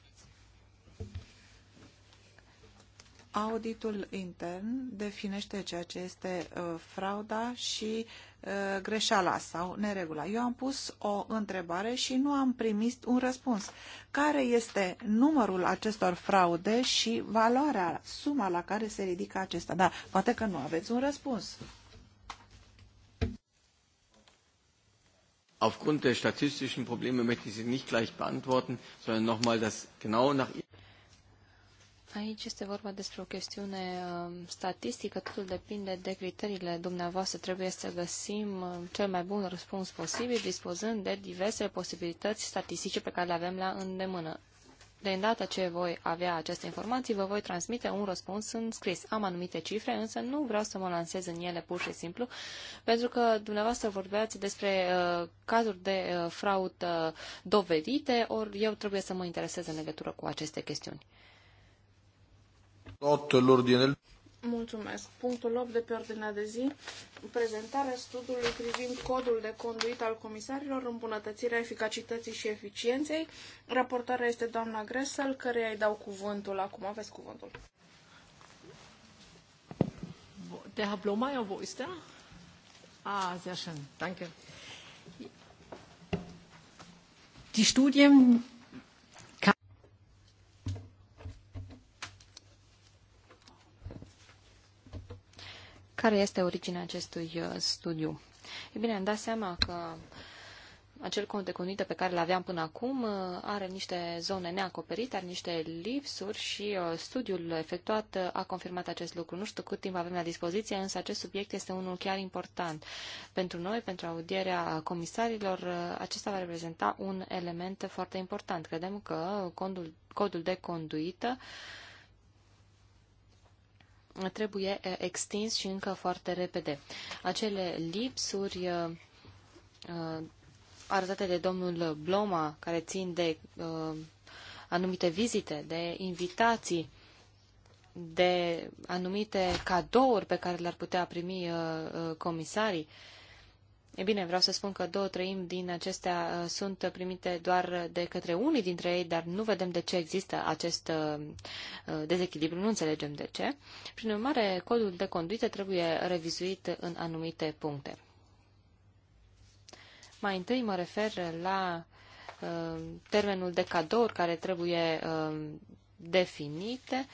Auditul intern definește ceea ce este frauda și Uh, greșeala sau neregula. Eu am pus o întrebare și nu am primit un răspuns. Care este numărul acestor fraude și valoarea, suma la care se ridică acesta? Da, poate că nu aveți un răspuns. Aufgrund der statistischen Probleme möchte ich sie nicht gleich beantworten, sondern nochmal das genau nach Aici este vorba despre o chestiune um, statistică, totul depinde de criteriile dumneavoastră. Trebuie să găsim um, cel mai bun răspuns posibil, dispozând de diverse posibilități statistice pe care le avem la îndemână. De îndată ce voi avea aceste informații, vă voi transmite un răspuns în scris. Am anumite cifre, însă nu vreau să mă lansez în ele pur și simplu, pentru că dumneavoastră vorbeați despre uh, cazuri de uh, fraudă dovedite, ori eu trebuie să mă interesez în legătură cu aceste chestiuni. Mulțumesc. Punctul 8 de pe ordinea de zi. Prezentarea studiului privind codul de conduit al comisarilor, îmbunătățirea eficacității și eficienței. Raportarea este doamna Gresel, care îi dau cuvântul acum. Aveți cuvântul. Der Herr Blomeyer, wo ist er? Ah, sehr schön. Danke. Die Studien care este originea acestui uh, studiu? E bine, am dat seama că acel cont de conduită pe care îl aveam până acum uh, are niște zone neacoperite, are niște lipsuri și uh, studiul efectuat a confirmat acest lucru. Nu știu cât timp avem la dispoziție, însă acest subiect este unul chiar important pentru noi, pentru audierea comisarilor. Acesta va reprezenta un element foarte important. Credem că codul, codul de conduită uh, trebuie eh, extins și încă foarte repede. Acele lipsuri eh, eh, arătate de domnul Bloma, care țin de anumite vizite, de invitații, de anumite cadouri pe care le-ar putea primi comisarii, E bine, vreau să spun că două treimi din acestea uh, sunt primite doar de către unii dintre ei, dar nu vedem de ce există acest uh, uh, dezechilibru, nu înțelegem de ce. Prin urmare, codul de conduită trebuie revizuit în anumite puncte. Mai întâi mă refer la termenul de cadouri care trebuie definite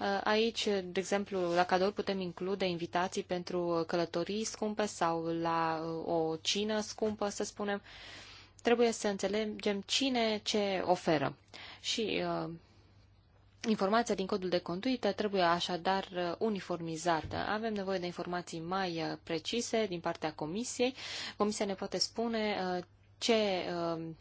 Uh, aici, de exemplu, la cadouri putem include invitații pentru călătorii scumpe sau la uh, o cină scumpă, să spunem. Trebuie să înțelegem cine ce oferă. Și uh, Informația din codul de conduită trebuie așadar uniformizată. Avem nevoie de informații mai precise din partea comisiei. Comisia ne poate spune ce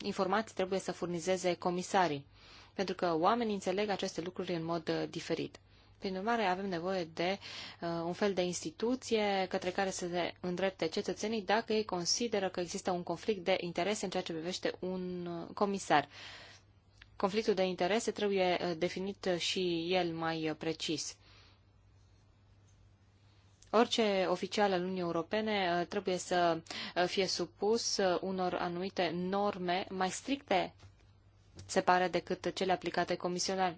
informații trebuie să furnizeze comisarii, pentru că oamenii înțeleg aceste lucruri în mod diferit. Prin urmare, avem nevoie de uh, un fel de instituție către care să se îndrepte cetățenii dacă ei consideră că există un conflict de interese în ceea ce privește un uh, comisar. Conflictul de interese trebuie uh, definit și el mai uh, precis. Orice oficial al Uniunii Europene trebuie să fie supus unor anumite norme mai stricte separe decât cele aplicate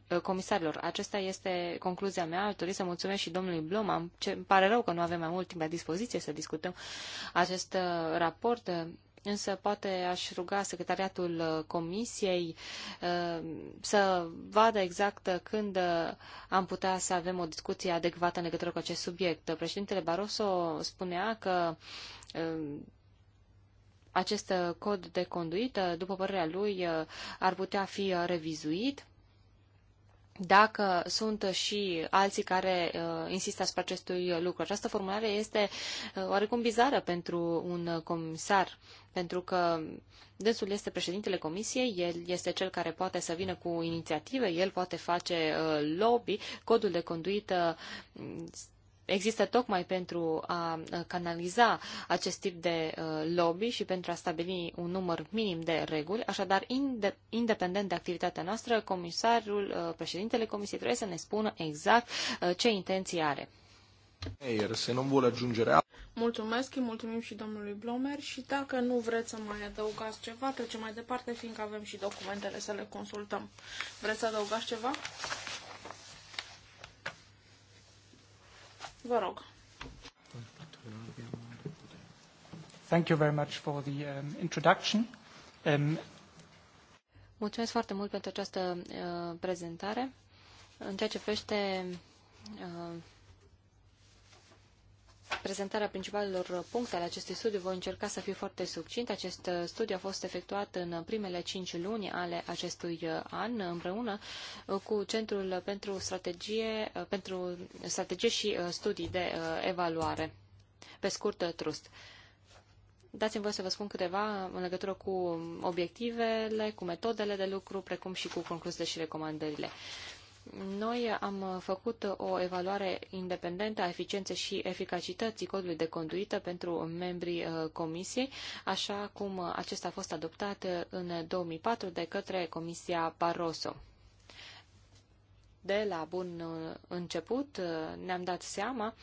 eh, comisarilor. Acesta este concluzia mea. Aș dori să mulțumesc și domnului Blom. Am, ce, îmi pare rău că nu avem mai mult timp la dispoziție să discutăm acest eh, raport. Eh, însă poate aș ruga secretariatul comisiei să vadă exact când am putea să avem o discuție adecvată în legătură cu acest subiect. Președintele Barroso spunea că acest uh, cod de conduită, după părerea lui, uh, ar putea fi uh, revizuit dacă sunt și alții care uh, insistă asupra acestui lucru. Această formulare este uh, oarecum bizară pentru un comisar, pentru că dânsul este președintele comisiei, el este cel care poate să vină cu inițiative, el poate face uh, lobby, codul de conduită uh, există tocmai pentru a canaliza acest tip de lobby și pentru a stabili un număr minim de reguli. Așadar, independent de activitatea noastră, comisarul, președintele comisiei trebuie să ne spună exact ce intenții are. Meier, se nu vor ajungere Mulțumesc, îi mulțumim și domnului Blomer și dacă nu vreți să mai adăugați ceva, trecem mai departe, fiindcă avem și documentele să le consultăm. Vreți să adăugați ceva? Vă rog. Thank you very much for the um, introduction. Um, Mulțumesc foarte mult pentru această uh, prezentare. În ceea ce privește uh, prezentarea principalelor puncte ale acestui studiu voi încerca să fiu foarte succint. Acest uh, studiu a fost efectuat în primele cinci luni ale acestui uh, an împreună uh, cu Centrul pentru Strategie, pentru strategie și Studii de Evaluare, pe scurt TRUST. Dați-mi voi să vă spun câteva în legătură cu obiectivele, cu metodele de lucru, precum și cu concluziile și recomandările. Noi am făcut o evaluare independentă a eficienței și eficacității codului de conduită pentru membrii uh, comisiei, așa cum acesta a fost adoptat în 2004 de către Comisia Barroso. De la bun uh, început uh, ne-am dat seama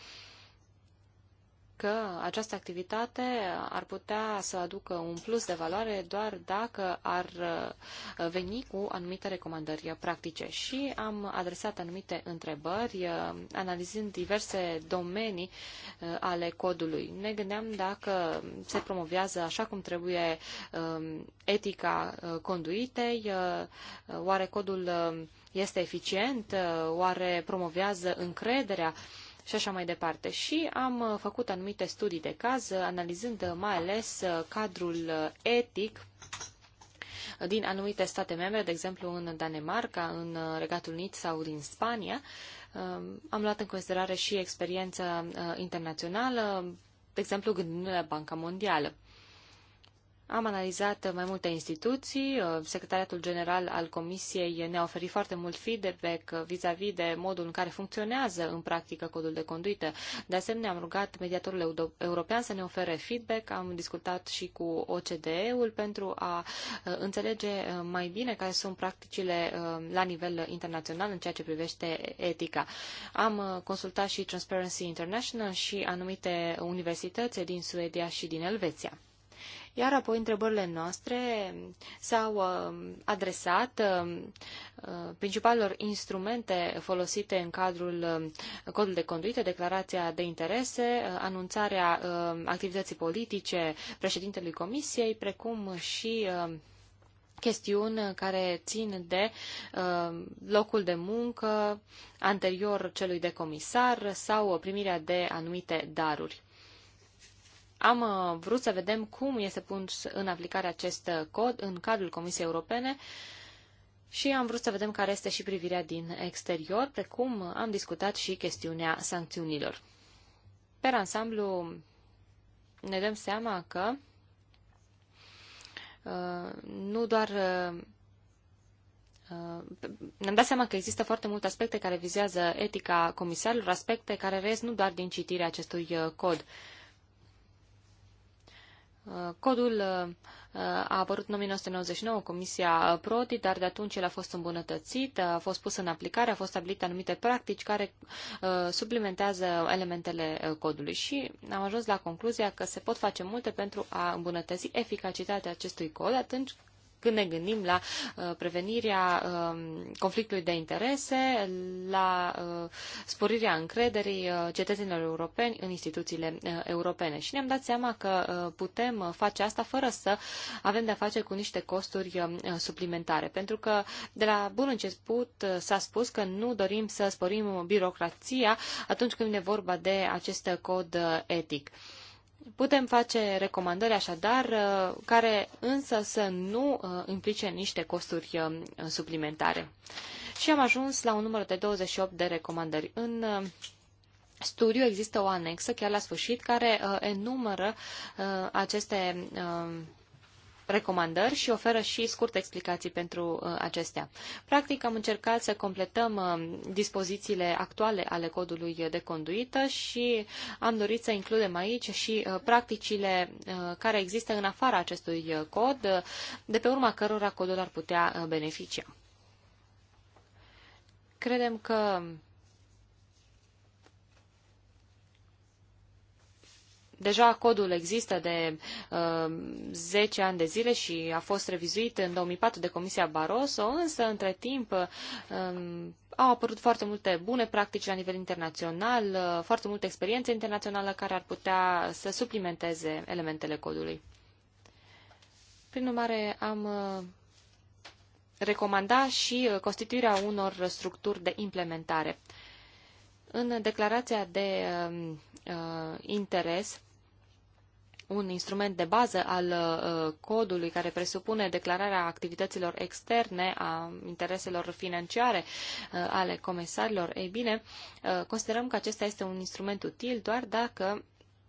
că această activitate ar putea să aducă un plus de valoare doar dacă ar uh, veni cu anumite recomandări practice. Și am adresat anumite întrebări uh, analizând diverse domenii uh, ale codului. Ne gândeam dacă se promovează așa cum trebuie um, etica conduitei, oare codul este eficient, oare promovează încrederea și așa mai departe. Și am uh, făcut anumite studii de caz, uh, analizând uh, mai ales cadrul etic din anumite state membre, de exemplu în Danemarca, în Regatul Unit sau din Spania. Um, am luat în considerare și experiența internațională, de exemplu gândindu-ne la Banca Mondială. Am analizat mai multe instituții, uh, Secretariatul General al Comisiei ne-a oferit foarte mult feedback vis-a-vis -vis de modul în care funcționează în practică codul de conduită. De asemenea, am rugat mediatorul european să ne ofere feedback, am discutat și cu OCDE-ul pentru a uh, înțelege uh, mai bine care sunt practicile la nivel internațional în ceea ce privește etica. Am consultat și Transparency International și anumite universități din Suedia și din Elveția. Iar apoi întrebările noastre s-au uh, adresat uh, uh, principalelor instrumente folosite în cadrul codului de conduită, declarația de interese, anunțarea activității politice președintelui Comisiei, precum și chestiuni care țin de locul de muncă anterior celui de comisar sau primirea de anumite daruri. Am uh, vrut să vedem cum este pus în aplicare acest uh, cod în cadrul Comisiei Europene și am vrut să vedem care este și privirea din exterior, precum am discutat și chestiunea sancțiunilor. Per ansamblu, ne dăm seama că uh, nu doar ne-am dat seama că există foarte multe aspecte care vizează etica comisarilor, aspecte care rez nu doar din citirea acestui cod. Codul uh, uh, a apărut în 1999 Comisia Prodi, dar de atunci el a fost îmbunătățit, a fost pus în aplicare, a fost stabilite anumite practici care uh, suplimentează elementele codului și am ajuns la concluzia că se pot face multe pentru a îmbunătăți eficacitatea acestui cod atunci când ne gândim la uh, prevenirea um, conflictului de interese, la uh, sporirea încrederii uh, cetățenilor europeni în instituțiile europene. Și ne-am dat seama că putem face asta fără să avem de-a face cu niște costuri suplimentare. Pentru că de la bun început s-a spus că nu dorim să sporim birocrația atunci când e vorba de acest cod etic. Putem face recomandări așadar, uh, care însă să nu uh, implice niște costuri uh, suplimentare. Și am ajuns la un număr de 28 de recomandări. În studiu există o anexă, chiar la sfârșit, care enumără aceste recomandări și oferă și scurte explicații pentru uh, acestea. Practic, am încercat să completăm uh, dispozițiile actuale ale codului de conduită și am dorit să includem aici și uh, practicile care există în afara acestui cod, de pe urma cărora codul ar putea beneficia. Credem că Deja codul există de uh, 10 ani de zile și a fost revizuit în 2004 de Comisia Barroso, însă între timp uh, au apărut foarte multe bune practici la nivel internațional, uh, foarte multe experiențe internaționale care ar putea să suplimenteze elementele codului. Prin urmare, am uh, recomanda și uh, constituirea unor structuri de implementare. În declarația de um, uh, interes un instrument de bază al uh, codului care presupune declararea activităților externe, a intereselor financiare uh, ale comisarilor, ei bine, uh, considerăm că acesta este un instrument util doar dacă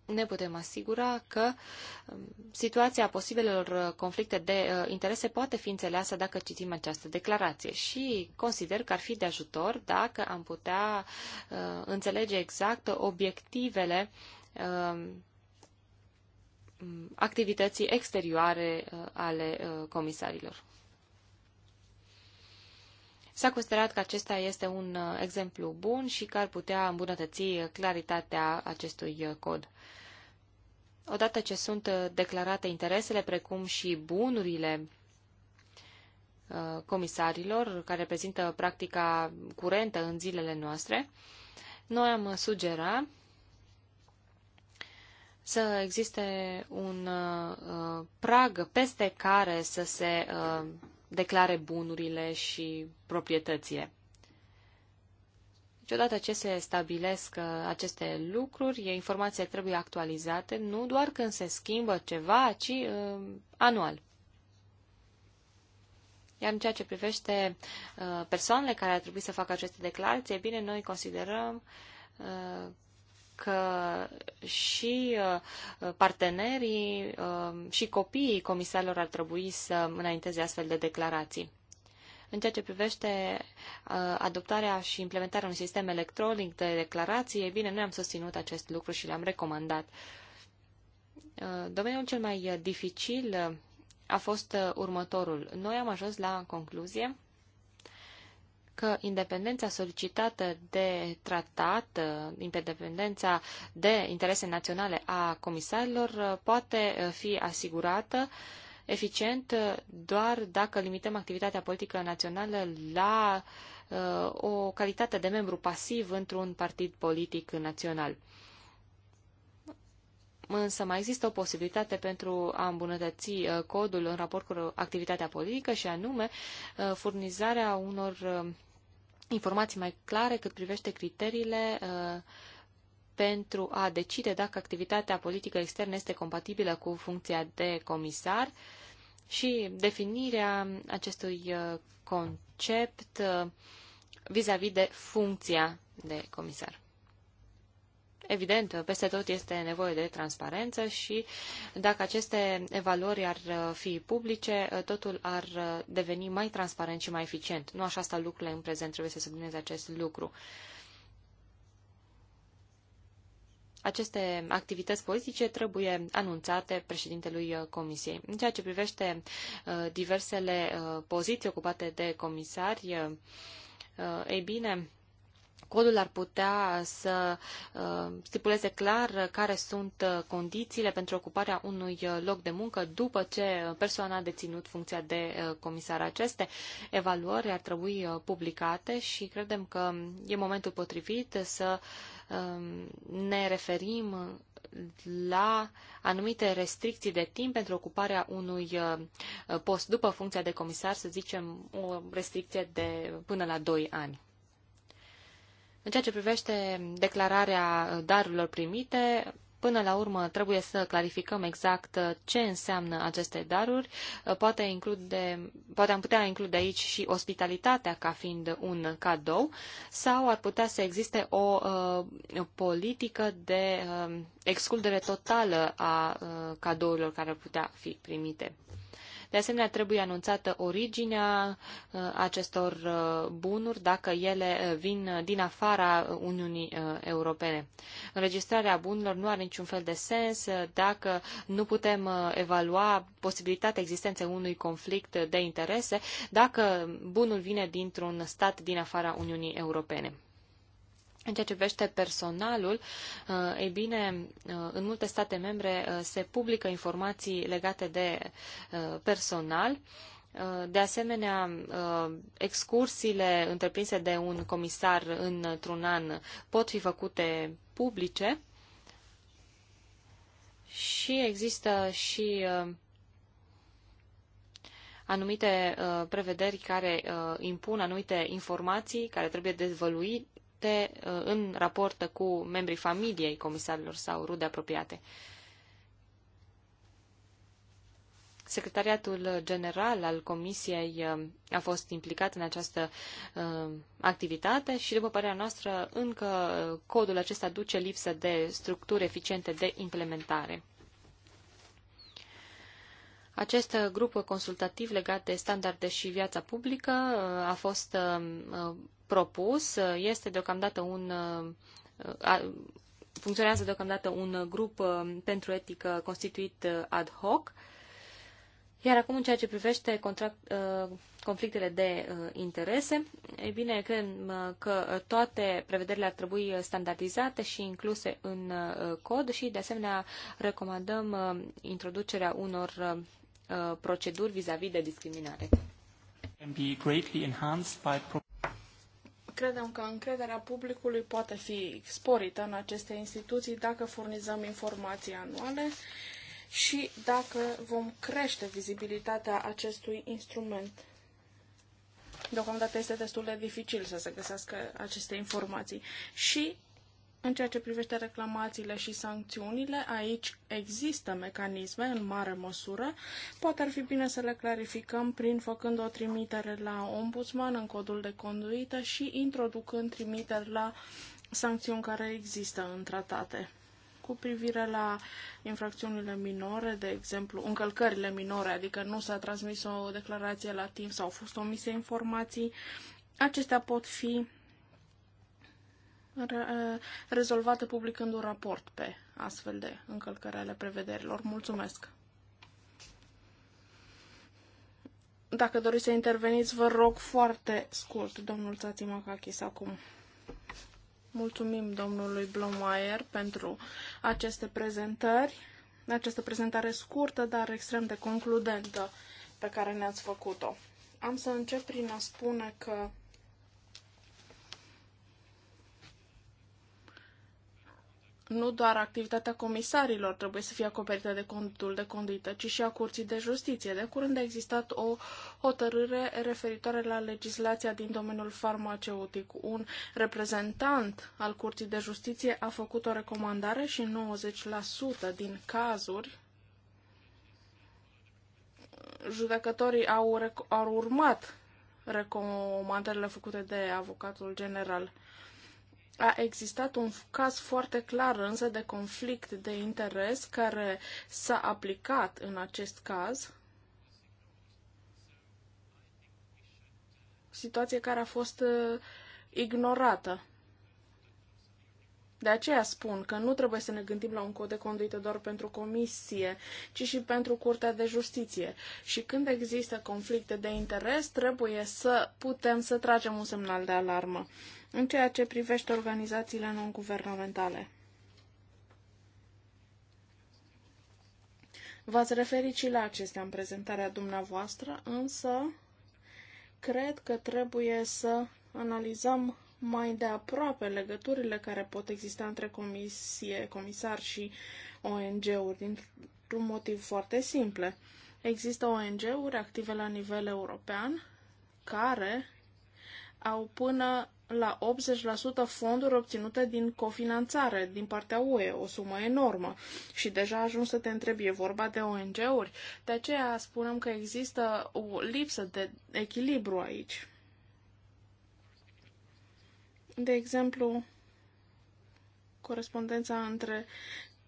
ne putem asigura că um, situația posibilelor conflicte de interese poate fi înțeleasă dacă citim această declarație și consider că ar fi de ajutor dacă am putea înțelege exact obiectivele um, Mm, activității exterioare uh, ale uh, comisarilor. S-a considerat că acesta este un uh, exemplu bun și că ar putea îmbunătăți claritatea acestui cod. Odată ce sunt declarate interesele, precum și bunurile comisarilor, care reprezintă practica curentă în zilele noastre, noi am sugera să existe un uh, prag peste care să se uh, declare bunurile și proprietățile. Și odată ce se stabilesc uh, aceste lucruri, informațiile trebuie actualizate, nu doar când se schimbă ceva, ci uh, anual. Iar în ceea ce privește uh, persoanele care ar trebui să facă aceste declarații, bine, noi considerăm uh, că și uh, partenerii uh, și copiii comisarilor ar trebui să înainteze astfel de declarații. În ceea ce privește uh, adoptarea și implementarea unui sistem electronic de declarații, e bine, noi am susținut acest lucru și l-am recomandat. Domeniul cel mai dificil a fost următorul. Noi am ajuns la concluzie că independența solicitată de tratat, uh, independența de interese naționale a comisarilor uh, poate uh, fi asigurată eficient doar dacă limităm activitatea politică națională la o calitate de membru pasiv într-un partid politic național însă mai există o posibilitate pentru a îmbunătăți codul în raport cu activitatea politică și anume furnizarea unor informații mai clare cât privește criteriile uh, pentru a decide dacă activitatea politică externă este compatibilă cu funcția de comisar și definirea acestui uh, concept vis a -vis de funcția de comisar. Evident, peste tot este nevoie de transparență și dacă aceste evaluări ar fi publice, totul ar deveni mai transparent și mai eficient. Nu așa stau lucrurile în prezent, trebuie să subliniez acest lucru. aceste activități politice trebuie anunțate președintelui Comisiei. În ceea ce privește uh, diversele uh, poziții ocupate de comisari, uh, ei bine, Codul ar putea să uh, stipuleze clar care sunt uh, condițiile pentru ocuparea unui uh, loc de muncă după ce persoana a deținut funcția de comisar. Aceste evaluări ar trebui publicate și credem că e momentul potrivit să um, ne referim la anumite restricții de timp pentru ocuparea unui post după funcția de comisar, să zicem o restricție de până la 2 ani. În ceea ce privește declararea darurilor primite, Până la urmă, trebuie să clarificăm exact ce înseamnă aceste daruri. Poate, include, poate am putea include aici și ospitalitatea ca fiind un cadou sau ar putea să existe o, o uh, politică de uh, excludere totală a uh, cadourilor care ar putea fi primite. De asemenea, trebuie anunțată originea uh, acestor uh, bunuri dacă ele uh, vin din afara Uniunii Europene. Înregistrarea bunurilor nu are niciun fel de sens dacă nu putem evalua posibilitatea existenței unui conflict de interese dacă bunul vine dintr-un stat din afara Uniunii Europene. În ceea ce privește personalul, eh, ei bine, eh, în multe state membre eh, se publică informații legate de personal. De asemenea, excursiile întreprinse de un comisar într-un an pot fi făcute publice și există și anumite prevederi care impun anumite informații care trebuie dezvăluite fapte uh, în raport cu membrii familiei comisarilor sau rude apropiate. Secretariatul General al Comisiei uh, a fost implicat în această uh, activitate și, după părerea noastră, încă codul acesta duce lipsă de structuri eficiente de implementare. Acest uh, grup consultativ legat de standarde și viața publică a fost propus. Este deocamdată un funcționează deocamdată un grup uh, pentru etică constituit uh, ad hoc. Iar acum, în ceea ce privește contract, uh, conflictele de interese, e bine, cred că toate prevederile ar trebui standardizate și incluse în cod și, de asemenea, recomandăm introducerea unor proceduri vis-a-vis -vis de discriminare. Credem că încrederea publicului poate fi sporită în aceste instituții dacă furnizăm informații anuale și dacă vom crește vizibilitatea acestui instrument. Deocamdată este destul de dificil să se găsească aceste informații. Și în ceea ce privește reclamațiile și sancțiunile, aici există mecanisme în mare măsură. Poate ar fi bine să le clarificăm prin făcând o trimitere la ombudsman în codul de conduită și introducând trimiteri la sancțiuni care există în tratate. Cu privire la infracțiunile minore, de exemplu, încălcările minore, adică nu s-a transmis o declarație la timp sau au fost omise informații, acestea pot fi rezolvate publicând un raport pe astfel de încălcări ale prevederilor. Mulțumesc! Dacă doriți să interveniți, vă rog foarte scurt, domnul Tatimakakis, acum. Mulțumim domnului Blomayer pentru aceste prezentări, această prezentare scurtă, dar extrem de concludentă pe care ne-ați făcut-o. Am să încep prin a spune că nu doar activitatea comisarilor trebuie să fie acoperită de contul de conduită, ci și a Curții de Justiție. De curând a existat o hotărâre referitoare la legislația din domeniul farmaceutic. Un reprezentant al Curții de Justiție a făcut o recomandare și 90% din cazuri judecătorii au, au urmat recomandările făcute de avocatul general. A existat un caz foarte clar însă de conflict de interes care s-a aplicat în acest caz. Situație care a fost uh, ignorată. De aceea spun că nu trebuie să ne gândim la un cod de conduită doar pentru comisie, ci și pentru Curtea de Justiție. Și când există conflicte de interes, trebuie să putem să tragem un semnal de alarmă în ceea ce privește organizațiile non-guvernamentale. V-ați referit și la acestea în prezentarea dumneavoastră, însă cred că trebuie să analizăm mai de aproape legăturile care pot exista între comisie, comisar și ONG-uri, dintr-un motiv foarte simplu. Există ONG-uri active la nivel european care au până la 80% fonduri obținute din cofinanțare din partea UE, o sumă enormă. Și deja ajuns să te întrebi, e vorba de ONG-uri? De aceea spunem că există o lipsă de echilibru aici. De exemplu, corespondența între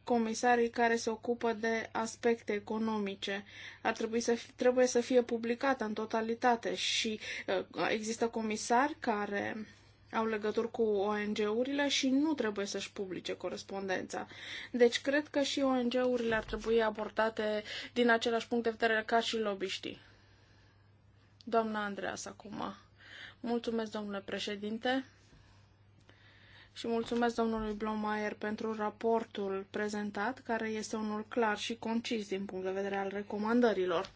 comisarii care se ocupă de aspecte economice. Ar trebui să fie, trebuie să fie publicată în totalitate și uh, există comisari care au legături cu ONG-urile și nu trebuie să-și publice corespondența. Deci cred că și ONG-urile ar trebui abordate din același punct de vedere ca și lobiștii. Doamna Andreas, acum. Mulțumesc, domnule președinte și mulțumesc domnului Blomayer pentru raportul prezentat, care este unul clar și concis din punct de vedere al recomandărilor.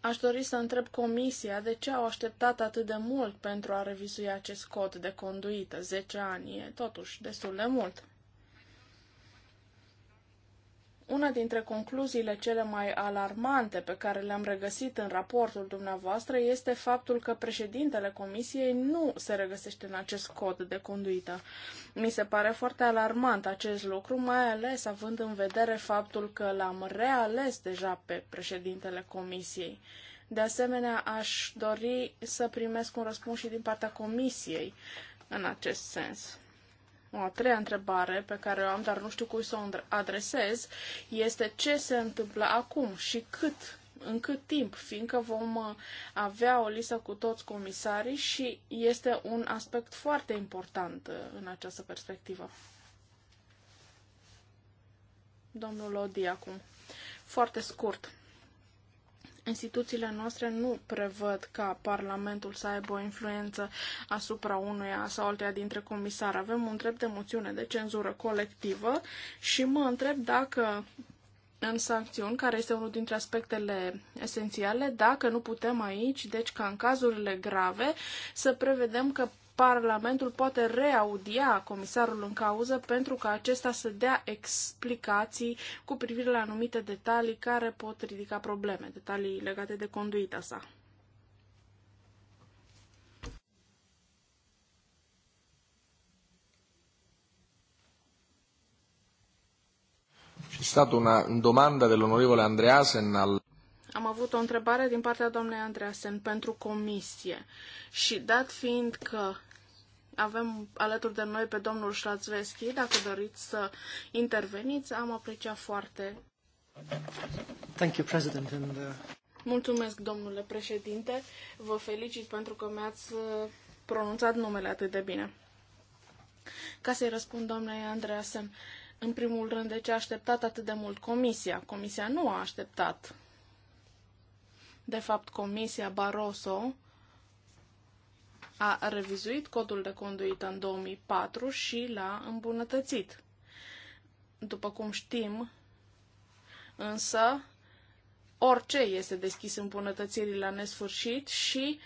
Aș dori să întreb Comisia de ce au așteptat atât de mult pentru a revizui acest cod de conduită. 10 ani e totuși destul de mult. Una dintre concluziile cele mai alarmante pe care le-am regăsit în raportul dumneavoastră este faptul că președintele Comisiei nu se regăsește în acest cod de conduită. Mi se pare foarte alarmant acest lucru, mai ales având în vedere faptul că l-am reales deja pe președintele Comisiei. De asemenea, aș dori să primesc un răspuns și din partea Comisiei în acest sens. O a treia întrebare pe care o am, dar nu știu cui să o adresez, este ce se întâmplă acum și cât în cât timp, fiindcă vom uh, avea o listă cu toți comisarii și este un aspect foarte important uh, în această perspectivă. Domnul Lodi, acum. Foarte scurt. Instituțiile noastre nu prevăd ca Parlamentul să aibă o influență asupra unuia sau altuia dintre comisari. Avem un drept de moțiune de cenzură colectivă și mă întreb dacă în sancțiuni, care este unul dintre aspectele esențiale, dacă nu putem aici, deci ca în cazurile grave, să prevedem că Parlamentul poate reaudia comisarul în cauză pentru ca acesta să dea explicații cu privire la anumite detalii care pot ridica probleme, detalii legate de conduita sa. C'è stata una domanda dell'onorevole Andreasen al am avut o întrebare din partea doamnei Andreasen pentru comisie și dat fiind că avem alături de noi pe domnul Șlațveschi. Dacă doriți să interveniți, am apreciat foarte. Thank you, President. And, uh... Mulțumesc, domnule președinte. Vă felicit pentru că mi-ați uh, pronunțat numele atât de bine. Ca să-i răspund doamnei Andreasen, în primul rând, de ce a așteptat atât de mult comisia? Comisia nu a așteptat. De fapt, comisia Barroso a revizuit codul de conduită în 2004 și l-a îmbunătățit. După cum știm, însă, orice este deschis îmbunătățirii la nesfârșit și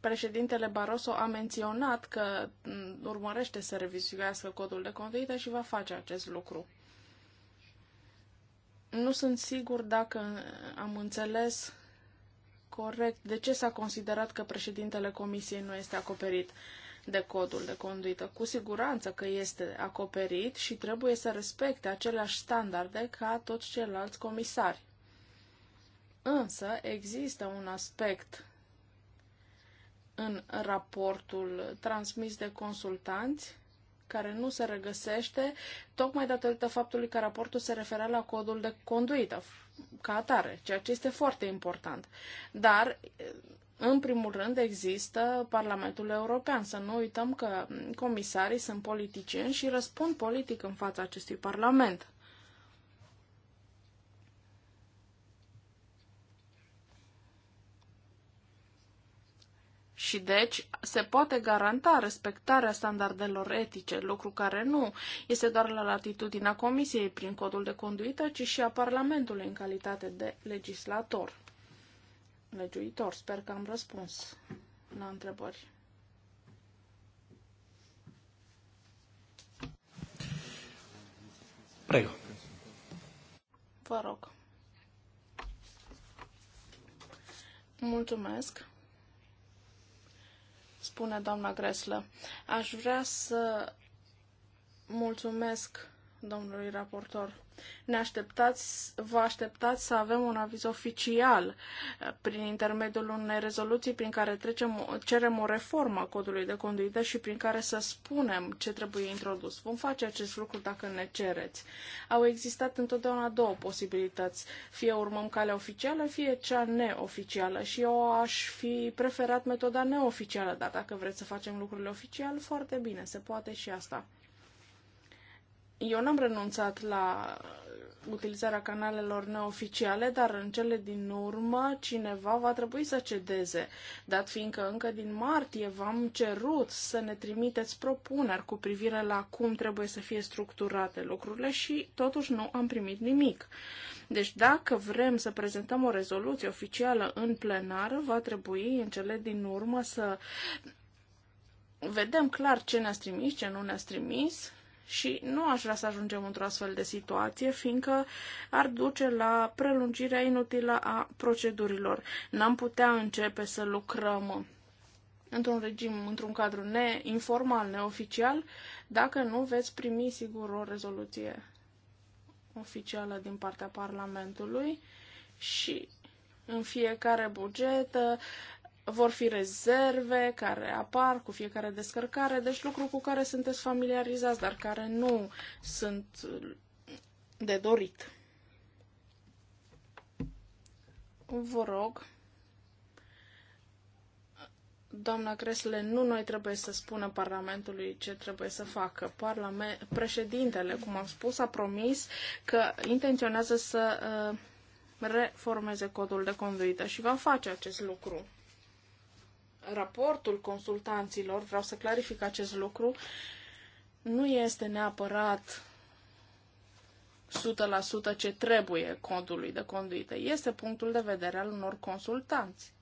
președintele Barroso a menționat că mm, urmărește să revizuiască codul de conduită și va face acest lucru. Nu sunt sigur dacă am înțeles corect de ce s-a considerat că președintele comisiei nu este acoperit de codul de conduită. Cu siguranță că este acoperit și trebuie să respecte aceleași standarde ca toți ceilalți comisari. Însă există un aspect în raportul transmis de consultanți care nu se regăsește, tocmai datorită faptului că raportul se referea la codul de conduită ca atare, ceea ce este foarte important. Dar, în primul rând, există Parlamentul European. Să nu uităm că comisarii sunt politicieni și răspund politic în fața acestui Parlament. și deci se poate garanta respectarea standardelor etice, lucru care nu este doar la latitudinea Comisiei prin codul de conduită, ci și a Parlamentului în calitate de legislator. Legiuitor, sper că am răspuns la întrebări. Prego. Vă rog. Mulțumesc spune doamna Greslă. Aș vrea să mulțumesc domnului raportor. Ne așteptați, vă așteptați să avem un aviz oficial eh, prin intermediul unei rezoluții prin care trecem, cerem o reformă a codului de conduită și prin care să spunem ce trebuie introdus. Vom face acest lucru dacă ne cereți. Au existat întotdeauna două posibilități. Fie urmăm calea oficială, fie cea neoficială. Și eu aș fi preferat metoda neoficială, dar dacă vreți să facem lucrurile oficial, foarte bine, se poate și asta. Eu n-am renunțat la utilizarea canalelor neoficiale, dar în cele din urmă cineva va trebui să cedeze, dat fiindcă încă din martie v-am cerut să ne trimiteți propuneri cu privire la cum trebuie să fie structurate lucrurile și totuși nu am primit nimic. Deci dacă vrem să prezentăm o rezoluție oficială în plenară, va trebui în cele din urmă să vedem clar ce ne-ați trimis, ce nu ne-ați trimis și nu aș vrea să ajungem într-o astfel de situație, fiindcă ar duce la prelungirea inutilă a procedurilor. N-am putea începe să lucrăm într-un regim, într-un cadru neinformal, neoficial, dacă nu veți primi sigur o rezoluție oficială din partea Parlamentului și în fiecare buget vor fi rezerve care apar cu fiecare descărcare, deci lucruri cu care sunteți familiarizați, dar care nu sunt de dorit. Vă rog, doamna Cresle, nu noi trebuie să spună Parlamentului ce trebuie să facă. Parlame- președintele, cum am spus, a promis că intenționează să uh, reformeze codul de conduită și va face acest lucru raportul consultanților, vreau să clarific acest lucru, nu este neapărat 100% ce trebuie codului de conduită. Este punctul de vedere al unor consultanți.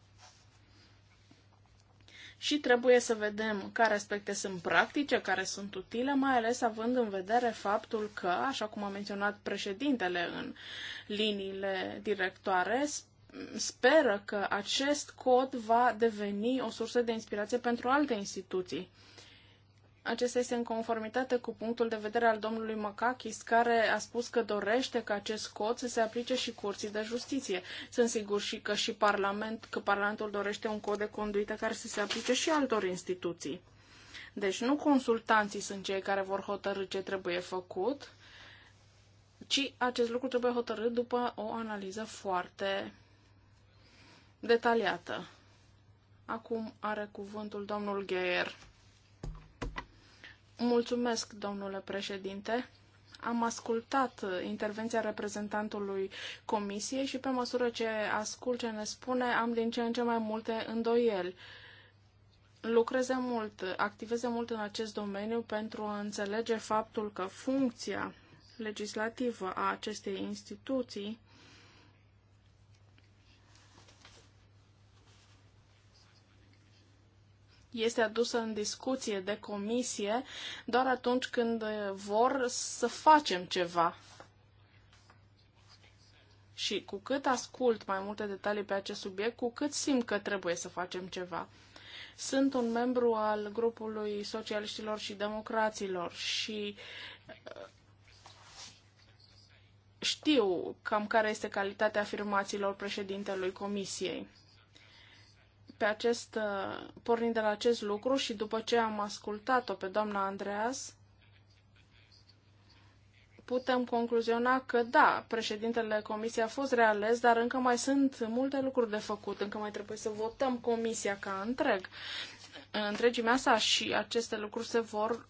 Și trebuie să vedem care aspecte sunt practice, care sunt utile, mai ales având în vedere faptul că, așa cum a menționat președintele în liniile directoare, speră că acest cod va deveni o sursă de inspirație pentru alte instituții. Acesta este în conformitate cu punctul de vedere al domnului Macachis, care a spus că dorește ca acest cod să se aplice și curții de justiție. Sunt sigur și că și parlament, că Parlamentul dorește un cod de conduită care să se aplice și altor instituții. Deci nu consultanții sunt cei care vor hotărâ ce trebuie făcut, ci acest lucru trebuie hotărât după o analiză foarte detaliată. Acum are cuvântul domnul Geier. Mulțumesc, domnule președinte. Am ascultat intervenția reprezentantului comisiei și pe măsură ce ascult ce ne spune, am din ce în ce mai multe îndoieli. Lucreze mult, activeze mult în acest domeniu pentru a înțelege faptul că funcția legislativă a acestei instituții este adusă în discuție de comisie doar atunci când uh, vor să facem ceva. Și cu cât ascult mai multe detalii pe acest subiect, cu cât simt că trebuie să facem ceva. Sunt un membru al grupului socialiștilor și democraților și uh, știu cam care este calitatea afirmațiilor președintelui Comisiei pe acest, uh, pornind de la acest lucru și după ce am ascultat-o pe doamna Andreas, putem concluziona că da, președintele comisiei a fost reales, dar încă mai sunt multe lucruri de făcut, încă mai trebuie să votăm comisia ca întreg. În întregimea sa și aceste lucruri se vor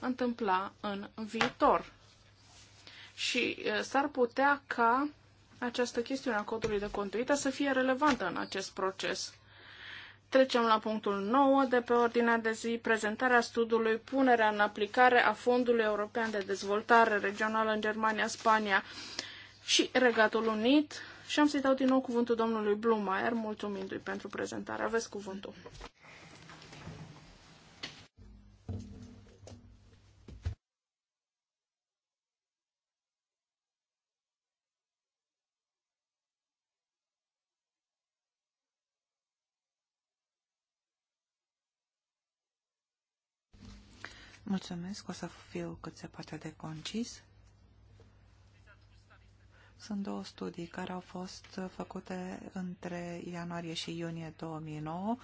întâmpla în viitor. Și uh, s-ar putea ca această chestiune a codului de conduită să fie relevantă în acest proces. Trecem la punctul 9 de pe ordinea de zi, prezentarea studiului Punerea în aplicare a Fondului European de Dezvoltare Regională în Germania, Spania și Regatul Unit. Și am să-i dau din nou cuvântul domnului Blumeier, mulțumindu-i pentru prezentare. Aveți cuvântul. Mulțumesc, o să fiu cât se poate de concis. Sunt două studii care au fost făcute între ianuarie și iunie 2009.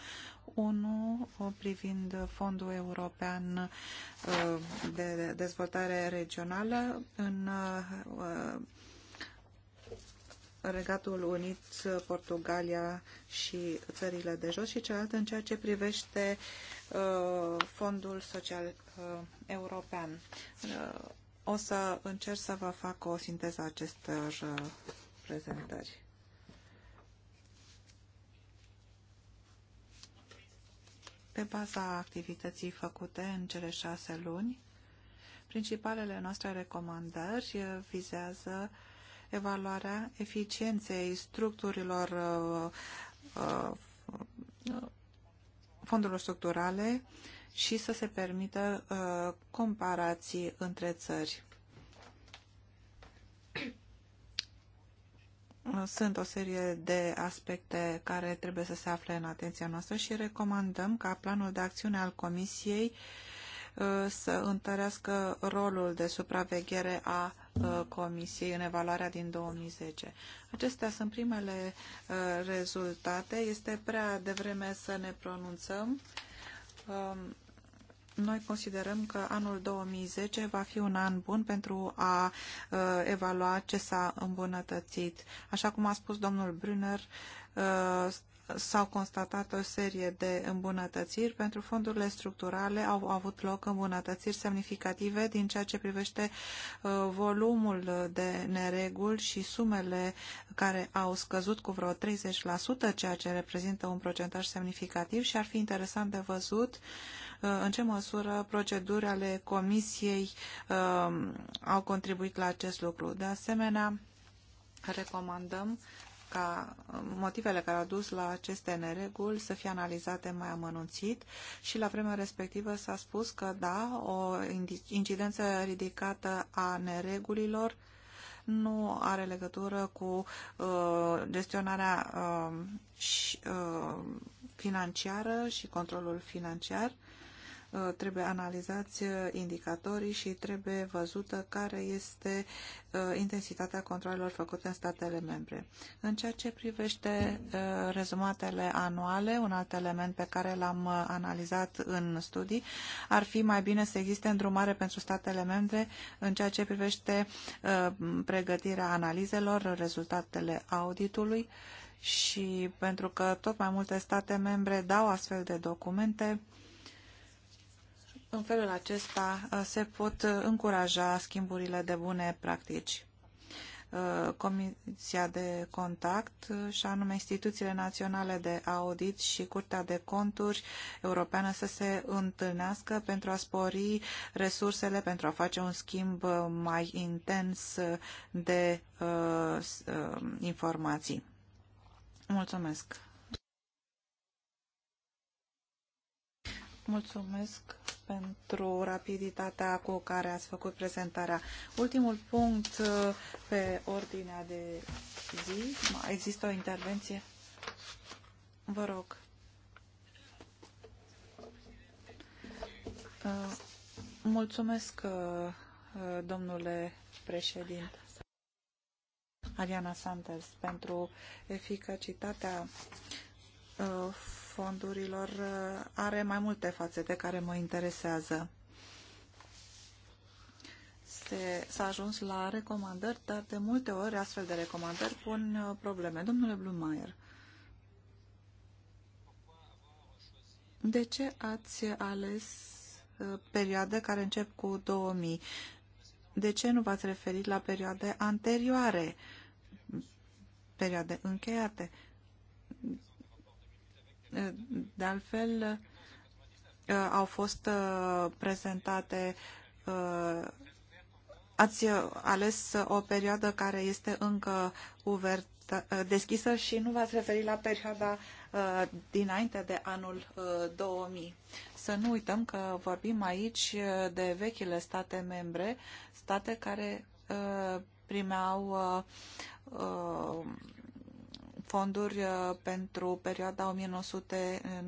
Unul uh, privind Fondul European uh, de Dezvoltare Regională în uh, Regatul Unit, Portugalia și țările de jos și cealaltă în ceea ce privește uh, Fondul Social uh, European. Uh, o să încerc să vă fac o sinteză a acestor uh, prezentări. Pe baza activității făcute în cele șase luni, principalele noastre recomandări uh, vizează uh, evaluarea eficienței structurilor uh, uh, uh, fondurilor structurale și să se permită comparații între țări. Sunt o serie de aspecte care trebuie să se afle în atenția noastră și recomandăm ca planul de acțiune al Comisiei uh, Uh, să întărească rolul de supraveghere a uh, Comisiei în evaluarea din 2010. Acestea sunt primele uh, rezultate. Este prea devreme să ne pronunțăm. Um, noi considerăm că anul 2010 va fi un an bun pentru a uh, evalua ce s-a îmbunătățit. Așa cum a spus domnul Brunner, uh, s-au constatat o serie de îmbunătățiri. Pentru fondurile structurale au avut loc îmbunătățiri semnificative din ceea ce privește uh, volumul de nereguli și sumele care au scăzut cu vreo 30%, ceea ce reprezintă un procentaj semnificativ și ar fi interesant de văzut uh, în ce măsură proceduri ale Comisiei uh, au contribuit la acest lucru. De asemenea, recomandăm ca motivele care au dus la aceste nereguli să fie analizate mai amănunțit și la vremea respectivă s-a spus că da, o incidență ridicată a neregulilor nu are legătură cu uh, gestionarea uh, și, uh, financiară și controlul financiar Uh, trebuie analizați uh, indicatorii și trebuie văzută care este uh, intensitatea controlelor făcute în statele membre. În ceea ce privește rezumatele anuale, un alt element pe care l-am analizat în studii, ar fi mai bine să existe îndrumare pentru statele membre în ceea ce privește pregătirea analizelor, rezultatele auditului și pentru că tot mai multe state membre dau astfel de documente, în felul acesta uh, se pot uh, încuraja schimburile de bune practici. Uh, Comisia de Contact și anume instituțiile naționale de audit și Curtea de Conturi Europeană să se întâlnească pentru a spori resursele, pentru a face un schimb mai intens de uh, informații. Mulțumesc! Mulțumesc! pentru rapiditatea cu care ați făcut prezentarea. Ultimul punct uh, pe ordinea de zi. Există o intervenție? Vă rog. Uh, mulțumesc, uh, domnule președinte. Ariana Sanders, pentru eficacitatea fondurilor uh, are mai multe fațete care mă interesează. S-a ajuns la recomandări, dar de multe ori astfel de recomandări pun uh, probleme. Domnule Blumeier, de ce ați ales uh, perioade care încep cu 2000? De ce nu v-ați referit la perioade anterioare, perioade încheiate? De altfel, uh, au fost uh, prezentate uh, ați ales o perioadă care este încă uvertă, deschisă și nu v-ați referit la perioada dinainte de anul 2000. Să nu uităm că vorbim aici de vechile state membre, state care primeau fonduri uh, pentru perioada 1994-2000.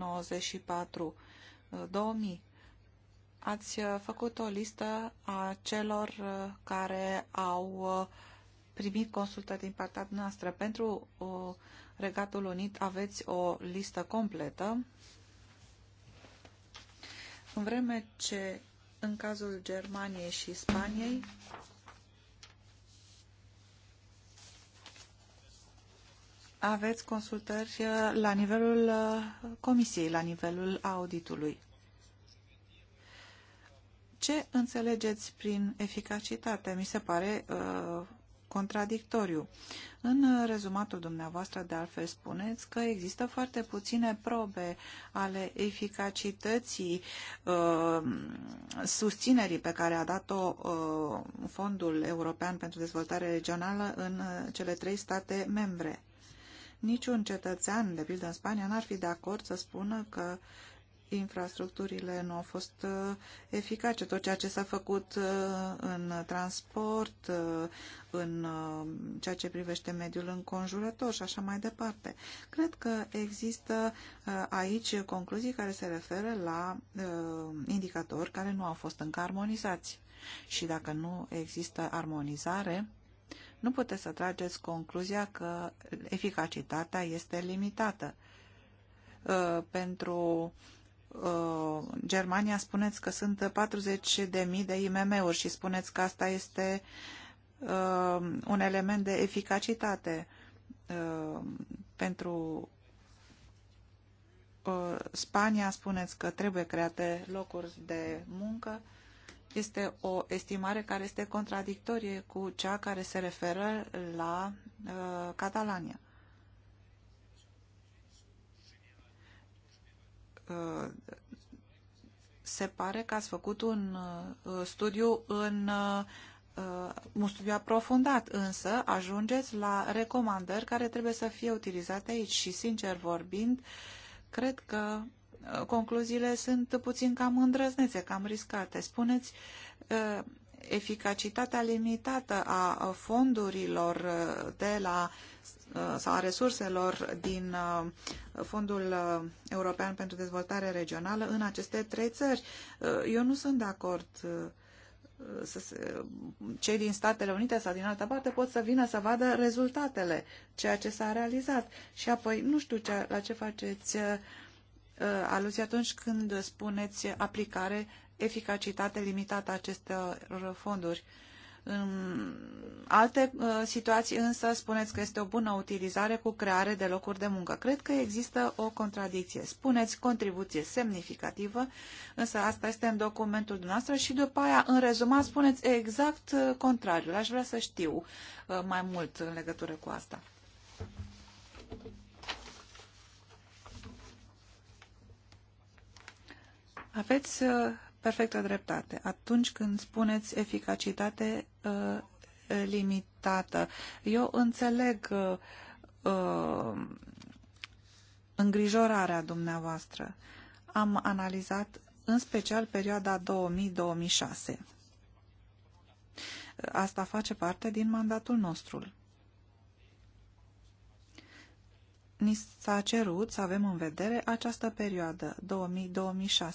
Uh, Ați uh, făcut o listă a celor care au primit consultă din partea noastră. Pentru Regatul Unit aveți o listă completă. În vreme ce în cazul Germaniei și Spaniei aveți consultări uh, la nivelul uh, comisiei, la nivelul auditului. Ce înțelegeți prin eficacitate? Mi se pare uh, contradictoriu. În uh, rezumatul dumneavoastră, de altfel, spuneți că există foarte puține probe ale eficacității uh, susținerii pe care a dat-o uh, Fondul European pentru Dezvoltare Regională în cele trei state membre. Niciun cetățean, de pildă în Spania, n-ar fi de acord să spună că infrastructurile nu au fost uh, eficace. Tot ceea ce s-a făcut uh, în transport, uh, în ceea ce privește mediul înconjurător și așa mai departe. Cred că există aici concluzii care se referă la indicatori care nu au fost încă armonizați. Și dacă nu există armonizare, nu puteți să trageți concluzia că eficacitatea este limitată. Uh, pentru uh, Germania spuneți că sunt 40.000 de IMM-uri și spuneți că asta este uh, un element de eficacitate pentru Spania spuneți că trebuie create locuri de muncă este o estimare care este contradictorie cu cea care se referă la uh, Catalania. Uh, se pare că ați făcut un uh, studiu în uh, un studiu aprofundat, însă ajungeți la recomandări care trebuie să fie utilizate aici și, sincer vorbind, cred că concluziile sunt puțin cam îndrăznețe, cam riscate. Spuneți, uh, eficacitatea limitată a fondurilor uh, de la uh, sau a resurselor din Fondul European pentru Dezvoltare Regională în aceste trei țări. Eu nu sunt de acord să se, cei din Statele Unite sau din altă parte pot să vină să vadă rezultatele, ceea ce s-a realizat. Și apoi, nu știu ce, la ce faceți Uh, aluzie atunci când spuneți aplicare, eficacitate limitată acestor fonduri. În alte uh, situații însă spuneți că este o bună utilizare cu creare de locuri de muncă. Cred că există o contradicție. Spuneți contribuție semnificativă, însă asta este în documentul dumneavoastră și după aia, în rezumat, spuneți exact uh, contrariul. Aș vrea să știu mai mult în legătură cu asta. Aveți uh, perfectă dreptate. Atunci când spuneți eficacitate uh, limitată, eu înțeleg uh, îngrijorarea dumneavoastră. Am analizat în special perioada 2000-2006. Asta face parte din mandatul nostru. ni s-a cerut să avem în vedere această perioadă 2000-2006.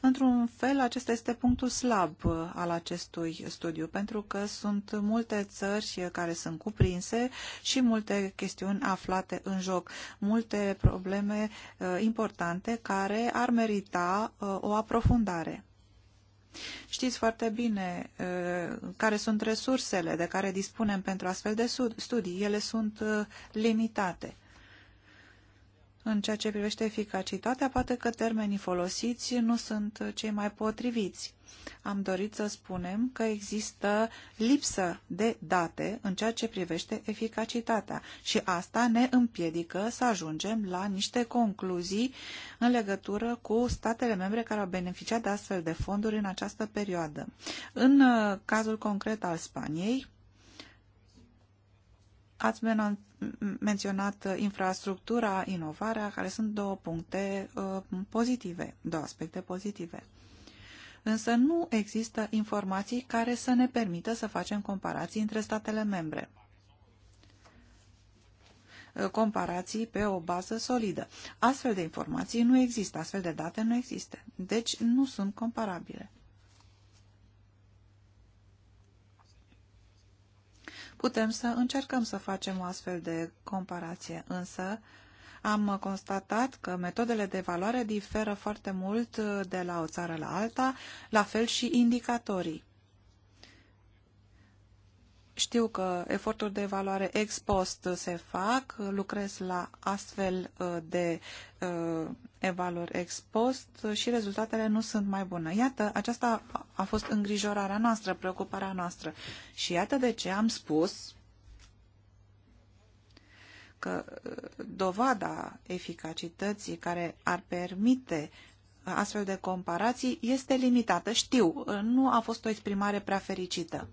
Într-un fel, acesta este punctul slab uh, al acestui studiu, pentru că sunt multe țări care sunt cuprinse și multe chestiuni aflate în joc, multe probleme uh, importante care ar merita uh, o aprofundare. Știți foarte bine care sunt resursele de care dispunem pentru astfel de studii. Ele sunt limitate în ceea ce privește eficacitatea, poate că termenii folosiți nu sunt cei mai potriviți. Am dorit să spunem că există lipsă de date în ceea ce privește eficacitatea și asta ne împiedică să ajungem la niște concluzii în legătură cu statele membre care au beneficiat de astfel de fonduri în această perioadă. În uh, cazul concret al Spaniei, Ați menționat uh, infrastructura, inovarea, care sunt două puncte uh, pozitive, două aspecte pozitive. Însă nu există informații care să ne permită să facem comparații între statele membre uh, comparații pe o bază solidă. Astfel de informații nu există, astfel de date nu există, deci nu sunt comparabile. Putem să încercăm să facem o astfel de comparație, însă am constatat că metodele de evaluare diferă foarte mult de la o țară la alta, la fel și indicatorii. Știu că eforturi de evaluare ex post se fac, lucrez la astfel uh, de uh, evaluări ex post și rezultatele nu sunt mai bune. Iată, aceasta a fost îngrijorarea noastră, preocuparea noastră. Și iată de ce am spus că uh, dovada eficacității care ar permite astfel de comparații este limitată. Știu, nu a fost o exprimare prea fericită.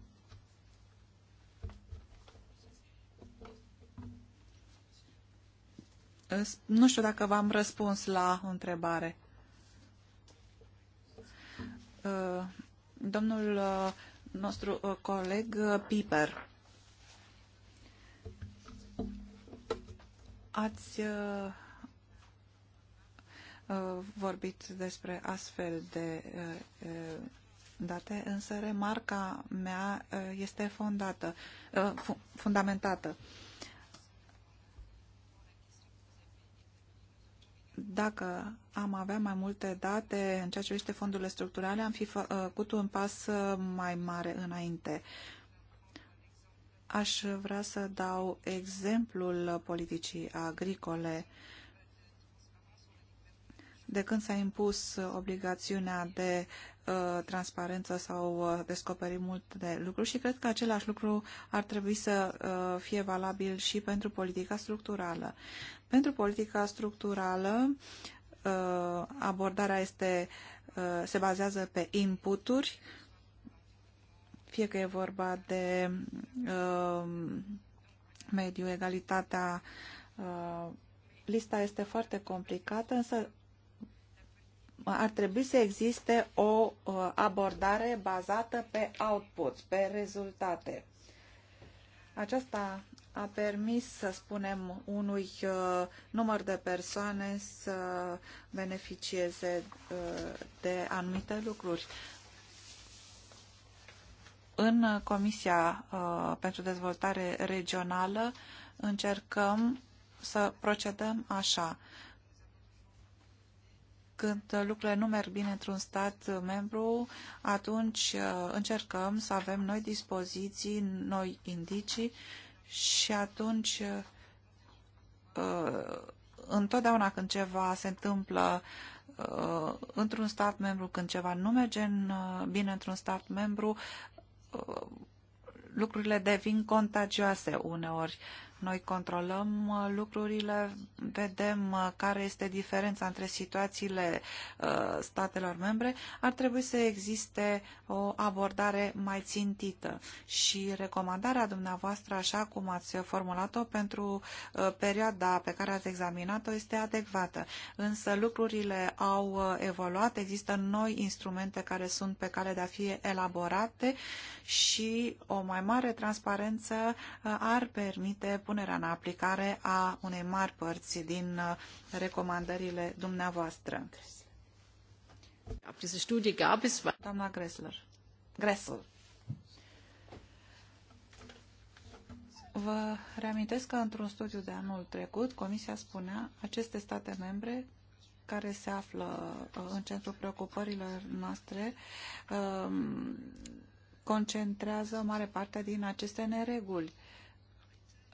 Nu știu dacă v-am răspuns la o întrebare. Domnul uh, nostru uh, coleg uh, Piper. Ați vorbit despre astfel de date, însă remarca mea este fondată, fundamentată. Dacă am avea mai multe date în ceea ce privește fondurile structurale, am fi făcut uh, un pas uh, mai mare înainte. Aș vrea să dau exemplul politicii agricole. De când s-a impus obligațiunea de uh, transparență sau uh, descoperi multe lucruri și cred că același lucru ar trebui să uh, fie valabil și pentru politica structurală. Pentru politica structurală, uh, abordarea este, uh, se bazează pe inputuri, fie că e vorba de uh, mediu, egalitatea, lista este foarte complicată, însă ar trebui să existe o abordare bazată pe output, pe rezultate. Aceasta a permis, să spunem, unui uh, număr de persoane să beneficieze uh, de anumite lucruri. În Comisia uh, pentru Dezvoltare Regională încercăm să procedăm așa. Când lucrurile nu merg bine într-un stat membru, atunci uh, încercăm să avem noi dispoziții, noi indicii și atunci uh, întotdeauna când ceva se întâmplă uh, într-un stat membru, când ceva nu merge în, uh, bine într-un stat membru, lucrurile devin contagioase uneori. Noi controlăm uh, lucrurile, vedem uh, care este diferența între situațiile uh, statelor membre. Ar trebui să existe o abordare mai țintită și recomandarea dumneavoastră, așa cum ați formulat-o pentru perioada pe care ați examinat-o, este adecvată. Însă lucrurile au evoluat, există noi instrumente care sunt pe cale de a fi elaborate și o mai mare transparență ar permite punerea în aplicare a unei mari părți din uh, recomandările dumneavoastră. Doamna Gressler. Gressel. Vă reamintesc că într-un studiu de anul trecut, Comisia spunea aceste state membre care se află uh, în centrul preocupărilor noastre um, concentrează mare parte din aceste nereguli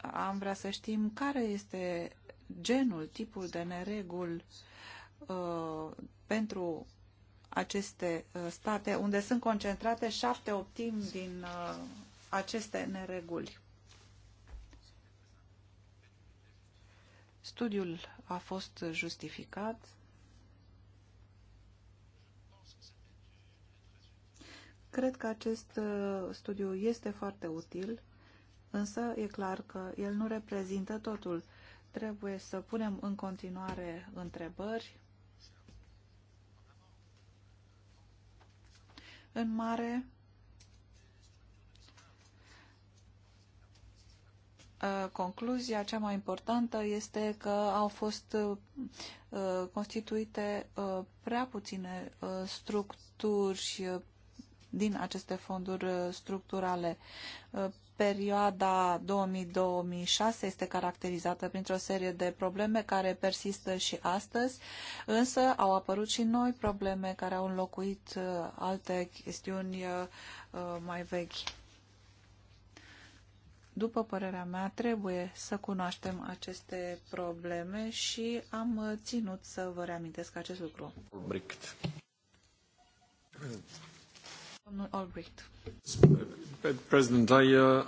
am vrea să știm care este genul, tipul de neregul uh, pentru aceste uh, state unde sunt concentrate șapte optimi din uh, aceste nereguli. Studiul a fost justificat. Cred că acest uh, studiu este foarte util însă e clar că el nu reprezintă totul. Trebuie să punem în continuare întrebări. În mare, ă, concluzia cea mai importantă este că au fost ă, constituite ă, prea puține structuri din aceste fonduri structurale. Perioada 2000-2006 este caracterizată printr-o serie de probleme care persistă și astăzi, însă au apărut și noi probleme care au înlocuit uh, alte chestiuni uh, uh, mai vechi. După părerea mea, trebuie să cunoaștem aceste probleme și am ținut să vă reamintesc acest lucru. Albrecht. Uh,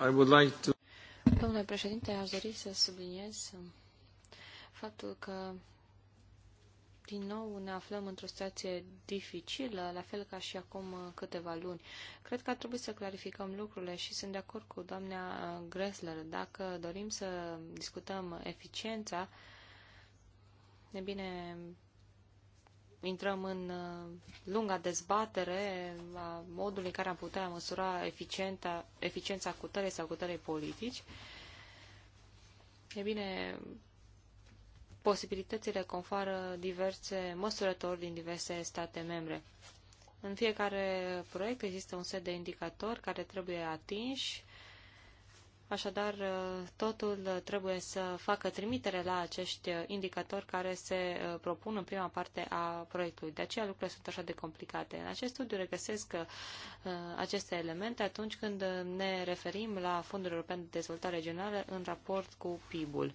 Domnule președinte, aș dori să subliniez faptul că din nou ne aflăm într-o situație dificilă, la fel ca și acum câteva luni. Cred că ar trebui să clarificăm lucrurile și sunt de acord cu doamna Gressler. Dacă dorim să discutăm eficiența, e bine, intrăm în uh, lunga dezbatere a modului în care am putea măsura eficienta, eficiența cutării sau cutării politici, e bine, posibilitățile confară diverse măsurători din diverse state membre. În fiecare proiect există un set de indicatori care trebuie atinși Așadar, uh, totul trebuie să facă trimitere la acești indicatori care se uh, propun în prima parte a proiectului. De aceea lucrurile sunt așa de complicate. În acest studiu regăsesc uh, aceste elemente atunci când ne referim la Fondul European de Dezvoltare Regională în raport cu PIB-ul.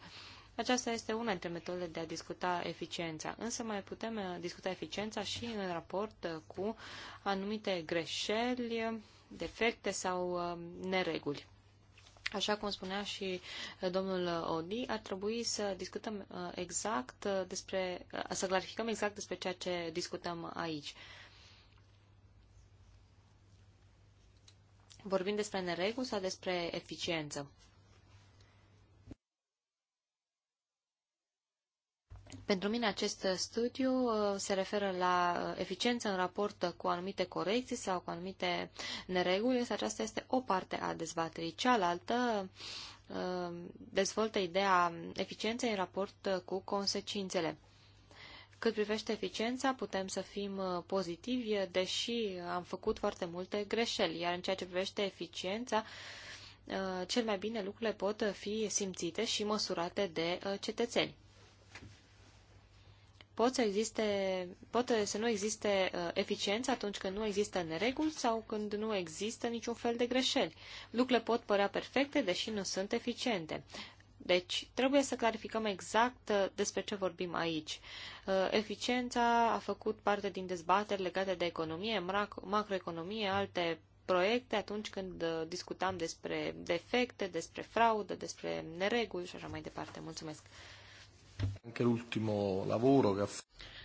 Aceasta este una dintre metodele de a discuta eficiența, însă mai putem discuta eficiența și în raport cu anumite greșeli, defecte sau nereguli. Așa cum spunea și uh, domnul uh, Odi, ar trebui să discutăm uh, exact despre, să clarificăm exact despre ceea ce discutăm aici. Vorbim despre neregul sau despre eficiență? Pentru mine acest studiu uh, se referă la uh, eficiență în raport cu anumite corecții sau cu anumite nereguli, însă aceasta este o parte a dezbaterii. Cealaltă uh, dezvoltă ideea eficienței în raport cu consecințele. Cât privește eficiența, putem să fim pozitivi, deși am făcut foarte multe greșeli, iar în ceea ce privește eficiența, cel mai bine lucrurile pot fi simțite și măsurate de cetățeni pot să, existe, pot să nu existe uh, eficiență atunci când nu există nereguli sau când nu există niciun fel de greșeli. Lucrurile pot părea perfecte, deși nu sunt eficiente. Deci, trebuie să clarificăm exact uh, despre ce vorbim aici. Uh, eficiența a făcut parte din dezbateri legate de economie, macroeconomie, alte proiecte atunci când discutam despre defecte, despre fraudă, despre nereguli și așa mai departe. Mulțumesc! Anche l'ultimo lavoro che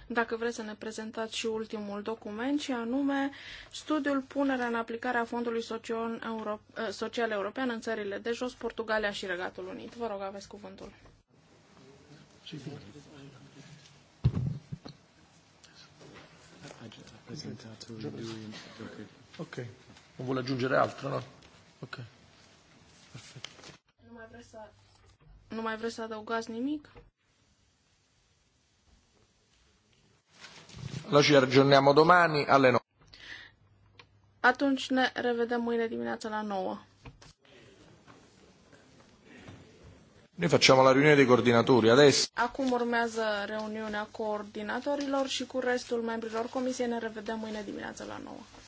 Dacă vreți să ne prezentați și ultimul document, și anume studiul punerea în aplicare a Fondului Social, Euro... Eh, Social European în țările de jos, Portugalia și Regatul Unit. Vă rog, aveți cuvântul. Ok. Nu vuole aggiungere altro, no? Ok. Nu să, nu mai vreți să adăugați nimic? Noi ci aggiorniamo domani alle 9. Atunci ne revedem mâine dimineața la 9. Noi facciamo la riunione dei coordinatori adesso. Acum urmează reuniunea coordinatorilor și cu restul membrilor comisiei ne revedem mâine dimineața la 9.